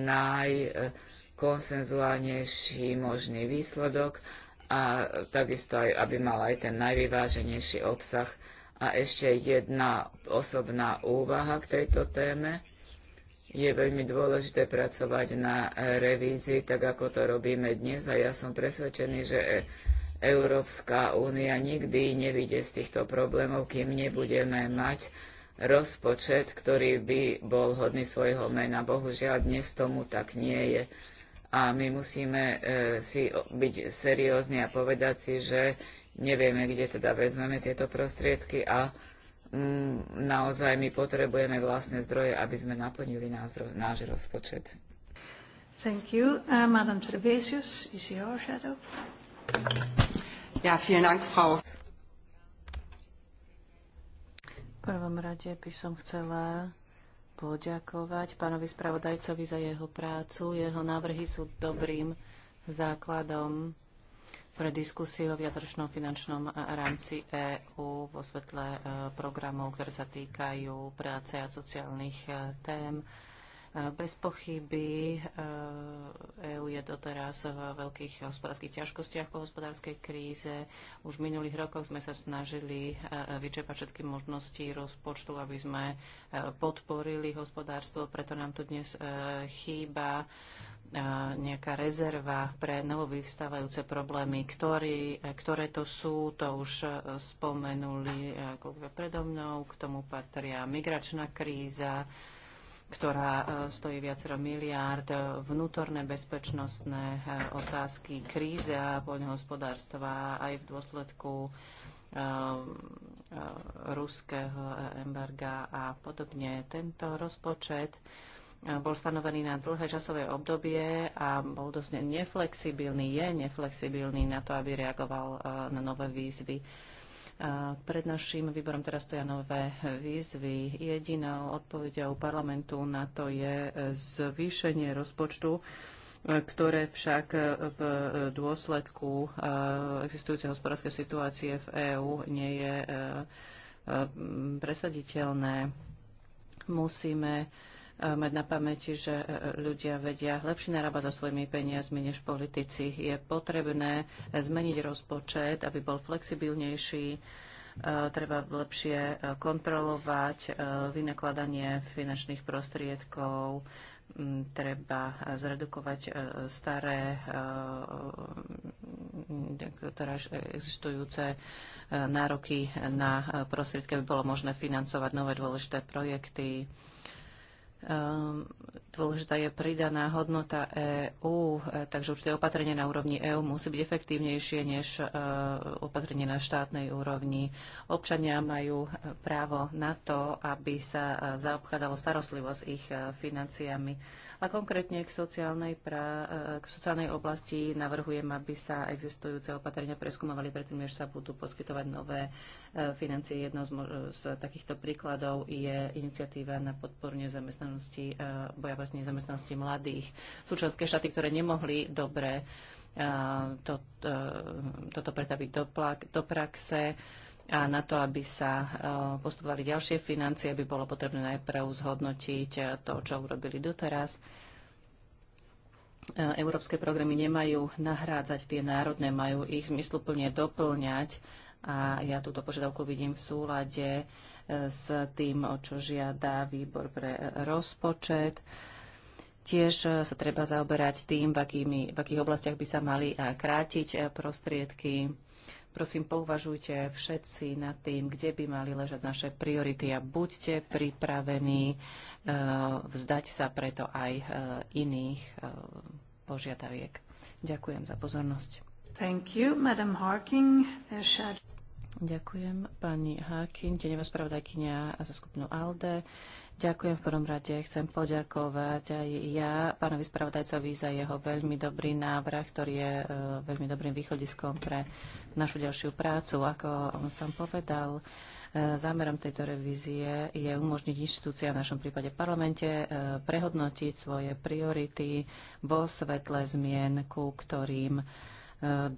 najkonsenzuálnejší možný výsledok a takisto aj, aby mal aj ten najvyváženejší obsah. A ešte jedna osobná úvaha k tejto téme. Je veľmi dôležité pracovať na e, revízii, tak ako to robíme dnes. A ja som presvedčený, že e, Európska únia nikdy nevidie z týchto problémov, kým nebudeme mať rozpočet, ktorý by bol hodný svojho mena. Bohužiaľ, dnes tomu tak nie je. A my musíme e, si byť seriózni a povedať si, že nevieme, kde teda vezmeme tieto prostriedky a mm, naozaj my potrebujeme vlastné zdroje, aby sme naplnili náš, náš rozpočet. Thank you. Uh, Madam Trebesius, is your shadow? Ja, vielen Dank, Frau. V prvom rade by som chcela poďakovať pánovi spravodajcovi za jeho prácu. Jeho návrhy sú dobrým základom pre diskusiu o viacročnom finančnom rámci EÚ vo svetle e, programov, ktoré sa týkajú práce a sociálnych e, tém bez pochyby EÚ eh, e je doteraz v veľkých hospodárskych ťažkostiach po hospodárskej kríze. Už v minulých rokoch sme sa snažili eh, vyčerpať všetky možnosti rozpočtu, aby sme eh, podporili hospodárstvo, preto nám tu dnes chýba nejaká rezerva pre novovyvstávajúce problémy, ktorý, ktoré to sú, to už spomenuli kolegovia predo mnou, k tomu patria migračná kríza, ktorá e, stojí viacero miliárd, e, vnútorné bezpečnostné e, otázky, kríze a poľnohospodárstva aj v dôsledku ruského embarga a podobne. Tento rozpočet bol stanovený na dlhé časové obdobie a bol dosť neflexibilný, je neflexibilný na to, aby reagoval na nové výzvy. Pred našim výborom teraz stoja nové výzvy. Jedinou odpovedou parlamentu na to je zvýšenie rozpočtu ktoré však v dôsledku e, existujúcej hospodárskej situácie v EÚ nie je e, presaditeľné. Musíme mať na pamäti, že e, ľudia vedia lepšie narábať so svojimi peniazmi než politici. Je potrebné zmeniť rozpočet, aby bol flexibilnejší, e, treba lepšie e, kontrolovať vynakladanie finančných prostriedkov, treba zredukovať staré ktoré existujúce nároky na prostriedky, aby bolo možné financovať nové dôležité projekty Ehm, dôležitá je pridaná hodnota EÚ, e, takže určité opatrenie na úrovni EÚ musí byť efektívnejšie než e, opatrenie na štátnej úrovni. Občania majú e, právo na to, aby sa zaobchádzalo starostlivosť ich financiami a konkrétne k sociálnej, pra, e, k sociálnej oblasti navrhujem, aby sa existujúce opatrenia preskúmovali predtým, než sa budú poskytovať nové e, financie. Jedno z, z takýchto príkladov je iniciatíva na podporu nezamestnanosti, e, boja proti nezamestnanosti mladých. Sú členské štáty, ktoré nemohli dobre to, to, toto pretaviť do, do praxe a na to, aby sa e, postupovali ďalšie financie, by bolo potrebné najprv zhodnotiť e, to, čo urobili doteraz. E, európske programy nemajú nahrádzať tie národné, majú ich zmysluplne doplňať a ja túto požiadavku vidím v súlade s tým, o čo žiada výbor pre rozpočet. Tiež sa treba zaoberať tým, v, akými, v akých oblastiach by sa mali krátiť prostriedky Prosím, pouvažujte všetci nad tým, kde by mali ležať naše priority a buďte pripravení e, vzdať sa preto aj e, iných e, požiadaviek. Ďakujem za pozornosť. Thank you, Madam Harking. Ďakujem pani Harkin, tenevá spravodajkynia za skupinu ALDE. Ďakujem v prvom rade. Chcem poďakovať aj ja pánovi spravodajcovi za jeho veľmi dobrý návrh, ktorý je e, veľmi dobrým východiskom pre našu ďalšiu prácu. Ako on sám povedal, e, zámerom tejto revízie je umožniť inštitúcia, v našom prípade parlamente, e, prehodnotiť svoje priority vo svetle zmien, ku ktorým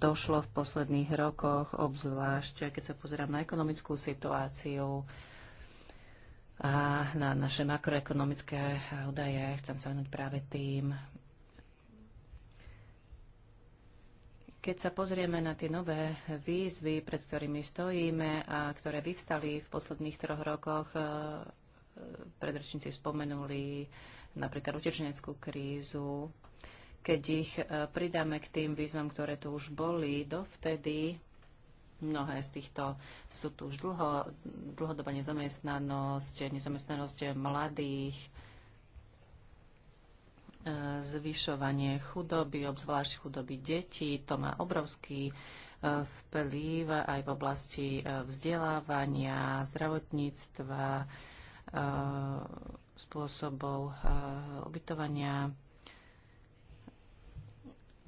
došlo v posledných rokoch, obzvlášť keď sa pozerám na ekonomickú situáciu, a na naše makroekonomické údaje. Chcem sa venúť práve tým. Keď sa pozrieme na tie nové výzvy, pred ktorými stojíme a ktoré vyvstali v posledných troch rokoch, e, predrečníci spomenuli napríklad utečeneckú krízu, keď ich e, pridáme k tým výzvam, ktoré tu už boli dovtedy, Mnohé z týchto sú tu už dlho, dlhodobá nezamestnanosť, nezamestnanosť mladých, e, zvyšovanie chudoby, obzvlášť chudoby detí. To má obrovský e, vplyv aj v oblasti e, vzdelávania, zdravotníctva, spôsobov ubytovania.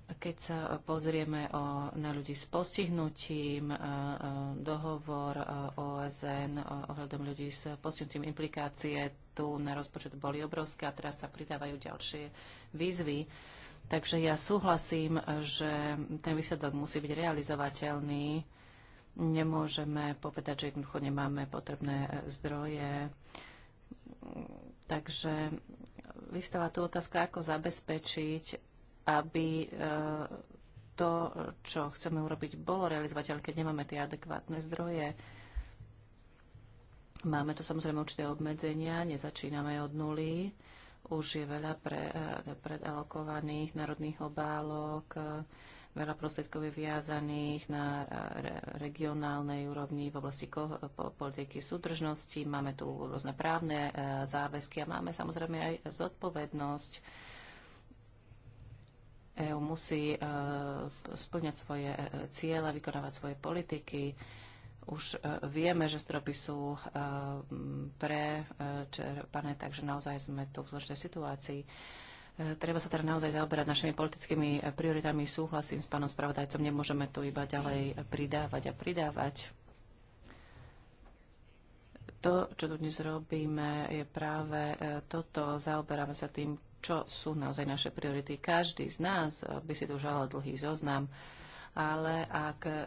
Keď sa pozrieme o, na ľudí s postihnutím, dohovor OSN ohľadom ľudí s postihnutím implikácie tu na rozpočet boli obrovské a teraz sa pridávajú ďalšie výzvy. Takže ja súhlasím, že ten výsledok musí byť realizovateľný. Nemôžeme povedať, že jednoducho nemáme potrebné zdroje. Takže vystáva tu otázka, ako zabezpečiť, aby eh, to, čo chceme urobiť, bolo realizovateľné, keď nemáme tie adekvátne zdroje. Máme tu samozrejme určité obmedzenia, nezačíname od nuly. Už je veľa pre, eh, predalokovaných národných obálok, eh, veľa prostriedkov je viazaných na regionálnej úrovni v oblasti politiky súdržnosti. Máme tu rôzne právne záväzky a máme samozrejme aj zodpovednosť EÚ musí e, splňať svoje e, ciele, vykonávať svoje politiky. Už e, vieme, že stropy sú prečerpané, takže naozaj sme tu v zložitej situácii. Treba sa teda naozaj zaoberať našimi politickými prioritami. Súhlasím s pánom spravodajcom, nemôžeme tu iba ďalej pridávať a pridávať. To, čo tu dnes robíme, je práve toto. Zaoberáme sa tým, čo sú naozaj naše priority. Každý z nás eh, by si tu želal dlhý zoznam, ale ak eh, eh,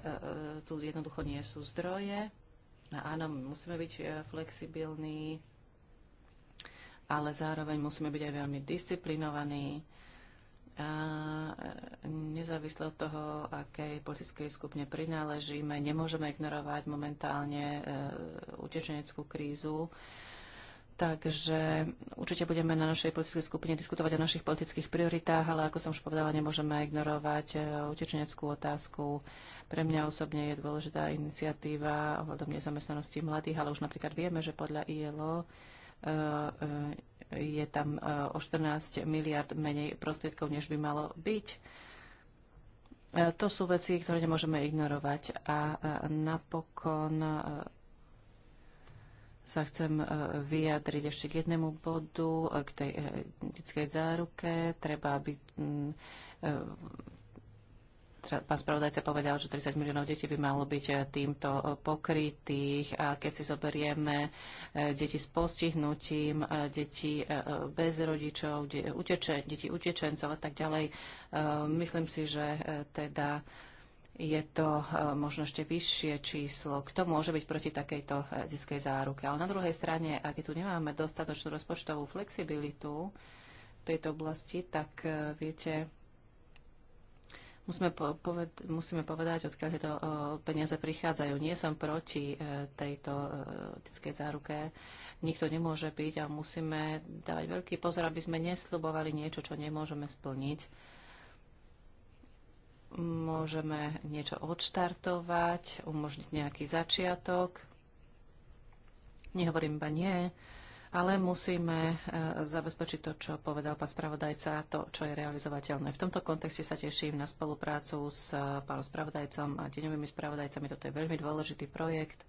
tu jednoducho nie sú zdroje, áno, musíme byť flexibilní, ale zároveň musíme byť aj veľmi disciplinovaní a nezávisle od toho, akej politickej skupine prináležíme, nemôžeme ignorovať momentálne utečeneckú krízu. Takže určite budeme na našej politickej skupine diskutovať o našich politických prioritách, ale ako som už povedala, nemôžeme ignorovať e, utečeneckú otázku. Pre mňa osobne je dôležitá iniciatíva ohľadom nezamestnanosti mladých, ale už napríklad vieme, že podľa ILO e, e, je tam o 14 miliard menej prostriedkov, než by malo byť. To sú veci, ktoré nemôžeme ignorovať. A napokon sa chcem e, vyjadriť ešte k jednému bodu, e, k tej e, detskej záruke. Treba, aby pán spravodajca povedal, že 30 miliónov detí by malo byť týmto pokrytých. A keď si zoberieme deti s postihnutím, deti bez rodičov, deti utečencov a tak ďalej, myslím si, že teda je to e, možno ešte vyššie číslo. Kto môže byť proti takejto e, detskej záruke? Ale na druhej strane, ak tu nemáme dostatočnú rozpočtovú flexibilitu v tejto oblasti, tak e, viete, musíme, poved- musíme povedať, odkiaľ tieto peniaze prichádzajú. Nie som proti tejto detskej záruke. Nikto nemôže byť a musíme dávať veľký pozor, aby sme nesľubovali niečo, čo nemôžeme splniť môžeme niečo odštartovať, umožniť nejaký začiatok. Nehovorím iba nie, ale musíme e, zabezpečiť to, čo povedal pán spravodajca, to, čo je realizovateľné. V tomto kontexte sa teším na spoluprácu s e, pánom spravodajcom a deňovými spravodajcami. Toto je veľmi dôležitý projekt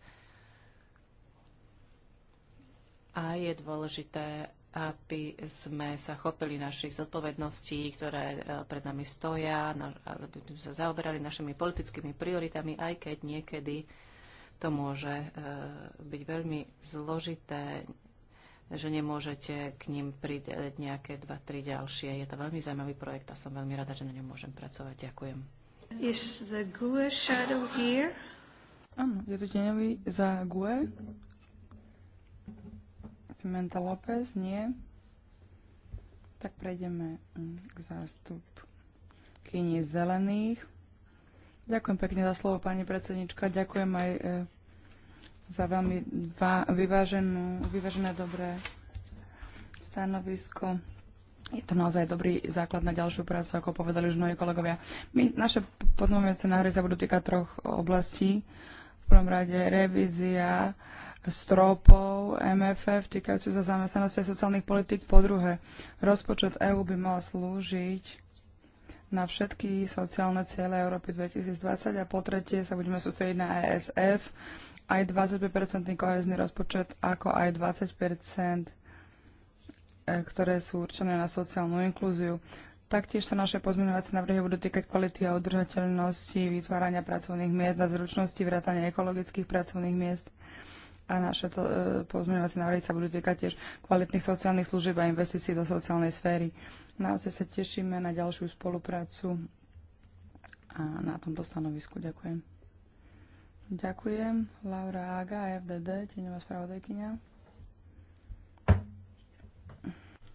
a je dôležité, aby sme sa chopili našich zodpovedností, ktoré e, pred nami stoja, aby sme sa zaoberali našimi politickými prioritami, aj keď niekedy to môže e, byť veľmi zložité, že nemôžete k ním pridať nejaké dva, tri ďalšie. Je to veľmi zaujímavý projekt a som veľmi rada, že na ňom môžem pracovať. Ďakujem. Is the GUE shadow here? Áno, je to deňový za GUE. Pimenta López? Nie. Tak prejdeme mm, k zástup kyni zelených. Ďakujem pekne za slovo, pani predsednička. Ďakujem aj e, za veľmi vyváženú, vyvážené dobré stanovisko. Je to naozaj dobrý základ na ďalšiu prácu, ako povedali už mnohí kolegovia. My, naše podmovenské návrhy sa budú týkať troch oblastí. V prvom rade revízia stropov MFF týkajúci sa zamestnanosti a sociálnych politik. Po druhé, rozpočet EÚ by mal slúžiť na všetky sociálne ciele Európy 2020 a po tretie sa budeme sústrediť na ESF, aj 25-percentný kohezný rozpočet, ako aj 20 e, ktoré sú určené na sociálnu inklúziu. Taktiež sa naše pozmeňovacie návrhy budú týkať kvality a udržateľnosti, vytvárania pracovných miest a zručnosti, vrátania ekologických pracovných miest a naše to, e, pozmeňovací návrhy sa budú týkať tiež kvalitných sociálnych služieb a investícií do sociálnej sféry. Naozaj sa tešíme na ďalšiu spoluprácu a na tomto stanovisku ďakujem. Ďakujem. Laura Aga, FDD, tieňová spravodajkynia.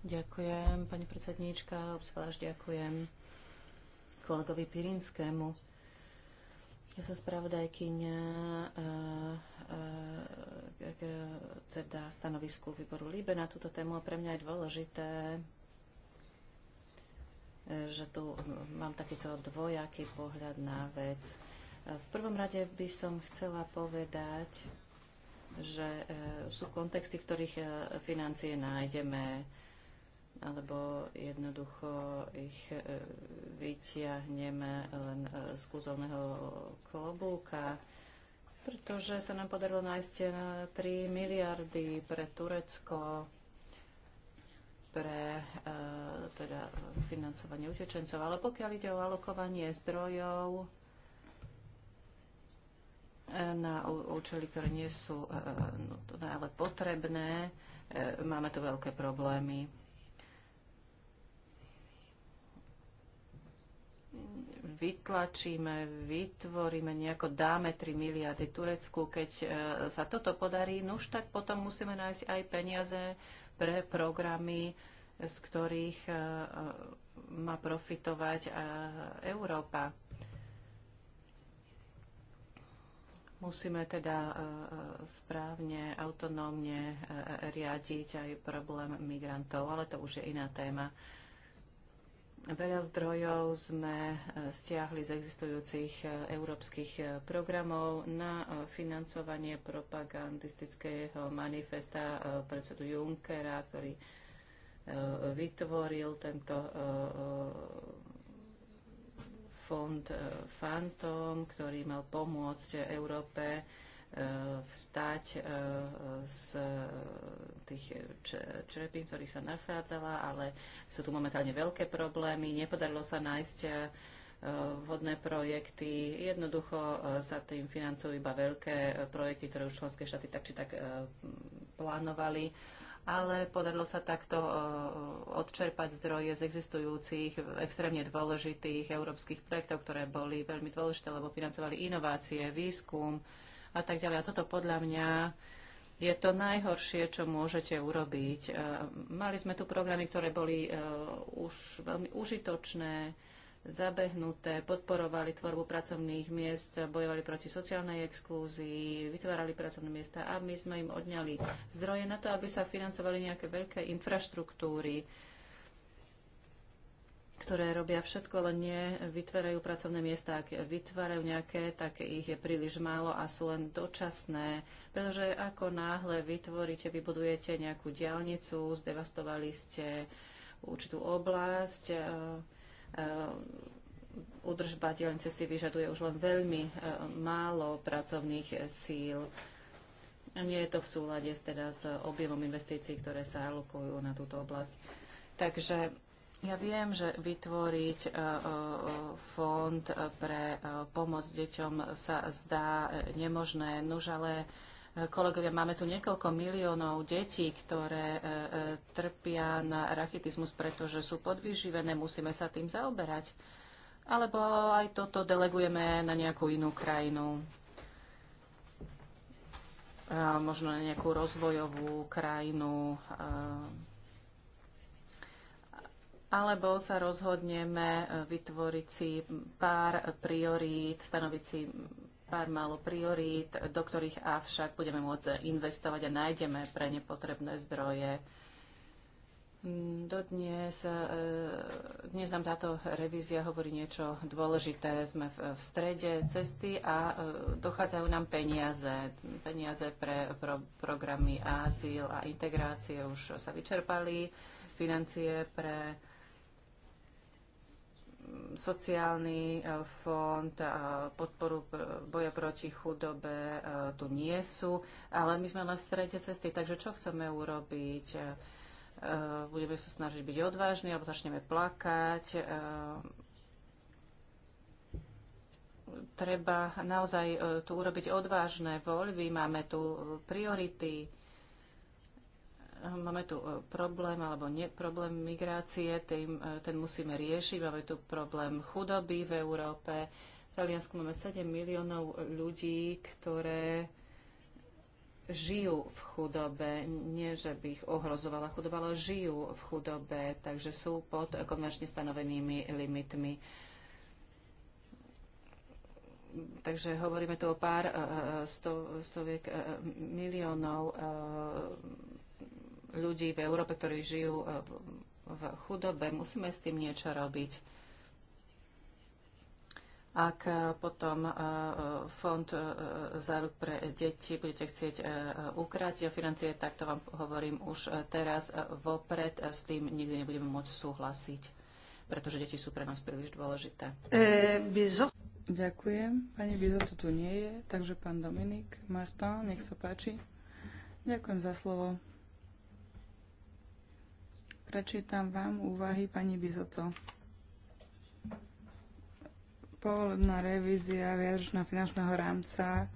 Ďakujem, pani predsedníčka, obzvlášť ďakujem kolegovi Pirinskému ja som spravodajkyňa eh, eh, teda stanovisku výboru Líbe na túto tému a pre mňa je dôležité, eh, že tu mám takýto dvojaký pohľad na vec. V prvom rade by som chcela povedať, že sú kontexty, v ktorých financie nájdeme alebo jednoducho ich e, vytiahneme len e, z kúzelného klobúka, pretože sa nám podarilo nájsť 3 miliardy pre Turecko, pre e, teda financovanie utečencov. Ale pokiaľ ide o alokovanie zdrojov, na účely, ktoré nie sú ale potrebné. Máme tu veľké problémy. vytlačíme, vytvoríme, nejako dáme 3 miliardy Turecku. Keď e, sa toto podarí, nuž no tak potom musíme nájsť aj peniaze pre programy, z ktorých e, e, má profitovať Európa. Musíme teda správne, autonómne riadiť aj problém migrantov, ale to už je iná téma. Veľa zdrojov sme e, stiahli z existujúcich e, európskych e, programov na financovanie propagandistického manifesta predsedu Junckera, ktorý vytvoril tento fond Phantom, ktorý mal pomôcť Európe Eh, vstať eh, z eh, tých črepín, ktorých sa nachádzala, ale sú tu momentálne veľké problémy. Nepodarilo sa nájsť vhodné projekty. Jednoducho sa tým financujú iba veľké projekty, ktoré už členské štáty tak či tak plánovali ale podarilo sa takto odčerpať zdroje z existujúcich extrémne dôležitých európskych projektov, ktoré boli veľmi dôležité, lebo financovali inovácie, výskum, a tak ďalej. A toto podľa mňa je to najhoršie, čo môžete urobiť. E, mali sme tu programy, ktoré boli e, už veľmi užitočné, zabehnuté, podporovali tvorbu pracovných miest, bojovali proti sociálnej exkúzii, vytvárali pracovné miesta a my sme im odňali zdroje na to, aby sa financovali nejaké veľké infraštruktúry, ktoré robia všetko, len nie vytvárajú pracovné miesta. Ak vytvárajú nejaké, tak ich je príliš málo a sú len dočasné. Pretože ako náhle vytvoríte, vybudujete nejakú diálnicu, zdevastovali ste určitú oblasť, udržba e, e, diálnice si vyžaduje už len veľmi e, málo pracovných síl. Nie je to v súlade teda s objemom investícií, ktoré sa alokujú na túto oblasť. Takže ja viem, že vytvoriť e, e, fond e, pre pomoc deťom sa zdá nemožné, nuž ale kolegovia, máme tu niekoľko miliónov detí, ktoré trpia na rachitizmus, pretože sú podvyživené, musíme sa tým zaoberať. Alebo aj toto delegujeme na nejakú inú krajinu. možno na nejakú rozvojovú krajinu. E, alebo sa rozhodneme eh, vytvoriť si pár priorít, stanoviť si pár málo priorít, do ktorých avšak budeme môcť investovať a nájdeme pre ne potrebné zdroje. Dodnes, eh, dnes nám táto revízia hovorí niečo dôležité. Sme v, v strede cesty a eh, dochádzajú nám peniaze. Peniaze pre pro, programy azyl a integrácie už sa vyčerpali. Financie pre sociálny e, fond a podporu boja proti chudobe e, tu nie sú, ale my sme len v strede cesty, takže čo chceme urobiť? E, budeme sa snažiť byť odvážni alebo začneme plakať? Treba naozaj tu urobiť odvážne voľby, máme tu priority máme tu e, problém alebo nie problém migrácie, tým, e, ten musíme riešiť. Máme tu problém chudoby v Európe. V Taliansku máme 7 miliónov ľudí, ktoré žijú v chudobe, nie že by ich ohrozovala chudoba, ale žijú v chudobe, takže sú pod komerčne stanovenými limitmi. Takže hovoríme tu o pár e, sto, stoviek miliónov ľudí v Európe, ktorí žijú e, v chudobe. Musíme s tým niečo robiť. Ak e, potom e, fond záruk pre deti budete chcieť ukrátiť o financie, tak to vám hovorím už teraz vopred. S tým nikdy nebudeme môcť súhlasiť, pretože deti sú pre nás príliš dôležité. E, bizo. Ďakujem. Pani Bizo tu, tu nie je, takže pán Dominik Martin, nech sa páči. Ďakujem za slovo. Prečítam vám úvahy pani Bizoto. Povolebná revízia viažného finančného rámca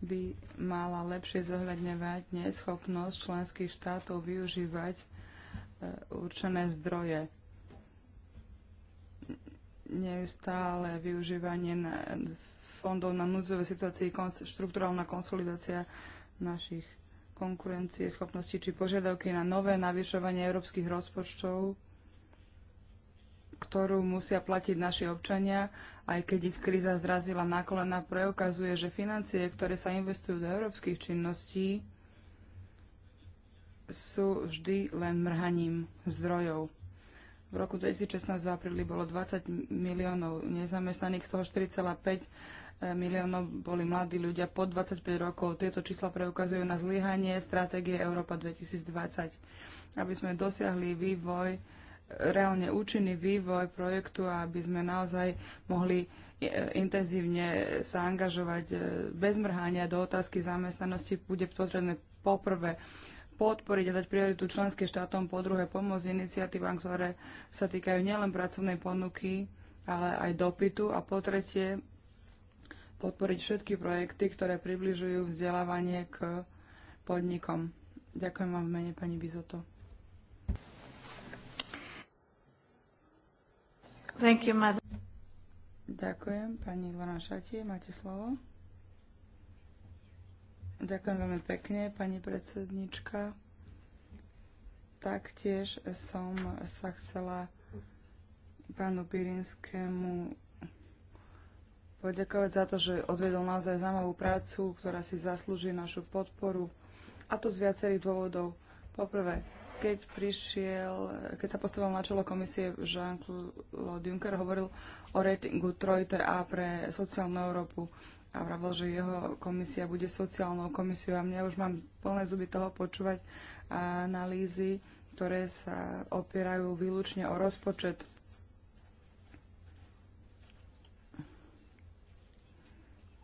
by mala lepšie zohľadňovať neschopnosť členských štátov využívať e, určené zdroje. Neustále využívanie fondov na núdzové situácii, štruktúralná konsolidácia našich konkurencie schopnosti či požiadavky na nové navyšovanie európskych rozpočtov, ktorú musia platiť naši občania, aj keď ich kríza zrazila na kolena, preukazuje, že financie, ktoré sa investujú do európskych činností, sú vždy len mrhaním zdrojov. V roku 2016 v apríli bolo 20 miliónov nezamestnaných, z toho 4,5 miliónov boli mladí ľudia pod 25 rokov. Tieto čísla preukazujú na zlyhanie stratégie Európa 2020. Aby sme dosiahli vývoj, reálne účinný vývoj projektu a aby sme naozaj mohli e, intenzívne sa angažovať e, bez mrhania do otázky zamestnanosti, bude potrebné poprvé podporiť a dať prioritu členským štátom, po druhé pomôcť iniciatívam, ktoré sa týkajú nielen pracovnej ponuky, ale aj dopytu a po tretie podporiť všetky projekty, ktoré približujú vzdelávanie k podnikom. Ďakujem vám v mene pani Bizoto. Thank you, madam. Ďakujem. Pani Ilona Šati, máte slovo. Ďakujem veľmi pekne, pani predsednička. Taktiež som sa chcela pánu Pirinskému poďakovať za to, že odvedol naozaj zaujímavú prácu, ktorá si zaslúži našu podporu. A to z viacerých dôvodov. Poprvé, keď prišiel, keď sa postavil na čelo komisie Jean-Claude Juncker, hovoril o ratingu 3TA pre sociálnu Európu a vravil, že jeho komisia bude sociálnou komisiou a mňa už mám plné zuby toho počúvať analýzy, ktoré sa opierajú výlučne o rozpočet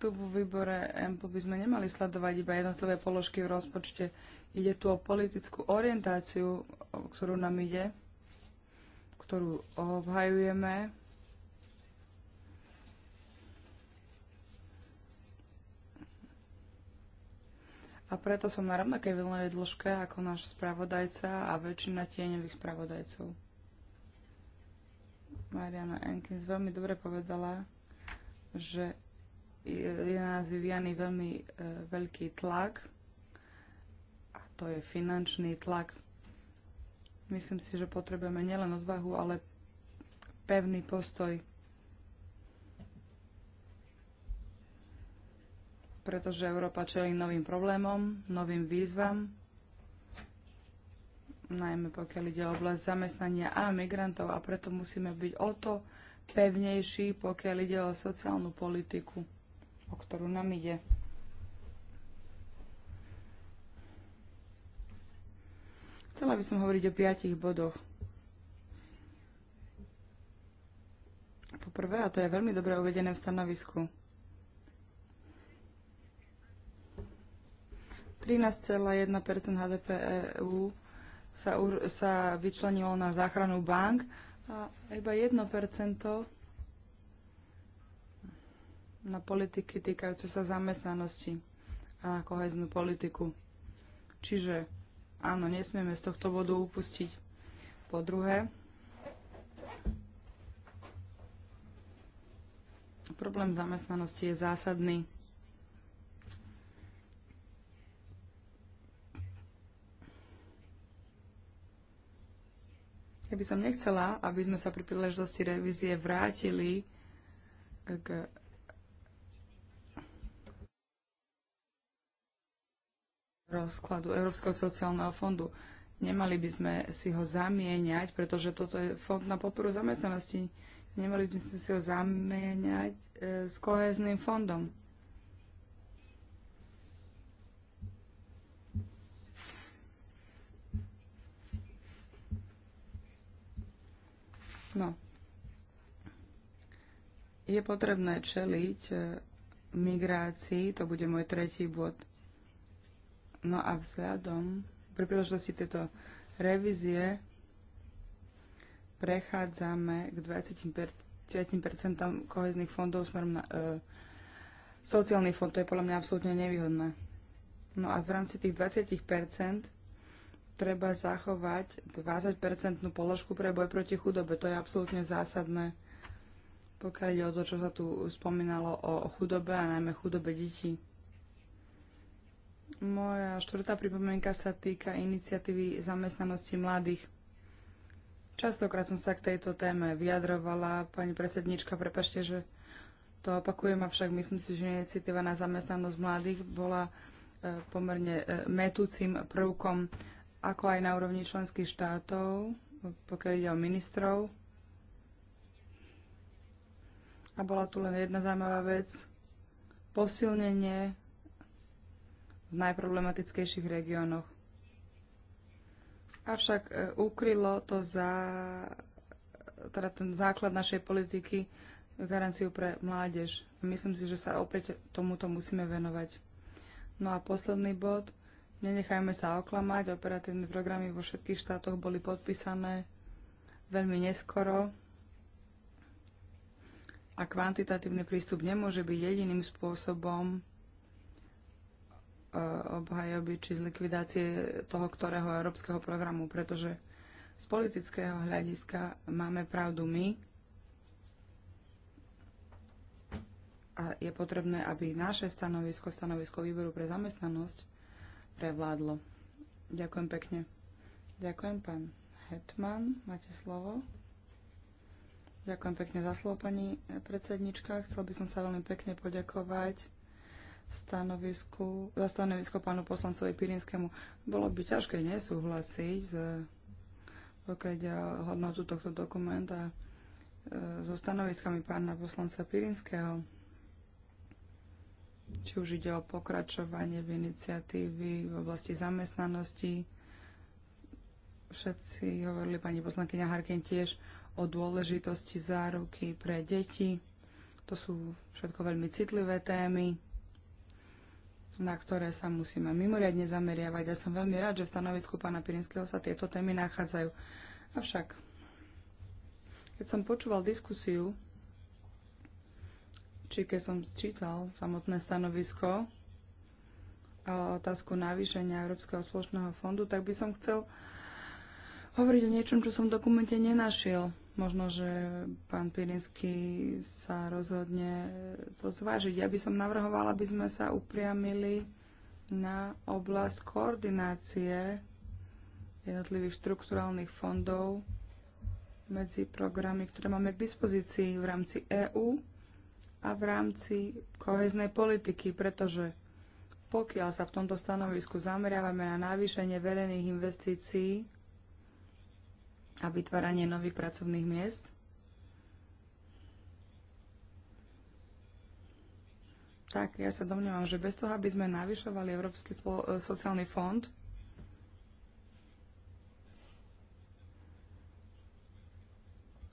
tu v výbore EMPL by sme nemali sledovať iba jednotlivé položky v rozpočte. Ide tu o politickú orientáciu, o ktorú nám ide, ktorú obhajujeme. A preto som na rovnakej vlnovej dĺžke ako náš spravodajca a väčšina tieňových spravodajcov. Mariana Enkins veľmi dobre povedala, že je na nás vyvíjaný veľmi e, veľký tlak a to je finančný tlak. Myslím si, že potrebujeme nielen odvahu, ale pevný postoj. Pretože Európa čelí novým problémom, novým výzvam, najmä pokiaľ ide o oblasť zamestnania a migrantov a preto musíme byť o to pevnejší, pokiaľ ide o sociálnu politiku o ktorú nám ide. Chcela by som hovoriť o piatich bodoch. Poprvé, a to je veľmi dobre uvedené v stanovisku, 13,1 HDP EU sa, sa vyčlenilo na záchranu bank a iba 1% na politiky týkajúce sa zamestnanosti a koheznú politiku. Čiže áno, nesmieme z tohto bodu upustiť. Po druhé, problém zamestnanosti je zásadný. Ja by som nechcela, aby sme sa pri príležitosti revízie vrátili k rozkladu Európskeho sociálneho fondu. Nemali by sme si ho zamieňať, pretože toto je fond na podporu zamestnanosti. Nemali by sme si ho zamieňať e, s kohezným fondom. No. Je potrebné čeliť e, migrácii, to bude môj tretí bod. No a vzhľadom pri príležitosti tejto revízie prechádzame k 25% kohezných fondov smerom na e, sociálny fond. To je podľa mňa absolútne nevýhodné. No a v rámci tých 20% treba zachovať 20% položku pre boj proti chudobe. To je absolútne zásadné, pokiaľ ide o to, čo sa tu spomínalo o chudobe a najmä chudobe detí. Moja štvrtá pripomienka sa týka iniciatívy zamestnanosti mladých. Častokrát som sa k tejto téme vyjadrovala. Pani predsednička, prepašte, že to opakujem, avšak myslím si, že iniciatíva na zamestnanosť mladých bola e, pomerne e, metúcim prvkom, ako aj na úrovni členských štátov, pokiaľ ide o ministrov. A bola tu len jedna zaujímavá vec. Posilnenie v najproblematickejších regiónoch. Avšak e, ukrylo to za teda ten základ našej politiky garanciu pre mládež. Myslím si, že sa opäť tomuto musíme venovať. No a posledný bod. Nenechajme sa oklamať. Operatívne programy vo všetkých štátoch boli podpísané veľmi neskoro a kvantitatívny prístup nemôže byť jediným spôsobom, obhajoby či z likvidácie toho, ktorého európskeho programu, pretože z politického hľadiska máme pravdu my a je potrebné, aby naše stanovisko, stanovisko výboru pre zamestnanosť prevládlo. Ďakujem pekne. Ďakujem, pán Hetman. Máte slovo. Ďakujem pekne za slovo, pani predsednička. Chcel by som sa veľmi pekne poďakovať stanovisku, za stanovisko pánu poslancovi Pirinskému. Bolo by ťažké nesúhlasiť, z, pokiaľ ide o hodnotu tohto dokumenta, e, so stanoviskami pána poslanca Pirinského. Či už ide o pokračovanie v iniciatívy v oblasti zamestnanosti. Všetci hovorili, pani poslankyňa Harkin tiež, o dôležitosti záruky pre deti. To sú všetko veľmi citlivé témy na ktoré sa musíme mimoriadne zameriavať. Ja som veľmi rád, že v stanovisku pána Pirinského sa tieto témy nachádzajú. Avšak, keď som počúval diskusiu, či keď som čítal samotné stanovisko a otázku navýšenia Európskeho spoločného fondu, tak by som chcel hovoriť o niečom, čo som v dokumente nenašiel. Možno, že pán Pirinsky sa rozhodne to zvážiť. Ja by som navrhovala, aby sme sa upriamili na oblasť koordinácie jednotlivých štrukturálnych fondov medzi programy, ktoré máme k dispozícii v rámci EÚ a v rámci koheznej politiky, pretože pokiaľ sa v tomto stanovisku zameriavame na navýšenie verejných investícií a vytváranie nových pracovných miest. Tak, ja sa domnievam, že bez toho, aby sme navyšovali Európsky e, sociálny fond,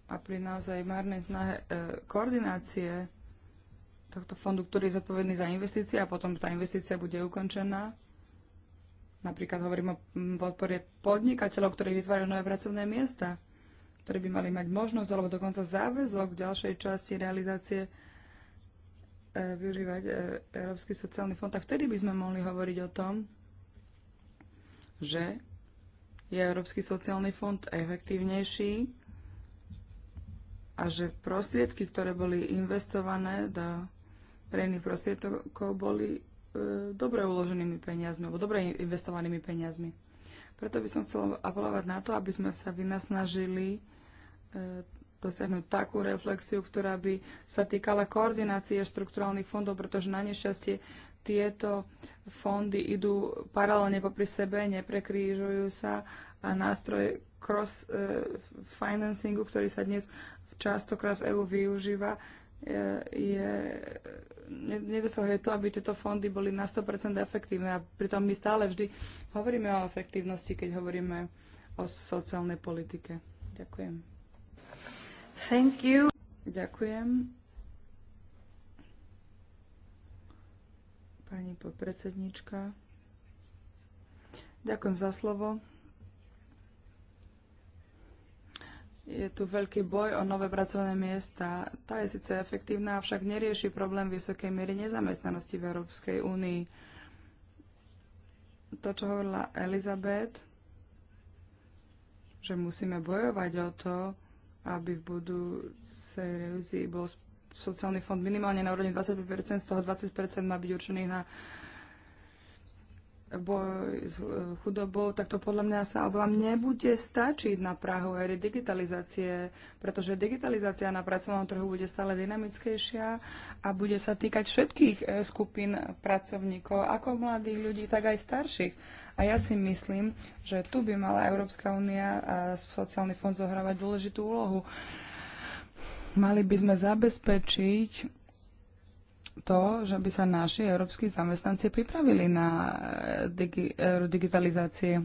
a pri naozaj marnej snahe e, koordinácie tohto fondu, ktorý je zodpovedný za investície a potom tá investícia bude ukončená, Napríklad hovorím o podpore podnikateľov, ktorí vytvárajú nové pracovné miesta, ktorí by mali mať možnosť alebo dokonca záväzok v ďalšej časti realizácie e, využívať e, Európsky sociálny fond. A vtedy by sme mohli hovoriť o tom, že je Európsky sociálny fond efektívnejší a že prostriedky, ktoré boli investované do verejných prostriedkov, boli E, dobre uloženými peniazmi, alebo dobre investovanými peniazmi. Preto by som chcela apelovať na to, aby sme sa vynasnažili e, dosiahnuť takú reflexiu, ktorá by sa týkala koordinácie štrukturálnych fondov, pretože na nešťastie tieto fondy idú paralelne popri sebe, neprekrížujú sa a nástroj cross-financingu, e, ktorý sa dnes častokrát v EU využíva, je, nedosahuje to, aby tieto fondy boli na 100% efektívne a pritom my stále vždy hovoríme o efektívnosti, keď hovoríme o sociálnej politike. Ďakujem. Thank you. Ďakujem. Pani podpredsednička. Ďakujem za slovo. Je tu veľký boj o nové pracovné miesta. Tá je síce efektívna, avšak nerieši problém vysokej miery nezamestnanosti v Európskej únii. To, čo hovorila Elizabeth, že musíme bojovať o to, aby v budúcej revízii bol sociálny fond minimálne na úrovni 25%, z toho 20% má byť určených na boj s e, chudobou, tak to podľa mňa sa vám nebude stačiť na Prahu éry digitalizácie, pretože digitalizácia na pracovnom trhu bude stále dynamickejšia a bude sa týkať všetkých e, skupín pracovníkov, ako mladých ľudí, tak aj starších. A ja si myslím, že tu by mala Európska únia a sociálny fond zohrávať dôležitú úlohu. Mali by sme zabezpečiť to, že by sa naši európsky zamestnanci pripravili na eh, digi- eh, digitalizácie.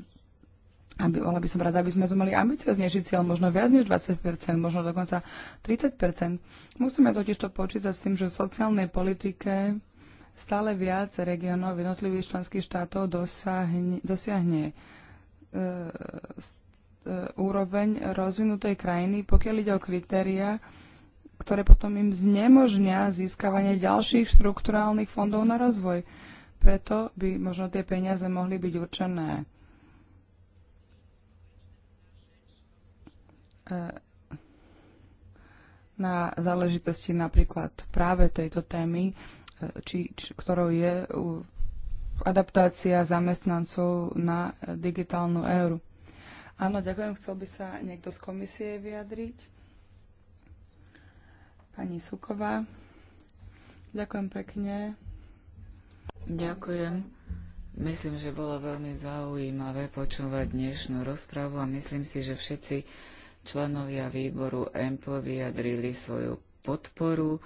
Aby, bola by som rada, aby sme tu mali ambicioznejší cieľ, možno viac než 20%, možno dokonca 30%. Musíme totiž to počítať s tým, že v sociálnej politike stále viac regionov jednotlivých členských štátov dosiahne, dosiahne eh, e, e, úroveň rozvinutej krajiny, pokiaľ ide o kritéria, ktoré potom im znemožnia získavanie ďalších štrukturálnych fondov na rozvoj. Preto by možno tie peniaze mohli byť určené e, na záležitosti napríklad práve tejto témy, e, či, či, ktorou je adaptácia zamestnancov na digitálnu éru. Áno, ďakujem. Chcel by sa niekto z komisie vyjadriť? Pani Suková. Ďakujem pekne. Ďakujem. Myslím, že bolo veľmi zaujímavé počúvať dnešnú rozprávu a myslím si, že všetci členovia výboru EMPL vyjadrili svoju podporu.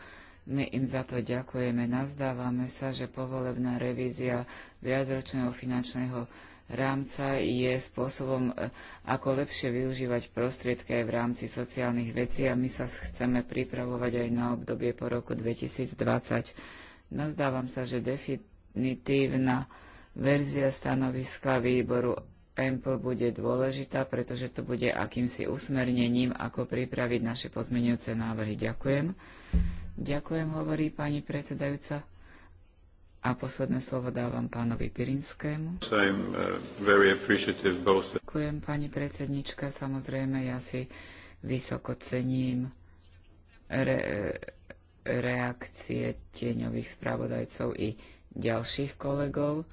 My im za to ďakujeme. Nazdávame sa, že povolebná revízia viacročného finančného rámca je spôsobom, e, ako lepšie využívať prostriedky aj v rámci sociálnych vecí a my sa chceme pripravovať aj na obdobie po roku 2020. Nazdávam sa, že definitívna verzia stanoviska výboru EMPL bude dôležitá, pretože to bude akýmsi usmernením, ako pripraviť naše pozmeňujúce návrhy. Ďakujem. Ďakujem, hovorí pani predsedajúca. A posledné slovo dávam pánovi Pirinskému. Uh, Ďakujem, pani predsednička. Samozrejme, ja si vysoko cením re- reakcie tieňových spravodajcov i ďalších kolegov.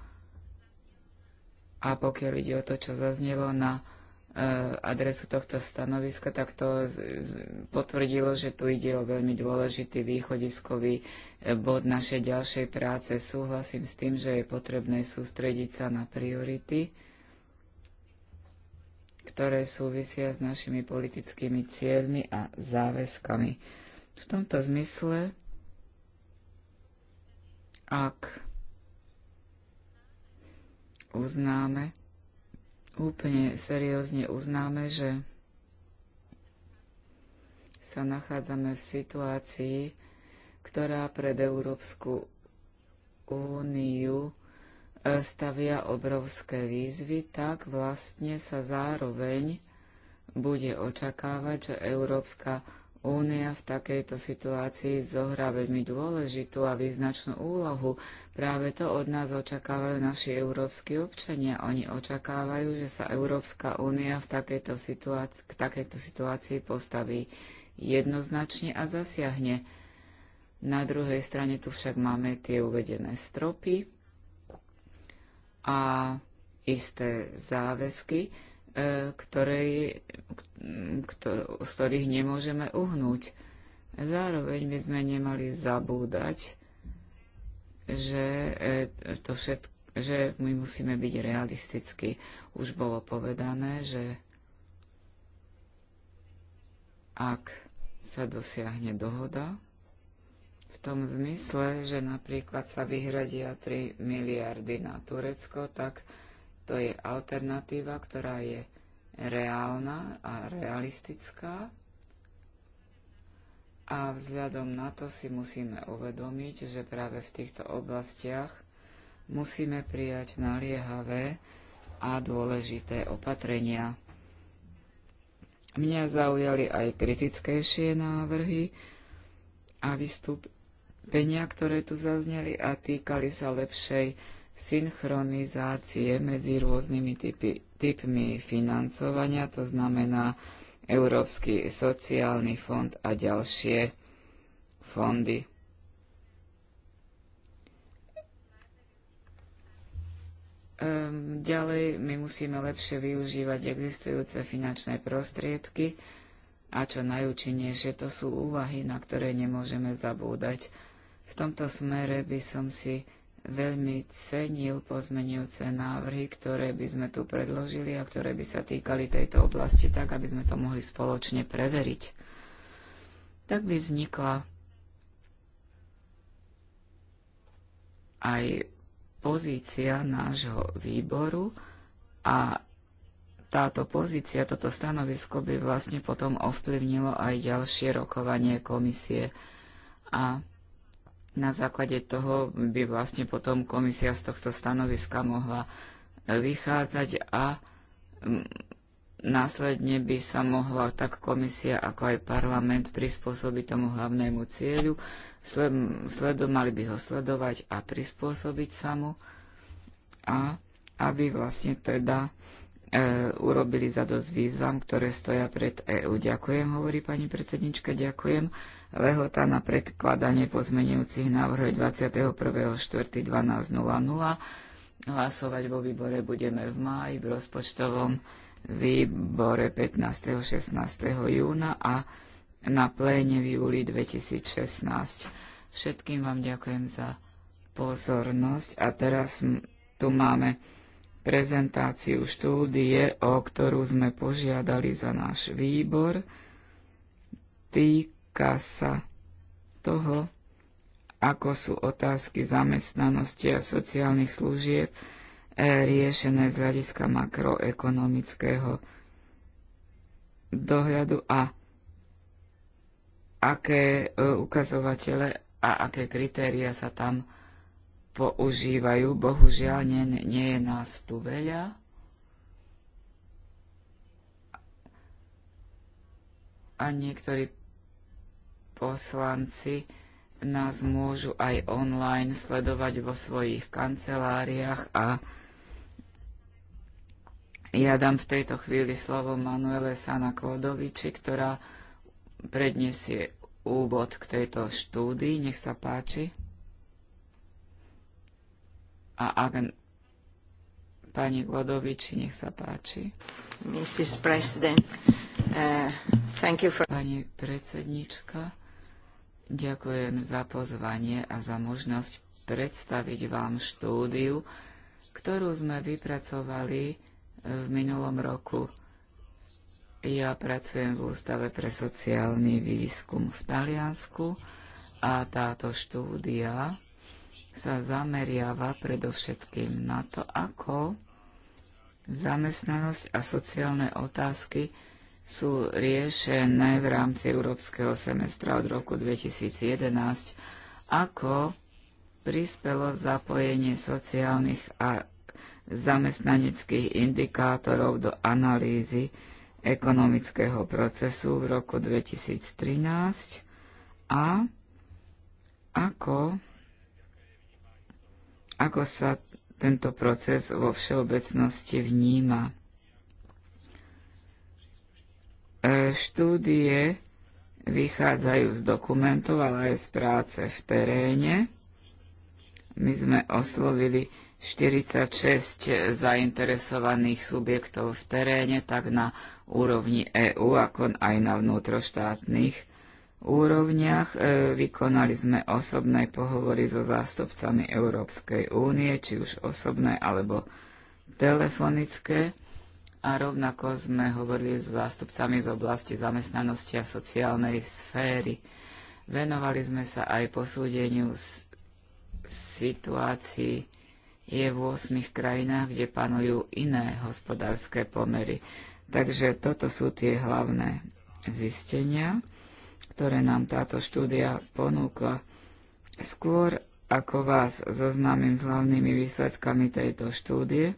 A pokiaľ ide o to, čo zaznelo na E, adresu tohto stanoviska, tak to potvrdilo, že tu ide o veľmi dôležitý východiskový e, bod našej ďalšej práce. Súhlasím s tým, že je potrebné sústrediť sa na priority, ktoré súvisia s našimi politickými cieľmi a záväzkami. V tomto zmysle, ak uznáme, úplne seriózne uznáme, že sa nachádzame v situácii, ktorá pred Európsku úniu e, stavia obrovské výzvy, tak vlastne sa zároveň bude očakávať, že Európska Únia v takejto situácii zohrá veľmi dôležitú a význačnú úlohu. Práve to od nás očakávajú naši európsky občania. Oni očakávajú, že sa Európska únia v takejto situácii, k takejto situácii postaví jednoznačne a zasiahne. Na druhej strane tu však máme tie uvedené stropy a isté záväzky, E, ktorej, kto, z ktorých nemôžeme uhnúť. Zároveň by sme nemali zabúdať, že, e, to všet, že my musíme byť realistickí. Už bolo povedané, že ak sa dosiahne dohoda, v tom zmysle, že napríklad sa vyhradia 3 miliardy na Turecko, tak to je alternatíva, ktorá je reálna a realistická. A vzhľadom na to si musíme uvedomiť, že práve v týchto oblastiach musíme prijať naliehavé a dôležité opatrenia. Mňa zaujali aj kritickejšie návrhy a vystúpenia, ktoré tu zazneli a týkali sa lepšej synchronizácie medzi rôznymi typy, typmi financovania, to znamená Európsky sociálny fond a ďalšie fondy. Ehm, ďalej my musíme lepšie využívať existujúce finančné prostriedky a čo najúčinnejšie to sú úvahy, na ktoré nemôžeme zabúdať. V tomto smere by som si veľmi cenil pozmenujúce návrhy, ktoré by sme tu predložili a ktoré by sa týkali tejto oblasti, tak aby sme to mohli spoločne preveriť. Tak by vznikla aj pozícia nášho výboru a táto pozícia, toto stanovisko by vlastne potom ovplyvnilo aj ďalšie rokovanie komisie. A na základe toho by vlastne potom komisia z tohto stanoviska mohla e, vychádzať a Následne by sa mohla tak komisia ako aj parlament prispôsobiť tomu hlavnému cieľu, sled, sledu, mali by ho sledovať a prispôsobiť sa mu a aby vlastne teda e, urobili za dosť výzvam, ktoré stoja pred EÚ. Ďakujem, hovorí pani predsednička, ďakujem. Lehota na predkladanie pozmenujúcich návrhov je 21.4.12.00. Hlasovať vo výbore budeme v máji, v rozpočtovom výbore 15. 16. júna a na pléne v júli 2016. Všetkým vám ďakujem za pozornosť a teraz tu máme prezentáciu štúdie, o ktorú sme požiadali za náš výbor. Týk týka sa toho, ako sú otázky zamestnanosti a sociálnych služieb e, riešené z hľadiska makroekonomického dohľadu a aké e, ukazovatele a aké kritéria sa tam používajú. Bohužiaľ, nie, nie je nás tu veľa. A niektorí poslanci nás môžu aj online sledovať vo svojich kanceláriách a ja dám v tejto chvíli slovo Manuele Sana Klodoviči, ktorá predniesie úvod k tejto štúdii. Nech sa páči. A ak pani Klodoviči, nech sa páči. Mrs. President, uh, thank you for... Pani predsednička, Ďakujem za pozvanie a za možnosť predstaviť vám štúdiu, ktorú sme vypracovali e, v minulom roku. Ja pracujem v Ústave pre sociálny výskum v Taliansku a táto štúdia sa zameriava predovšetkým na to, ako zamestnanosť a sociálne otázky sú riešené v rámci Európskeho semestra od roku 2011, ako prispelo zapojenie sociálnych a zamestnaneckých indikátorov do analýzy ekonomického procesu v roku 2013 a ako, ako sa tento proces vo všeobecnosti vníma. E, štúdie vychádzajú z dokumentov, ale aj z práce v teréne. My sme oslovili 46 zainteresovaných subjektov v teréne, tak na úrovni EÚ, ako aj na vnútroštátnych úrovniach. E, vykonali sme osobné pohovory so zástupcami Európskej únie, či už osobné alebo telefonické a rovnako sme hovorili s zástupcami z oblasti zamestnanosti a sociálnej sféry. Venovali sme sa aj posúdeniu situácií je v 8 krajinách, kde panujú iné hospodárske pomery. Takže toto sú tie hlavné zistenia, ktoré nám táto štúdia ponúkla. Skôr ako vás zoznámim s hlavnými výsledkami tejto štúdie,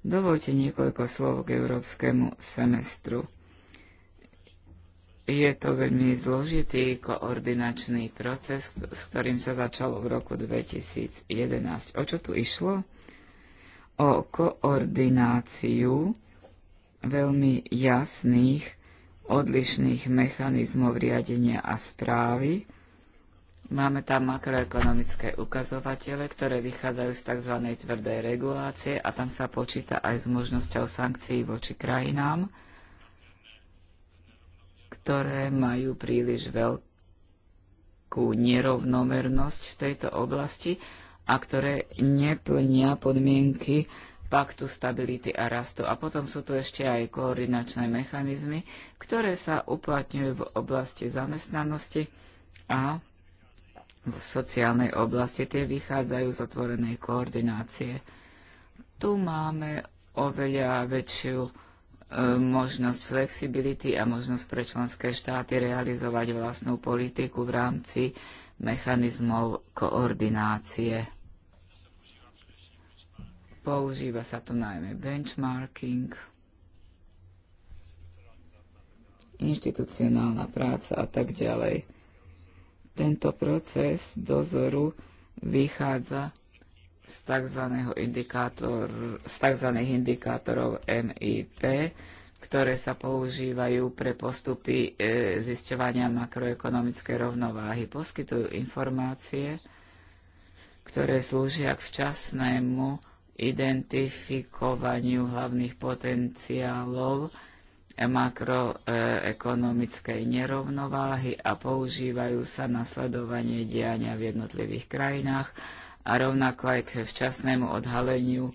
Dovolte niekoľko slov k európskemu semestru. Je to veľmi zložitý koordinačný proces, s ktorým sa začalo v roku 2011. O čo tu išlo? O koordináciu veľmi jasných odlišných mechanizmov riadenia a správy, Máme tam makroekonomické ukazovatele, ktoré vychádzajú z tzv. tvrdej regulácie a tam sa počíta aj s možnosťou sankcií voči krajinám, ktoré majú príliš veľkú nerovnomernosť v tejto oblasti a ktoré neplnia podmienky paktu stability a rastu. A potom sú tu ešte aj koordinačné mechanizmy, ktoré sa uplatňujú v oblasti zamestnanosti a v sociálnej oblasti. Tie vychádzajú z otvorenej koordinácie. Tu máme oveľa väčšiu e, možnosť flexibility a možnosť pre členské štáty realizovať vlastnú politiku v rámci mechanizmov koordinácie. Používa sa tu najmä benchmarking, inštitucionálna práca a tak ďalej. Tento proces dozoru vychádza z tzv. Indikátor, z tzv. indikátorov MIP, ktoré sa používajú pre postupy e, zisťovania makroekonomickej rovnováhy. Poskytujú informácie, ktoré slúžia k včasnému identifikovaniu hlavných potenciálov E, makroekonomickej nerovnováhy a používajú sa na sledovanie diania v jednotlivých krajinách a rovnako aj k včasnému odhaleniu e,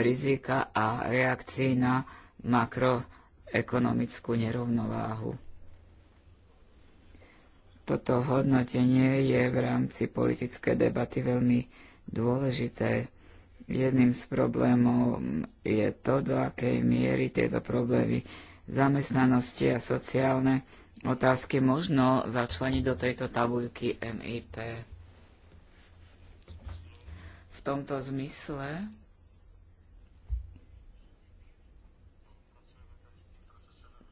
rizika a reakcií na makroekonomickú nerovnováhu. Toto hodnotenie je v rámci politickej debaty veľmi dôležité. Jedným z problémov je to, do akej miery tieto problémy zamestnanosti a sociálne otázky možno začleniť do tejto tabuľky MIP. V tomto zmysle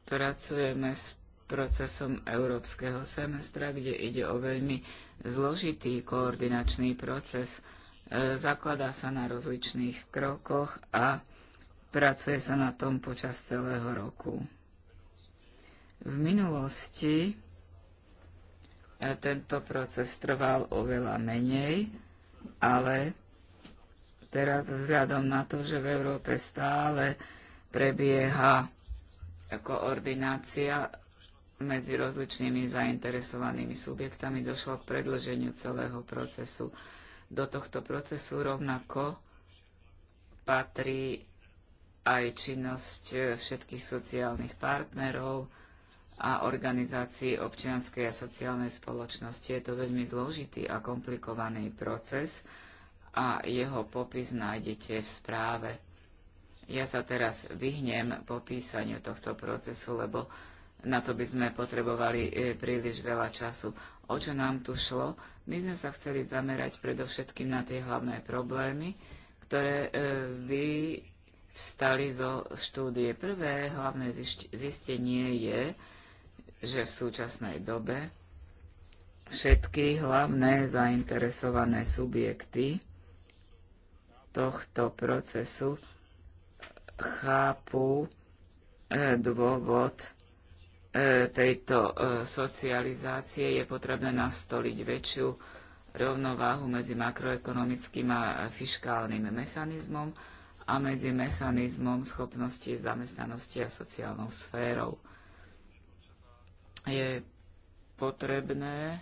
pracujeme s procesom európskeho semestra, kde ide o veľmi zložitý koordinačný proces – E, zakladá sa na rozličných krokoch a pracuje sa na tom počas celého roku. V minulosti e, tento proces trval oveľa menej, ale teraz vzhľadom na to, že v Európe stále prebieha koordinácia medzi rozličnými zainteresovanými subjektami, došlo k predlženiu celého procesu. Do tohto procesu rovnako patrí aj činnosť všetkých sociálnych partnerov a organizácií občianskej a sociálnej spoločnosti. Je to veľmi zložitý a komplikovaný proces a jeho popis nájdete v správe. Ja sa teraz vyhnem popísaniu tohto procesu, lebo na to by sme potrebovali eh, príliš veľa času. O čo nám tu šlo? My sme sa chceli zamerať predovšetkým na tie hlavné problémy, ktoré e, vy vstali zo štúdie. Prvé hlavné zistenie je, že v súčasnej dobe všetky hlavné zainteresované subjekty tohto procesu chápu e, dôvod E, tejto e, socializácie je potrebné nastoliť väčšiu rovnováhu medzi makroekonomickým a fiškálnym mechanizmom a medzi mechanizmom schopnosti zamestnanosti a sociálnou sférou. Je potrebné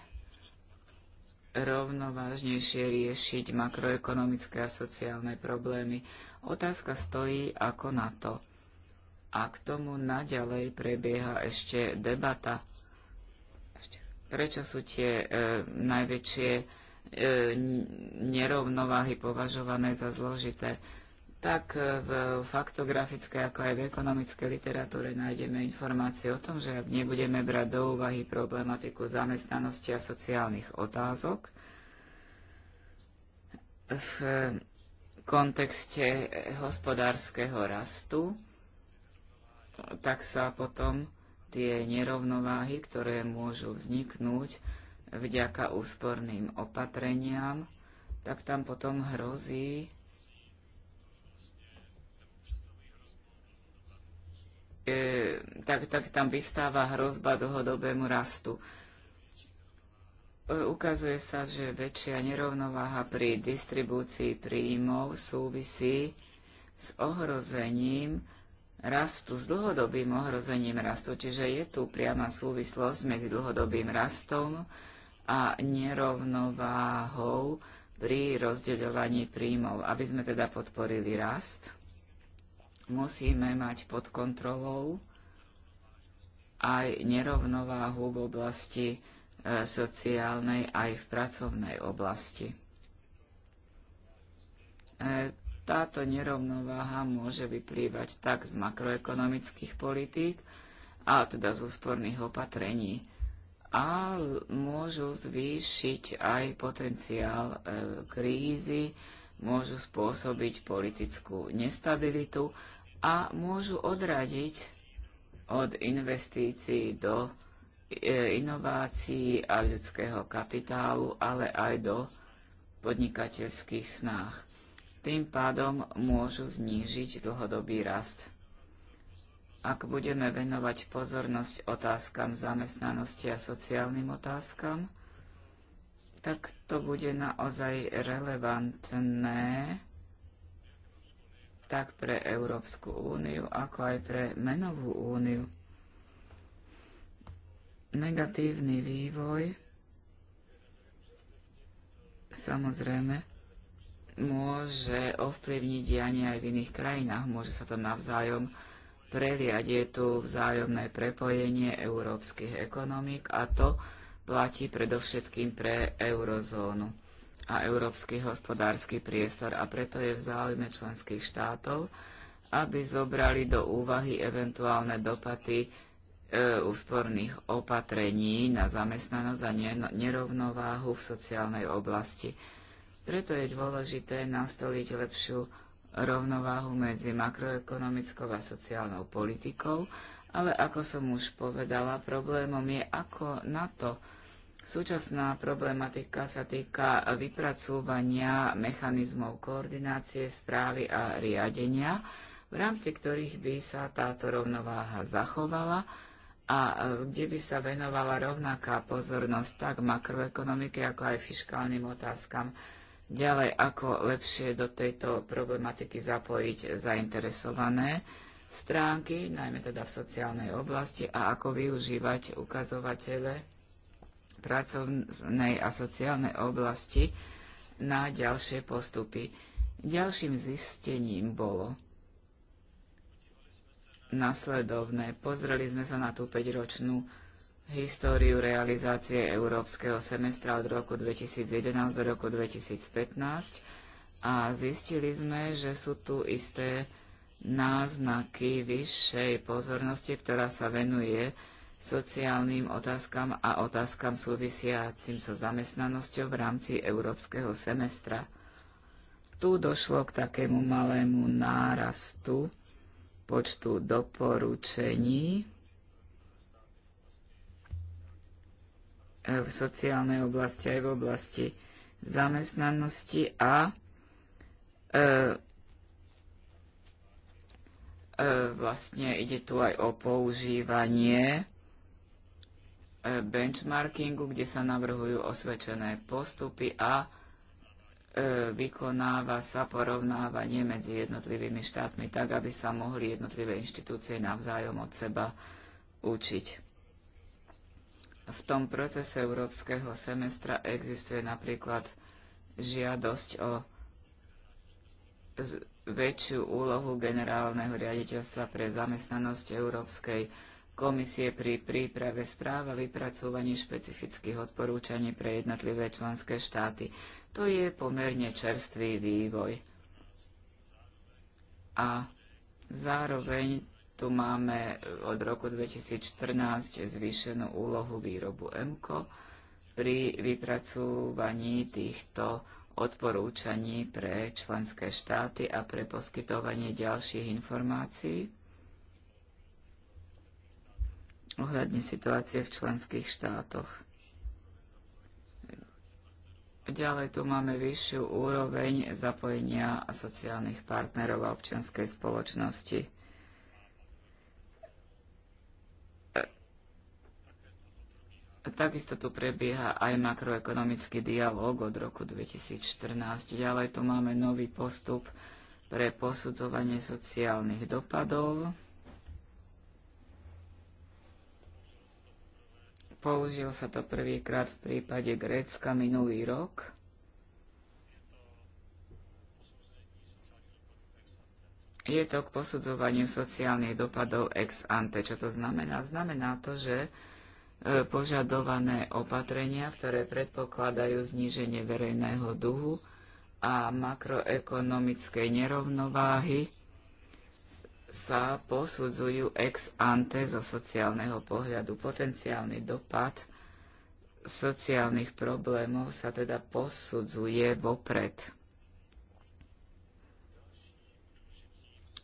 rovnovážnejšie riešiť makroekonomické a sociálne problémy. Otázka stojí ako na to a k tomu naďalej prebieha ešte debata. Prečo sú tie e, najväčšie e, nerovnováhy považované za zložité? Tak e, v faktografickej, ako aj v ekonomickej literatúre nájdeme informácie o tom, že ak nebudeme brať do úvahy problematiku zamestnanosti a sociálnych otázok, v e, kontexte hospodárskeho rastu, tak sa potom tie nerovnováhy, ktoré môžu vzniknúť vďaka úsporným opatreniam, tak tam potom hrozí e, tak, tak tam vystáva hrozba dlhodobému rastu. E, ukazuje sa, že väčšia nerovnováha pri distribúcii príjmov súvisí s ohrozením rastu s dlhodobým ohrozením rastu, čiže je tu priama súvislosť medzi dlhodobým rastom a nerovnováhou pri rozdeľovaní príjmov. Aby sme teda podporili rast, musíme mať pod kontrolou aj nerovnováhu v oblasti e, sociálnej, aj v pracovnej oblasti e, táto nerovnováha môže vyplývať tak z makroekonomických politík, a teda z úsporných opatrení a môžu zvýšiť aj potenciál e, krízy, môžu spôsobiť politickú nestabilitu a môžu odradiť od investícií do e, inovácií a ľudského kapitálu, ale aj do podnikateľských snách tým pádom môžu znížiť dlhodobý rast. Ak budeme venovať pozornosť otázkam zamestnanosti a sociálnym otázkam, tak to bude naozaj relevantné tak pre Európsku úniu, ako aj pre menovú úniu. Negatívny vývoj samozrejme môže ovplyvniť dianie aj v iných krajinách, môže sa to navzájom preliať. Je tu vzájomné prepojenie európskych ekonomík a to platí predovšetkým pre eurozónu a európsky hospodársky priestor a preto je v záujme členských štátov, aby zobrali do úvahy eventuálne dopady e, úsporných opatrení na zamestnanosť a nerovnováhu v sociálnej oblasti. Preto je dôležité nastoliť lepšiu rovnováhu medzi makroekonomickou a sociálnou politikou, ale ako som už povedala, problémom je ako na to. Súčasná problematika sa týka vypracúvania mechanizmov koordinácie, správy a riadenia, v rámci ktorých by sa táto rovnováha zachovala a e, kde by sa venovala rovnaká pozornosť tak makroekonomike, ako aj fiskálnym otázkam ďalej, ako lepšie do tejto problematiky zapojiť zainteresované stránky, najmä teda v sociálnej oblasti a ako využívať ukazovatele pracovnej a sociálnej oblasti na ďalšie postupy. Ďalším zistením bolo nasledovné. Pozreli sme sa na tú 5-ročnú históriu realizácie európskeho semestra od roku 2011 do roku 2015 a zistili sme, že sú tu isté náznaky vyššej pozornosti, ktorá sa venuje sociálnym otázkam a otázkam súvisiacim so zamestnanosťou v rámci európskeho semestra. Tu došlo k takému malému nárastu počtu doporučení v sociálnej oblasti aj v oblasti zamestnanosti a e, e, vlastne ide tu aj o používanie e, benchmarkingu, kde sa navrhujú osvedčené postupy a e, vykonáva sa porovnávanie medzi jednotlivými štátmi tak, aby sa mohli jednotlivé inštitúcie navzájom od seba učiť v tom procese európskeho semestra existuje napríklad žiadosť o väčšiu úlohu generálneho riaditeľstva pre zamestnanosť Európskej komisie pri príprave správ a vypracovaní špecifických odporúčaní pre jednotlivé členské štáty. To je pomerne čerstvý vývoj. A zároveň tu máme od roku 2014 zvýšenú úlohu výrobu EMCO pri vypracúvaní týchto odporúčaní pre členské štáty a pre poskytovanie ďalších informácií ohľadne situácie v členských štátoch. Ďalej tu máme vyššiu úroveň zapojenia sociálnych partnerov a občianskej spoločnosti. Takisto tu prebieha aj makroekonomický dialog od roku 2014. Ďalej tu máme nový postup pre posudzovanie sociálnych dopadov. Použil sa to prvýkrát v prípade Grécka minulý rok. Je to k posudzovaniu sociálnych dopadov ex ante. Čo to znamená? Znamená to, že E, požadované opatrenia, ktoré predpokladajú zníženie verejného duhu a makroekonomickej nerovnováhy, sa posudzujú ex ante zo sociálneho pohľadu. Potenciálny dopad sociálnych problémov sa teda posudzuje vopred.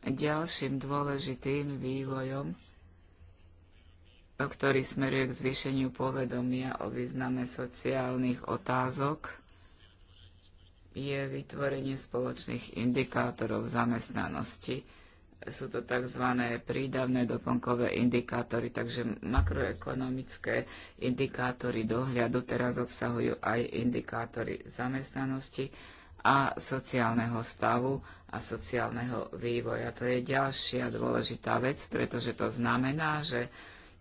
Ďalším dôležitým vývojom ktorý smeruje k zvýšeniu povedomia o význame sociálnych otázok, je vytvorenie spoločných indikátorov zamestnanosti. Sú to tzv. prídavné doplnkové indikátory, takže makroekonomické indikátory dohľadu teraz obsahujú aj indikátory zamestnanosti a sociálneho stavu a sociálneho vývoja. To je ďalšia dôležitá vec, pretože to znamená, že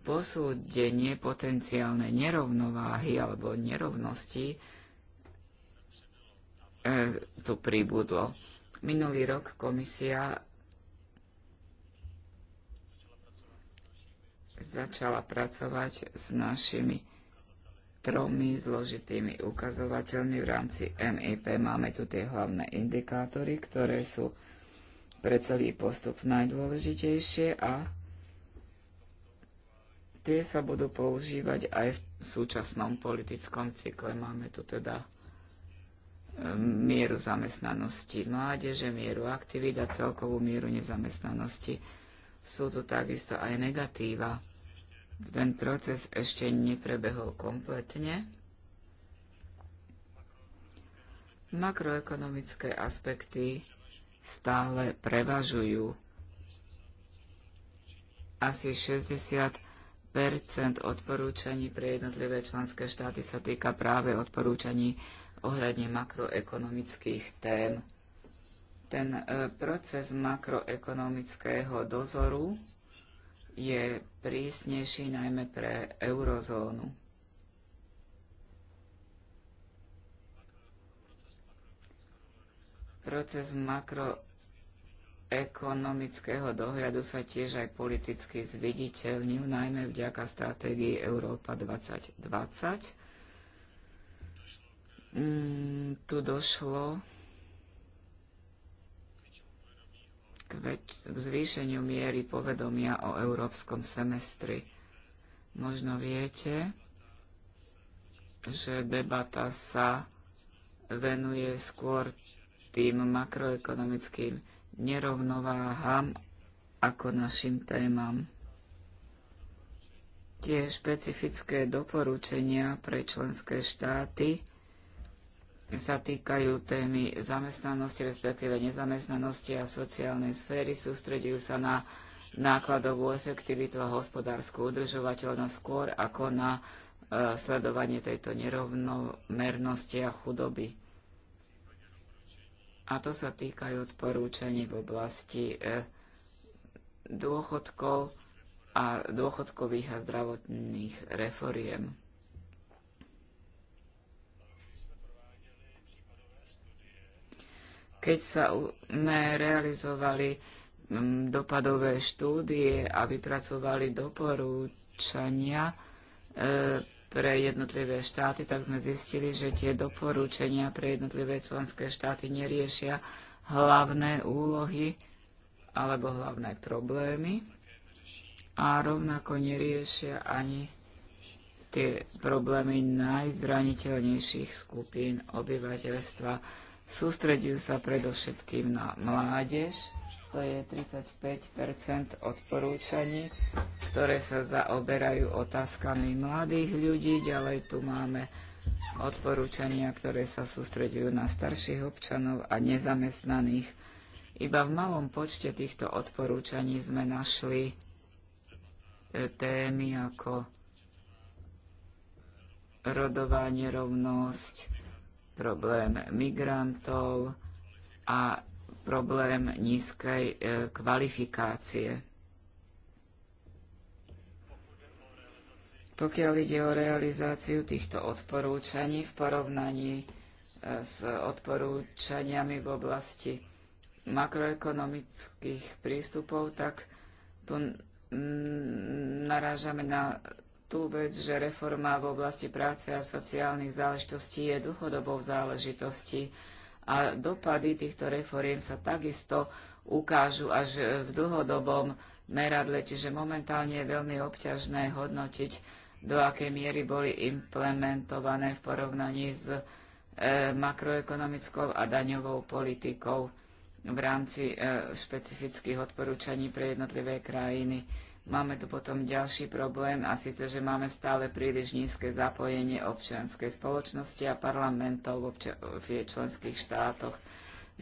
posúdenie potenciálnej nerovnováhy alebo nerovnosti e, tu pribudlo. Minulý rok komisia začala pracovať s našimi tromi zložitými ukazovateľmi v rámci MIP. Máme tu tie hlavné indikátory, ktoré sú pre celý postup najdôležitejšie a tie sa budú používať aj v súčasnom politickom cykle. Máme tu teda e, mieru zamestnanosti mládeže, mieru aktivít a celkovú mieru nezamestnanosti. Sú tu takisto aj negatíva. Ten proces ešte neprebehol kompletne. Makroekonomické aspekty stále prevažujú. Asi 60 odporúčaní pre jednotlivé členské štáty sa týka práve odporúčaní ohľadne makroekonomických tém. Ten e, proces makroekonomického dozoru je prísnejší najmä pre eurozónu. Proces makro ekonomického dohľadu sa tiež aj politicky zviditeľnil, najmä vďaka stratégii Európa 2020. Mm, tu došlo k, väč- k zvýšeniu miery povedomia o európskom semestri. Možno viete, že debata sa venuje skôr tým makroekonomickým nerovnováham ako našim témam. Tie špecifické doporučenia pre členské štáty sa týkajú témy zamestnanosti, respektíve nezamestnanosti a sociálnej sféry, sústredujú sa na nákladovú efektivitu a hospodárskú udržovateľnosť skôr ako na e, sledovanie tejto nerovnomernosti a chudoby a to sa týkajú odporúčaní v oblasti e, dôchodkov a dôchodkových a zdravotných reforiem. Keď sa sme realizovali dopadové štúdie a vypracovali doporúčania, e, pre jednotlivé štáty, tak sme zistili, že tie doporúčania pre jednotlivé členské štáty neriešia hlavné úlohy alebo hlavné problémy a rovnako neriešia ani tie problémy najzraniteľnejších skupín obyvateľstva. Sústredujú sa predovšetkým na mládež, to je 35 odporúčaní, ktoré sa zaoberajú otázkami mladých ľudí. Ďalej tu máme odporúčania, ktoré sa sústredujú na starších občanov a nezamestnaných. Iba v malom počte týchto odporúčaní sme našli e, témy ako rodová nerovnosť, problém migrantov a problém nízkej e, kvalifikácie. Pokiaľ ide o realizáciu týchto odporúčaní v porovnaní e, s odporúčaniami v oblasti makroekonomických prístupov, tak tu narážame na tú vec, že reforma v oblasti práce a sociálnych záležitostí je dlhodobou záležitostí a dopady týchto reforiem sa takisto ukážu až v dlhodobom meradle, čiže momentálne je veľmi obťažné hodnotiť, do akej miery boli implementované v porovnaní s e, makroekonomickou a daňovou politikou v rámci e, špecifických odporúčaní pre jednotlivé krajiny. Máme tu potom ďalší problém a síce, že máme stále príliš nízke zapojenie občianskej spoločnosti a parlamentov v členských štátoch.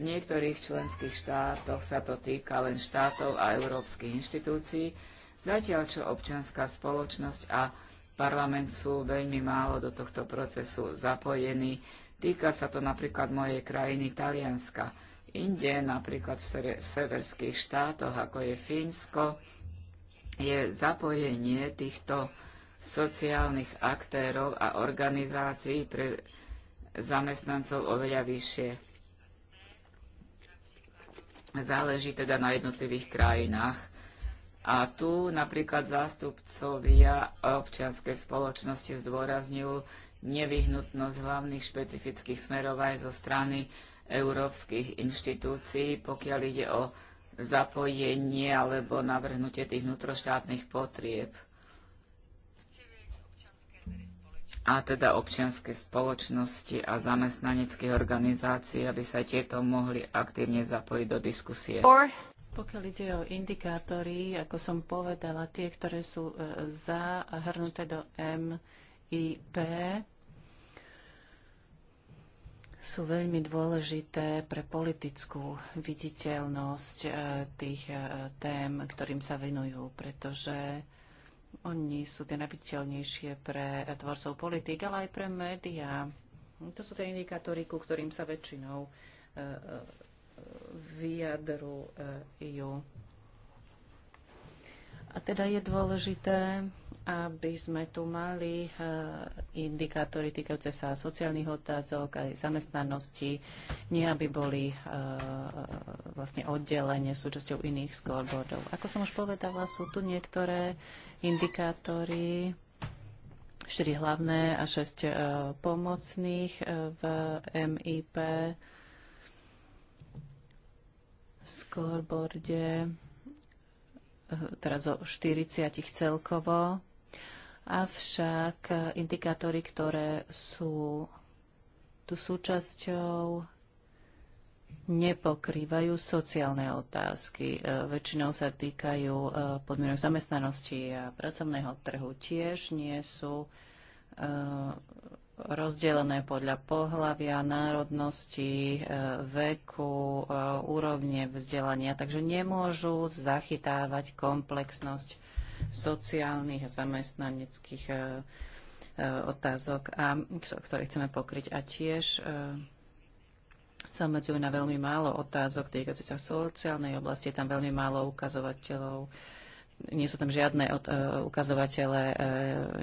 V niektorých členských štátoch sa to týka len štátov a európskych inštitúcií, zatiaľ čo občianská spoločnosť a parlament sú veľmi málo do tohto procesu zapojení. Týka sa to napríklad mojej krajiny Talianska. Inde, napríklad v, v severských štátoch, ako je Fínsko, je zapojenie týchto sociálnych aktérov a organizácií pre zamestnancov oveľa vyššie. Záleží teda na jednotlivých krajinách. A tu napríklad zástupcovia občianskej spoločnosti zdôrazňujú nevyhnutnosť hlavných špecifických smerov aj zo strany európskych inštitúcií, pokiaľ ide o zapojenie alebo navrhnutie tých vnútroštátnych potrieb a teda občianske spoločnosti a zamestnaneckých organizácií, aby sa tieto mohli aktívne zapojiť do diskusie. Pokiaľ ide o indikátory, ako som povedala, tie, ktoré sú e, zahrnuté do MIP, sú veľmi dôležité pre politickú viditeľnosť e, tých e, tém, ktorým sa venujú, pretože oni sú tie najviditeľnejšie pre tvorcov politik, ale aj pre médiá. To sú tie indikátory, ku ktorým sa väčšinou e, vyjadrujú. A teda je dôležité aby sme tu mali eh, indikátory týkajúce sa sociálnych otázok aj zamestnanosti, nie aby boli eh, vlastne oddelenie súčasťou iných scoreboardov. Ako som už povedala, sú tu niektoré indikátory, štyri hlavné a šesť eh, pomocných v MIP scoreboarde teraz o 40 celkovo. Avšak indikátory, ktoré sú tu súčasťou, nepokrývajú sociálne otázky. E, väčšinou sa týkajú e, podmienok zamestnanosti a pracovného trhu. Tiež nie sú e, rozdelené podľa pohľavia, národnosti, veku, úrovne vzdelania, takže nemôžu zachytávať komplexnosť sociálnych a zamestnaneckých e, e, otázok, a, ktoré chceme pokryť. A tiež e, sa medzujú na veľmi málo otázok týkajúcich sa sociálnej oblasti, je tam veľmi málo ukazovateľov, nie sú tam žiadne ukazovatele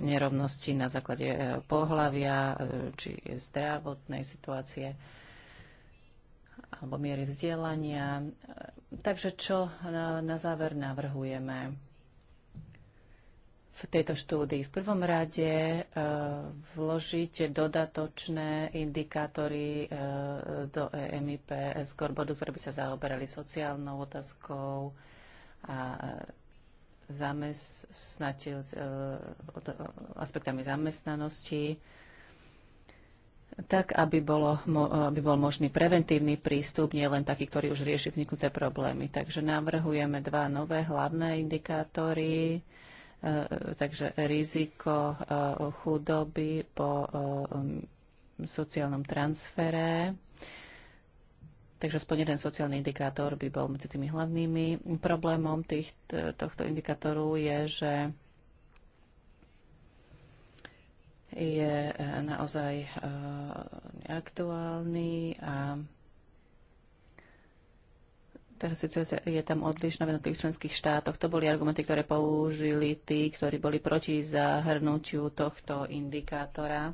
nerovnosti na základe pohlavia či zdravotnej situácie alebo miery vzdielania. Takže čo na záver navrhujeme? v tejto štúdii. V prvom rade e, vložiť dodatočné indikátory e, do EMIP scoreboardu, ktoré by sa zaoberali sociálnou otázkou a e, zamestnateľ, aspektami zamestnanosti tak, aby, bolo, aby bol možný preventívny prístup, nie len taký, ktorý už rieši vzniknuté problémy. Takže navrhujeme dva nové hlavné indikátory, Eh, takže riziko eh, chudoby po eh, sociálnom transfere. Takže aspoň jeden sociálny indikátor by bol medzi tými hlavnými. Problémom tých, tohto indikátoru je, že je naozaj neaktuálny a tá situácia je tam odlišná v jednotlivých členských štátoch. To boli argumenty, ktoré použili tí, ktorí boli proti zahrnutiu tohto indikátora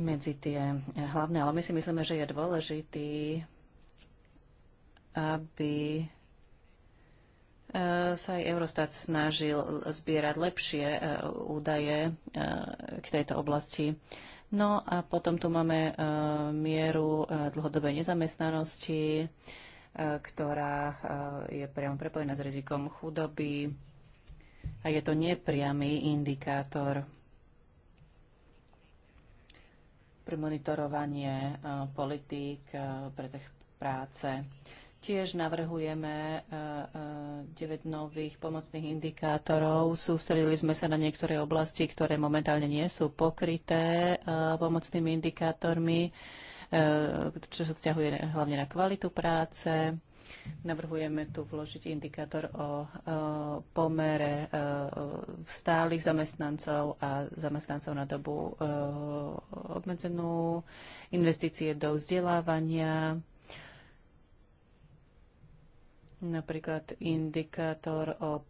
medzi tie hlavné. Ale my si myslíme, že je dôležitý, aby e, sa aj Eurostat snažil zbierať lepšie e, údaje e, k tejto oblasti. No a potom tu máme mieru dlhodobej nezamestnanosti, Eh, ktorá eh, je priamo prepojená s rizikom chudoby a je to nepriamy indikátor pre monitorovanie eh, politík pre trh práce. Tiež navrhujeme 9 nových pomocných indikátorov. Sústredili sme sa na niektoré oblasti, ktoré momentálne nie sú pokryté pomocnými indikátormi E, čo sa vzťahuje hlavne na kvalitu práce. Navrhujeme tu vložiť indikátor o e, pomere e, stálych zamestnancov a zamestnancov na dobu obmedzenú, investície do vzdelávania, napríklad indikátor o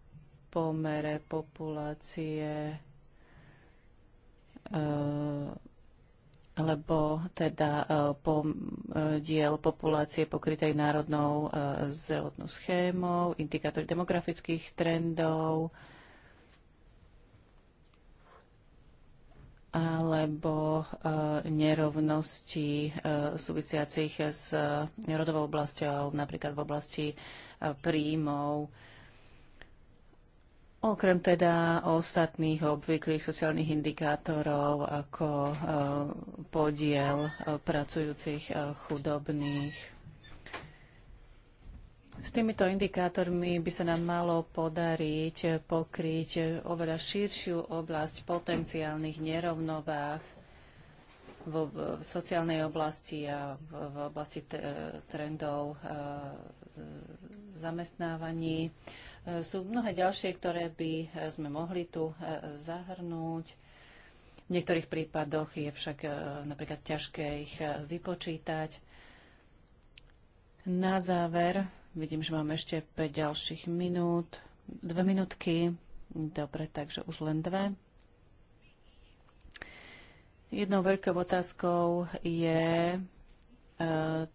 pomere populácie lebo teda e, e, diel populácie pokrytej národnou e, zdravotnou schémou, indikátor demografických trendov, alebo nerovnosti súvisiacich s rodovou oblasťou, napríklad v oblasti príjmov Okrem teda ostatných obvyklých sociálnych indikátorov ako eh, podiel eh, pracujúcich eh, chudobných. S týmito indikátormi by sa nám malo podariť pokryť oveľa širšiu oblasť potenciálnych nerovnovách v sociálnej oblasti a v oblasti trendov zamestnávaní sú mnohé ďalšie, ktoré by e, sme mohli tu e, zahrnúť. V niektorých prípadoch je však e, napríklad ťažké ich vypočítať. Na záver, vidím, že mám ešte 5 ďalších minút, 2 minútky. Dobre, takže už len dve. Jednou veľkou otázkou je,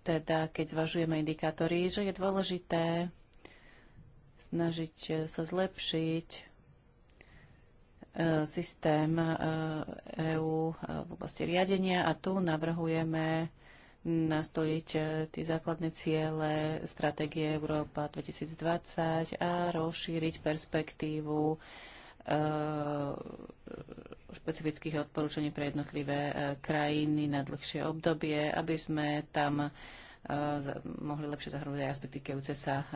teda, keď zvažujeme indikátory, že je dôležité snažiť e, sa zlepšiť e, systém EÚ e v oblasti riadenia a tu navrhujeme nastoliť tie základné ciele stratégie Európa 2020 a rozšíriť perspektívu špecifických odporúčaní pre jednotlivé krajiny na dlhšie obdobie, aby sme tam Eh, mohli lepšie zahrnúť aj aspekty týkajúce sa eh,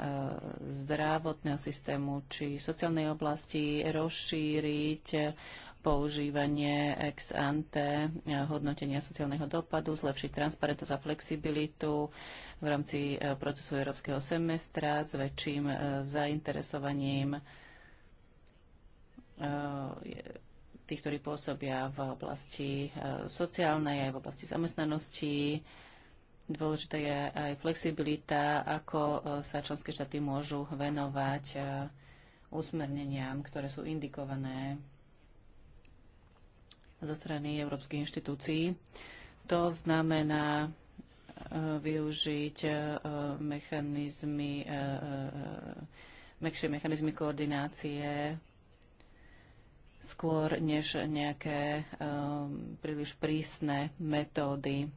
zdravotného systému či sociálnej oblasti, rozšíriť používanie ex ante eh, hodnotenia sociálneho dopadu, zlepšiť transparentnosť a flexibilitu v rámci procesu európskeho semestra s väčším zainteresovaním tých, ktorí pôsobia v oblasti sociálnej aj v oblasti zamestnanosti, Dôležitá je aj flexibilita, ako e, sa členské štáty môžu venovať e, usmerneniam, ktoré sú indikované zo strany európskych inštitúcií. To znamená e, využiť mechanizmy, mekšie mechanizmy koordinácie skôr než nejaké príliš prísne metódy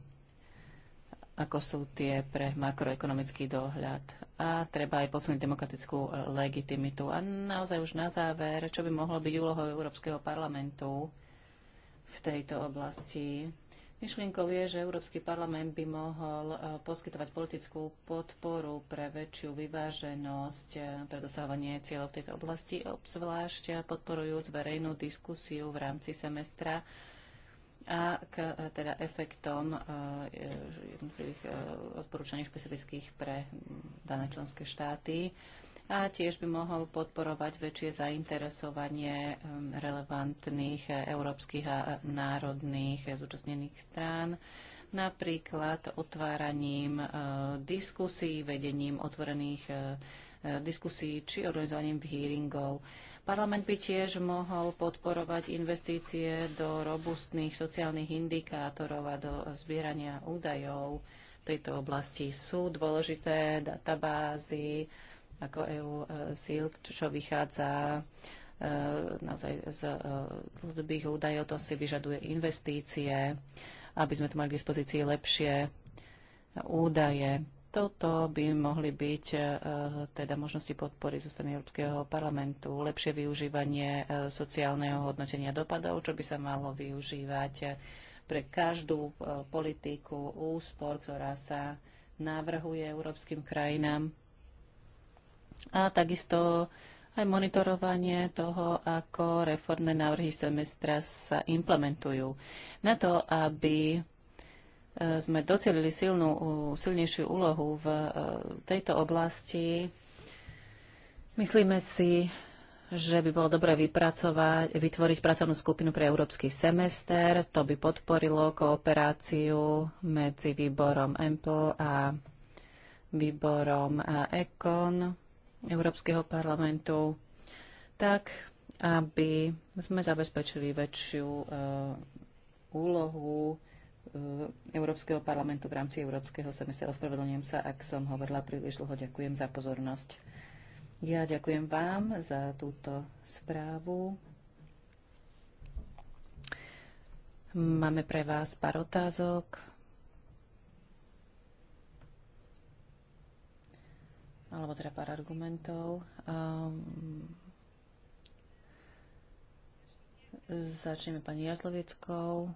ako sú tie pre makroekonomický dohľad. A treba aj posunúť demokratickú legitimitu. A naozaj už na záver, čo by mohlo byť úlohou Európskeho parlamentu v tejto oblasti? Myšlienkou je, že Európsky parlament by mohol e, poskytovať politickú podporu pre väčšiu vyváženosť e, pre dosahovanie cieľov tejto oblasti, obzvlášť e, podporujúc verejnú diskusiu v rámci semestra a k teda efektom e, e, jednotlivých e, odporúčaní špecifických pre dané členské štáty a tiež by mohol podporovať väčšie zainteresovanie relevantných európskych a národných zúčastnených strán, napríklad otváraním diskusí, vedením otvorených diskusí či organizovaním hearingov. Parlament by tiež mohol podporovať investície do robustných sociálnych indikátorov a do zbierania údajov v tejto oblasti. Sú dôležité databázy ako EU e, SILK, čo vychádza e, naozaj z e, ľudových údajov, to si vyžaduje investície, aby sme tu mali k dispozícii lepšie údaje. Toto by mohli byť e, teda možnosti podpory zo strany Európskeho parlamentu, lepšie využívanie e, sociálneho hodnotenia dopadov, čo by sa malo využívať e, pre každú politiku úspor, ktorá sa návrhuje európskym krajinám. A takisto aj monitorovanie toho, ako reformné návrhy semestra sa implementujú. Na to, aby E, sme docelili silnú, silnejšiu úlohu v e, tejto oblasti. Myslíme si, že by bolo dobré vypracovať, vytvoriť pracovnú skupinu pre európsky semester. To by podporilo kooperáciu medzi výborom EMPL a výborom e, ECON Európskeho parlamentu, tak aby sme zabezpečili väčšiu e, úlohu E, Európskeho parlamentu v rámci Európskeho semestra. Ospravedlňujem sa, ak som hovorila príliš dlho. Ďakujem za pozornosť. Ja ďakujem vám za túto správu. Máme pre vás pár otázok. alebo teda pár argumentov. Um, začneme pani Jazlovickou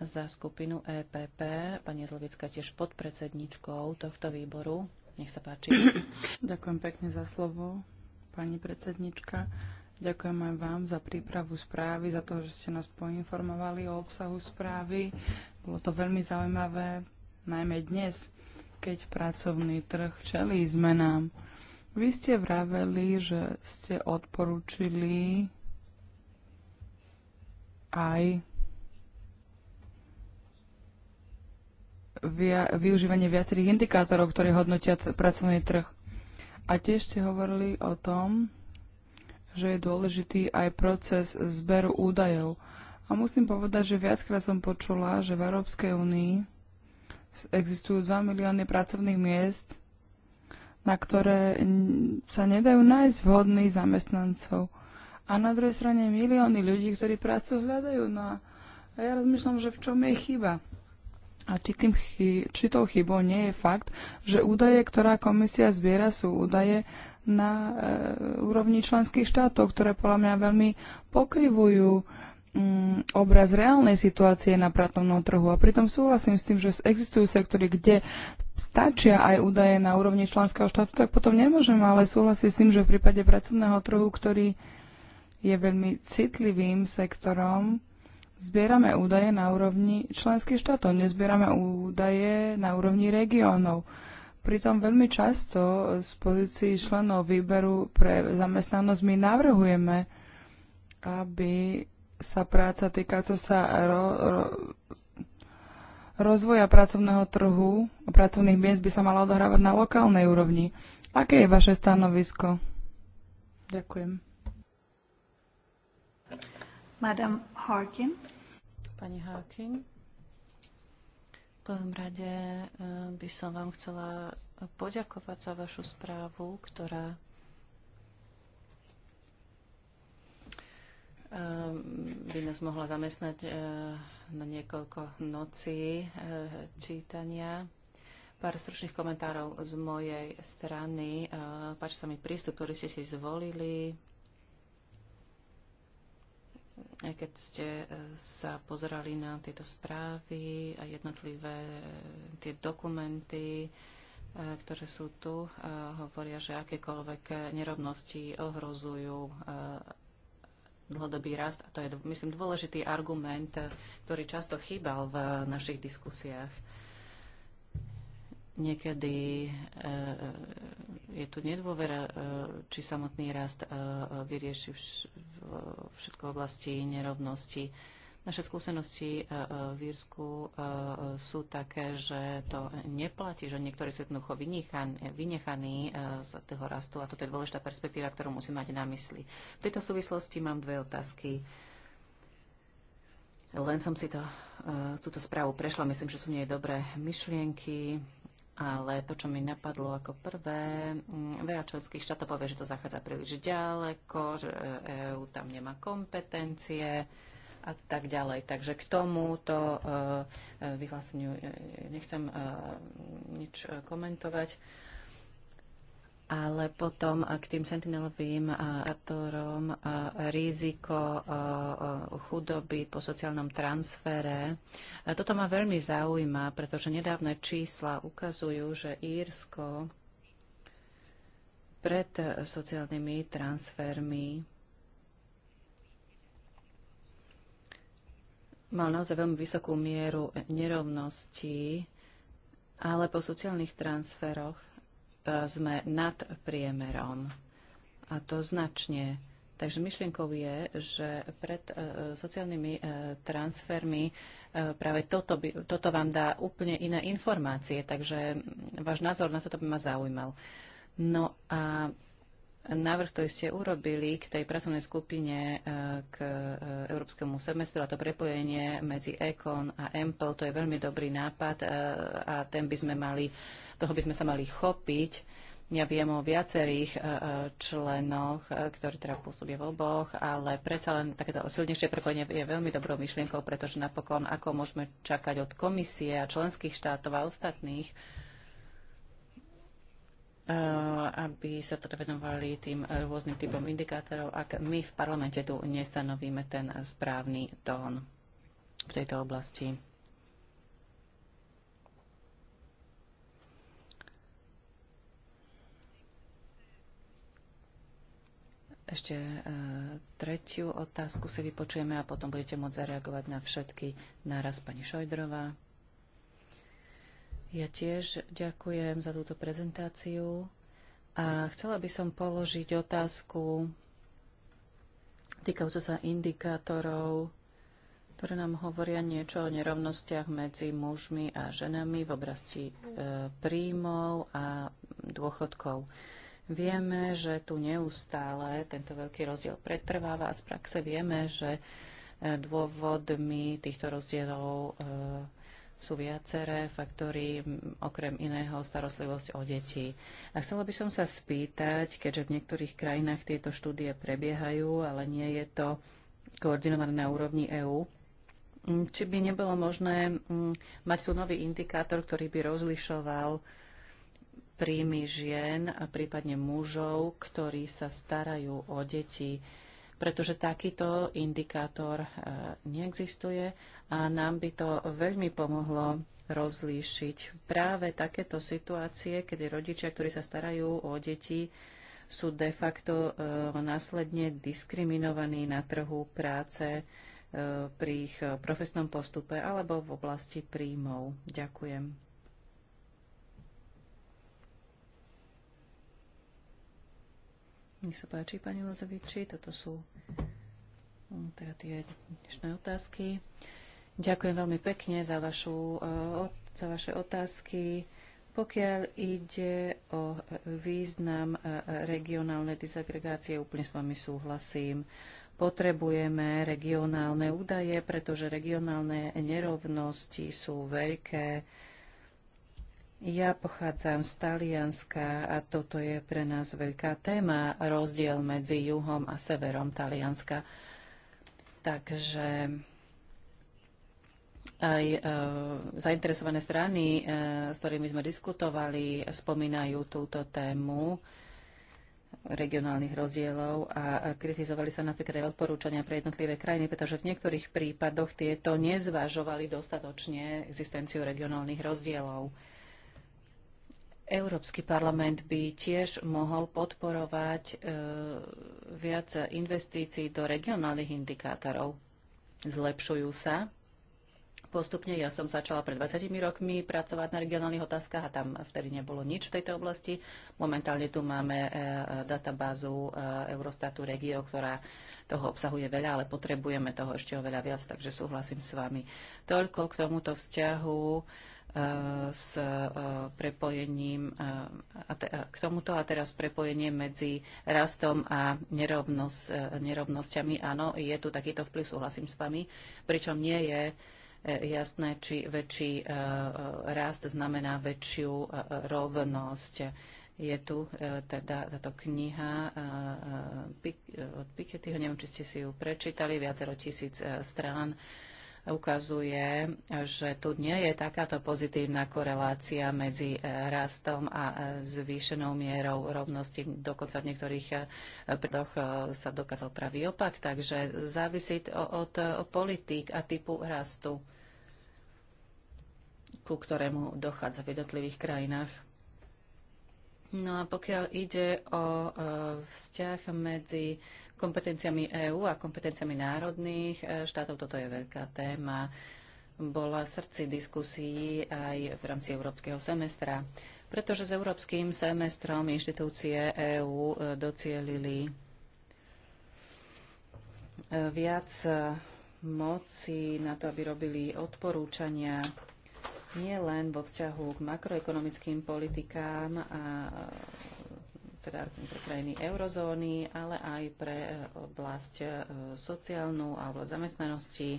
za skupinu EPP. Pani Zlovická tiež podpredsedničkou tohto výboru. Nech sa páči. [coughs] Ďakujem pekne za slovo, pani predsednička. Ďakujem aj vám za prípravu správy, za to, že ste nás poinformovali o obsahu správy. Bolo to veľmi zaujímavé, najmä dnes, keď pracovný trh čelí zmenám. Vy ste vraveli, že ste odporúčili aj via, využívanie viacerých indikátorov, ktoré hodnotia pracovný trh. A tiež ste hovorili o tom, že je dôležitý aj proces zberu údajov. A musím povedať, že viackrát som počula, že v Európskej únii existujú 2 milióny pracovných miest, na ktoré sa nedajú nájsť vhodných zamestnancov. A na druhej strane milióny ľudí, ktorí prácu hľadajú. No a ja rozmýšľam, že v čom je chyba. A či, tým chy- či tou chybou nie je fakt, že údaje, ktorá komisia zbiera, sú údaje na e, úrovni členských štátov, ktoré podľa mňa veľmi pokrivujú mm, obraz reálnej situácie na pracovnom trhu. A pritom súhlasím s tým, že existujú sektory, kde stačia aj údaje na úrovni členského štátu, tak potom nemôžem ale súhlasiť s tým, že v prípade pracovného trhu, ktorý je veľmi citlivým sektorom, zbierame údaje na úrovni členských štátov, nezbierame údaje na úrovni regiónov. Pritom veľmi často z pozícií členov výberu pre zamestnanosť my navrhujeme, aby sa práca týkajúca sa ro, ro, rozvoja pracovného trhu a pracovných miest by sa mala odohrávať na lokálnej úrovni. Aké je vaše stanovisko? Ďakujem. Madam Harkin. Pani Harkin. V prvom rade eh, by som vám chcela poďakovať za vašu správu, ktorá eh, by nás mohla zamestnať eh, na niekoľko nocí čítania. Pár stručných komentárov z mojej strany. Páči sa mi prístup, ktorý ste si zvolili. Aj keď ste e, sa pozerali na tieto správy a jednotlivé e, tie dokumenty, e, ktoré sú tu, hovoria, že akékoľvek nerovnosti ohrozujú dlhodobý rast. A to je, myslím, dôležitý argument, ktorý často chýbal v našich diskusiách. Niekedy eh, je tu nedôvera, eh, či samotný rast eh, vyrieši všetko oblasti nerovnosti. Naše skúsenosti v Írsku sú také, že to neplatí, že niektorí sú jednoducho vynechaní z toho rastu a toto je dôležitá perspektíva, ktorú musí mať na mysli. V tejto súvislosti mám dve otázky. Len som si to, túto správu prešla, myslím, že sú v nej dobré myšlienky. Ale to, čo mi napadlo ako prvé, mm, veľa členských štátov povie, že to zachádza príliš ďaleko, že EÚ e tam nemá kompetencie a tak ďalej. Takže k tomuto e, e, vyhláseniu nechcem nič komentovať ale potom eh, k tým sentinelovým faktorom eh, eh, riziko chudoby po sociálnom transfere. Toto ma veľmi zaujíma, pretože nedávne čísla ukazujú, že Írsko pred sociálnymi transfermi mal naozaj veľmi vysokú mieru nerovností, ale po sociálnych transferoch sme nad priemerom. A to značne. Takže myšlienkou je, že pred e, sociálnymi e, transfermi e, práve toto, by, toto vám dá úplne iné informácie, takže váš názor na toto by ma zaujímal. No a návrh, ktorý ste urobili k tej pracovnej skupine e, k e, európskemu semestru a to prepojenie medzi ECON a Empel, to je veľmi dobrý nápad e, a ten by sme mali, toho by sme sa mali chopiť. Ja viem o viacerých členoch, ktorí teda pôsobia v oboch, ale predsa len takéto silnejšie prepojenie je veľmi dobrou myšlienkou, pretože napokon ako môžeme čakať od komisie a členských štátov a ostatných, Eh, aby sa teda venovali tým rôznym typom indikátorov, ak my v parlamente tu nestanovíme ten správny tón v tejto oblasti. Ešte e, tretiu otázku si vypočujeme a potom budete môcť zareagovať na všetky naraz pani Šojdrová. Ja tiež ďakujem za túto prezentáciu a chcela by som položiť otázku týkajúcu sa indikátorov, ktoré nám hovoria niečo o nerovnostiach medzi mužmi a ženami v oblasti e, príjmov a dôchodkov. Vieme, že tu neustále tento veľký rozdiel pretrváva a z praxe vieme, že e, dôvodmi týchto rozdielov e, sú viaceré faktory, okrem iného starostlivosť o deti. A chcela by som sa spýtať, keďže v niektorých krajinách tieto štúdie prebiehajú, ale nie je to koordinované na úrovni EÚ, či by nebolo možné mať tu nový indikátor, ktorý by rozlišoval príjmy žien a prípadne mužov, ktorí sa starajú o deti pretože takýto indikátor e, neexistuje a nám by to veľmi pomohlo rozlíšiť práve takéto situácie, kedy rodičia, ktorí sa starajú o deti, sú de facto e, následne diskriminovaní na trhu práce e, pri ich profesnom postupe alebo v oblasti príjmov. Ďakujem. Nech sa páči, pani Lozoviči, toto sú mm, teda tie dnešné otázky. Ďakujem veľmi pekne za, vašu, e, za vaše otázky. Pokiaľ ide o význam e, regionálnej disagregácie, úplne s vami súhlasím. Potrebujeme regionálne údaje, pretože regionálne nerovnosti sú veľké ja pochádzam z Talianska a toto je pre nás veľká téma, rozdiel medzi juhom a severom Talianska. Takže aj e, zainteresované strany, e, s ktorými sme diskutovali, spomínajú túto tému regionálnych rozdielov a kritizovali sa napríklad aj odporúčania pre jednotlivé krajiny, pretože v niektorých prípadoch tieto nezvažovali dostatočne existenciu regionálnych rozdielov. Európsky parlament by tiež mohol podporovať e, viac investícií do regionálnych indikátorov. Zlepšujú sa. Postupne ja som začala pred 20 rokmi pracovať na regionálnych otázkach a tam vtedy nebolo nič v tejto oblasti. Momentálne tu máme e, databázu e, Eurostatu Regio, ktorá toho obsahuje veľa, ale potrebujeme toho ešte oveľa viac, takže súhlasím s vami. Toľko k tomuto vzťahu s e, prepojením e, e, k tomuto a teraz prepojenie medzi rastom a nerovnosť, nerovnosťami. Áno, je tu takýto vplyv, súhlasím s vami, pričom nie je jasné, či väčší rast znamená väčšiu rovnosť. Je tu teda táto kniha od Pikettyho, neviem, či ste si ju prečítali, viacero tisíc strán ukazuje, že tu nie je takáto pozitívna korelácia medzi e, rastom a e, zvýšenou mierou rovnosti. Dokonca v niektorých e, prípadoch sa dokázal pravý opak, takže závisí od politík a typu rastu ku ktorému dochádza v jednotlivých krajinách. No a pokiaľ ide o vzťah medzi kompetenciami EÚ a kompetenciami národných e, štátov. Toto je veľká téma. Bola v srdci diskusí aj v rámci európskeho semestra, pretože s európskym semestrom inštitúcie EÚ e, docielili e, viac moci na to, aby robili odporúčania nie len vo vzťahu k makroekonomickým politikám a teda pre krajiny eurozóny, ale aj pre e, oblasť e, sociálnu a oblasť zamestnanosti.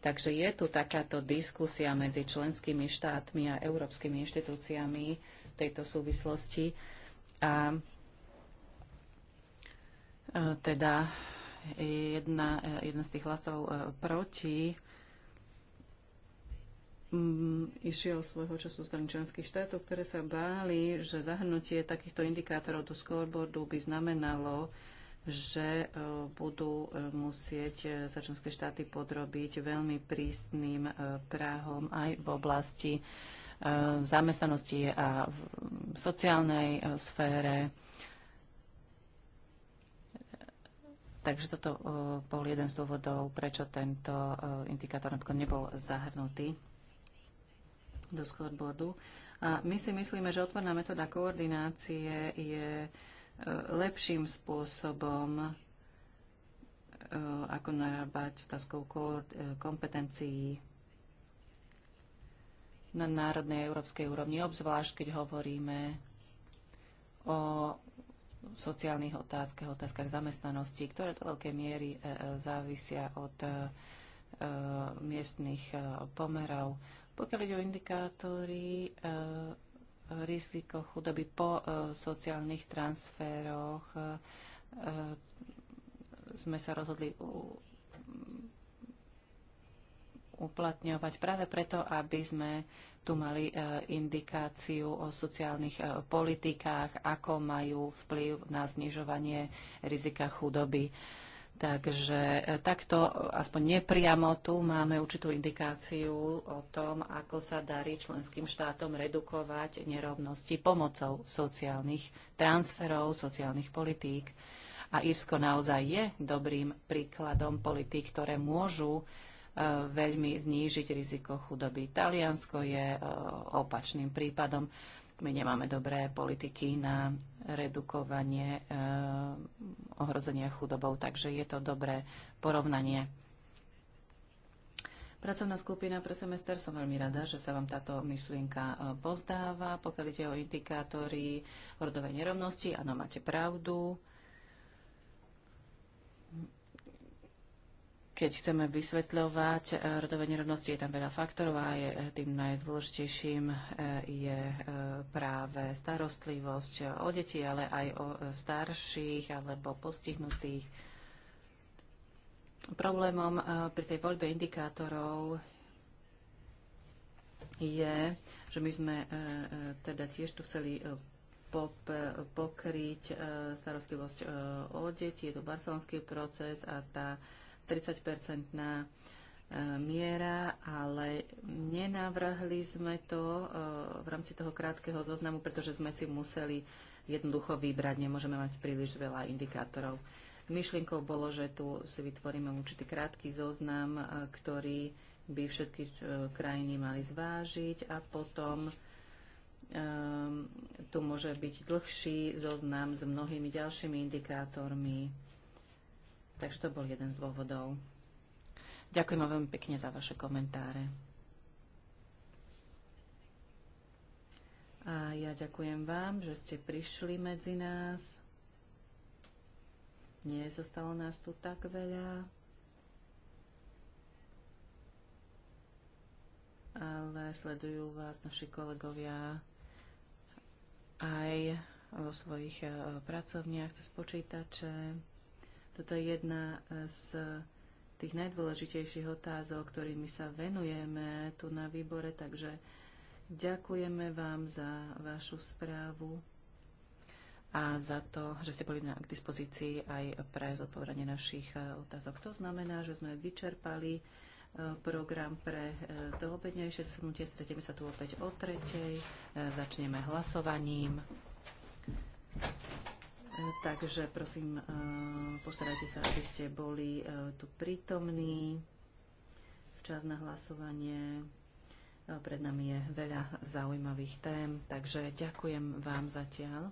Takže je tu takáto diskusia medzi členskými štátmi a európskymi inštitúciami v tejto súvislosti. A e, teda jedna, jedna z tých hlasov proti Mm, išiel svojho času z členských štátov, ktoré sa báli, že zahrnutie takýchto indikátorov do scoreboardu by znamenalo, že e, budú e, musieť e, sa členské štáty podrobiť veľmi prísnym práhom aj v oblasti zamestnanosti a v sociálnej sfére. Takže toto bol jeden z dôvodov, prečo tento indikátor napríklad nebol zahrnutý do scoreboardu. A my si myslíme, že otvorná metóda koordinácie je e, lepším spôsobom, e, ako narábať otázkou e, kompetencií na národnej a európskej úrovni, obzvlášť keď hovoríme o sociálnych otázkach, otázkach zamestnanosti, ktoré do veľkej miery závisia od miestnych pomerov. Pokiaľ ide o indikátory, eh, riziko chudoby po eh, sociálnych transferoch, eh, sme sa rozhodli uplatňovať práve preto, aby sme tu mali indikáciu o sociálnych politikách, ako majú vplyv na znižovanie rizika chudoby. Takže e, takto, aspoň nepriamo tu máme určitú indikáciu o tom, ako sa darí členským štátom redukovať nerovnosti pomocou sociálnych transferov, sociálnych politík. A Írsko naozaj je dobrým príkladom politík, ktoré môžu e, veľmi znížiť riziko chudoby. Taliansko je e, opačným prípadom. My nemáme dobré politiky na redukovanie e, eh, ohrozenia chudobou, takže je to dobré porovnanie. Pracovná skupina pre semester, som veľmi rada, že sa vám táto myšlienka eh, pozdáva. Pokiaľ ide o indikátory rodovej nerovnosti, áno, máte pravdu. E, keď chceme vysvetľovať eh, rodové nerovnosti, je tam veľa faktorov a je, eh, tým najdôležitejším eh, je práve starostlivosť o deti, ale aj o starších alebo postihnutých. Problémom pri tej voľbe indikátorov je, že my sme teda tiež tu chceli pokryť starostlivosť o deti, je to barcelonský proces a tá 30-percentná e, miera, ale nenavrhli sme to e, v rámci toho krátkeho zoznamu, pretože sme si museli jednoducho vybrať, nemôžeme mať príliš veľa indikátorov. Myšlienkou bolo, že tu si vytvoríme určitý krátky zoznam, e, ktorý by všetky krajiny mali zvážiť a potom tu môže byť dlhší zoznam s mnohými ďalšími indikátormi, Takže to bol jeden z dôvodov. Ďakujem vám veľmi pekne za vaše komentáre. A ja ďakujem vám, že ste prišli medzi nás. Nie zostalo nás tu tak veľa. Ale sledujú vás naši kolegovia aj vo svojich eh, pracovniach cez počítače. Toto je jedna eh, z tých najdôležitejších otázok, ktorými sa venujeme tu na výbore, takže ďakujeme vám za vašu správu a za to, že ste boli na, k dispozícii aj pre zodpovedanie našich eh, otázok. To znamená, že sme vyčerpali eh, program pre doobednejšie snutie. Stretieme sa tu opäť o tretej. Začneme hlasovaním. Takže prosím, e, postarajte sa, aby ste boli e, tu prítomní včas na hlasovanie. E, pred nami je veľa zaujímavých tém, takže ďakujem vám zatiaľ.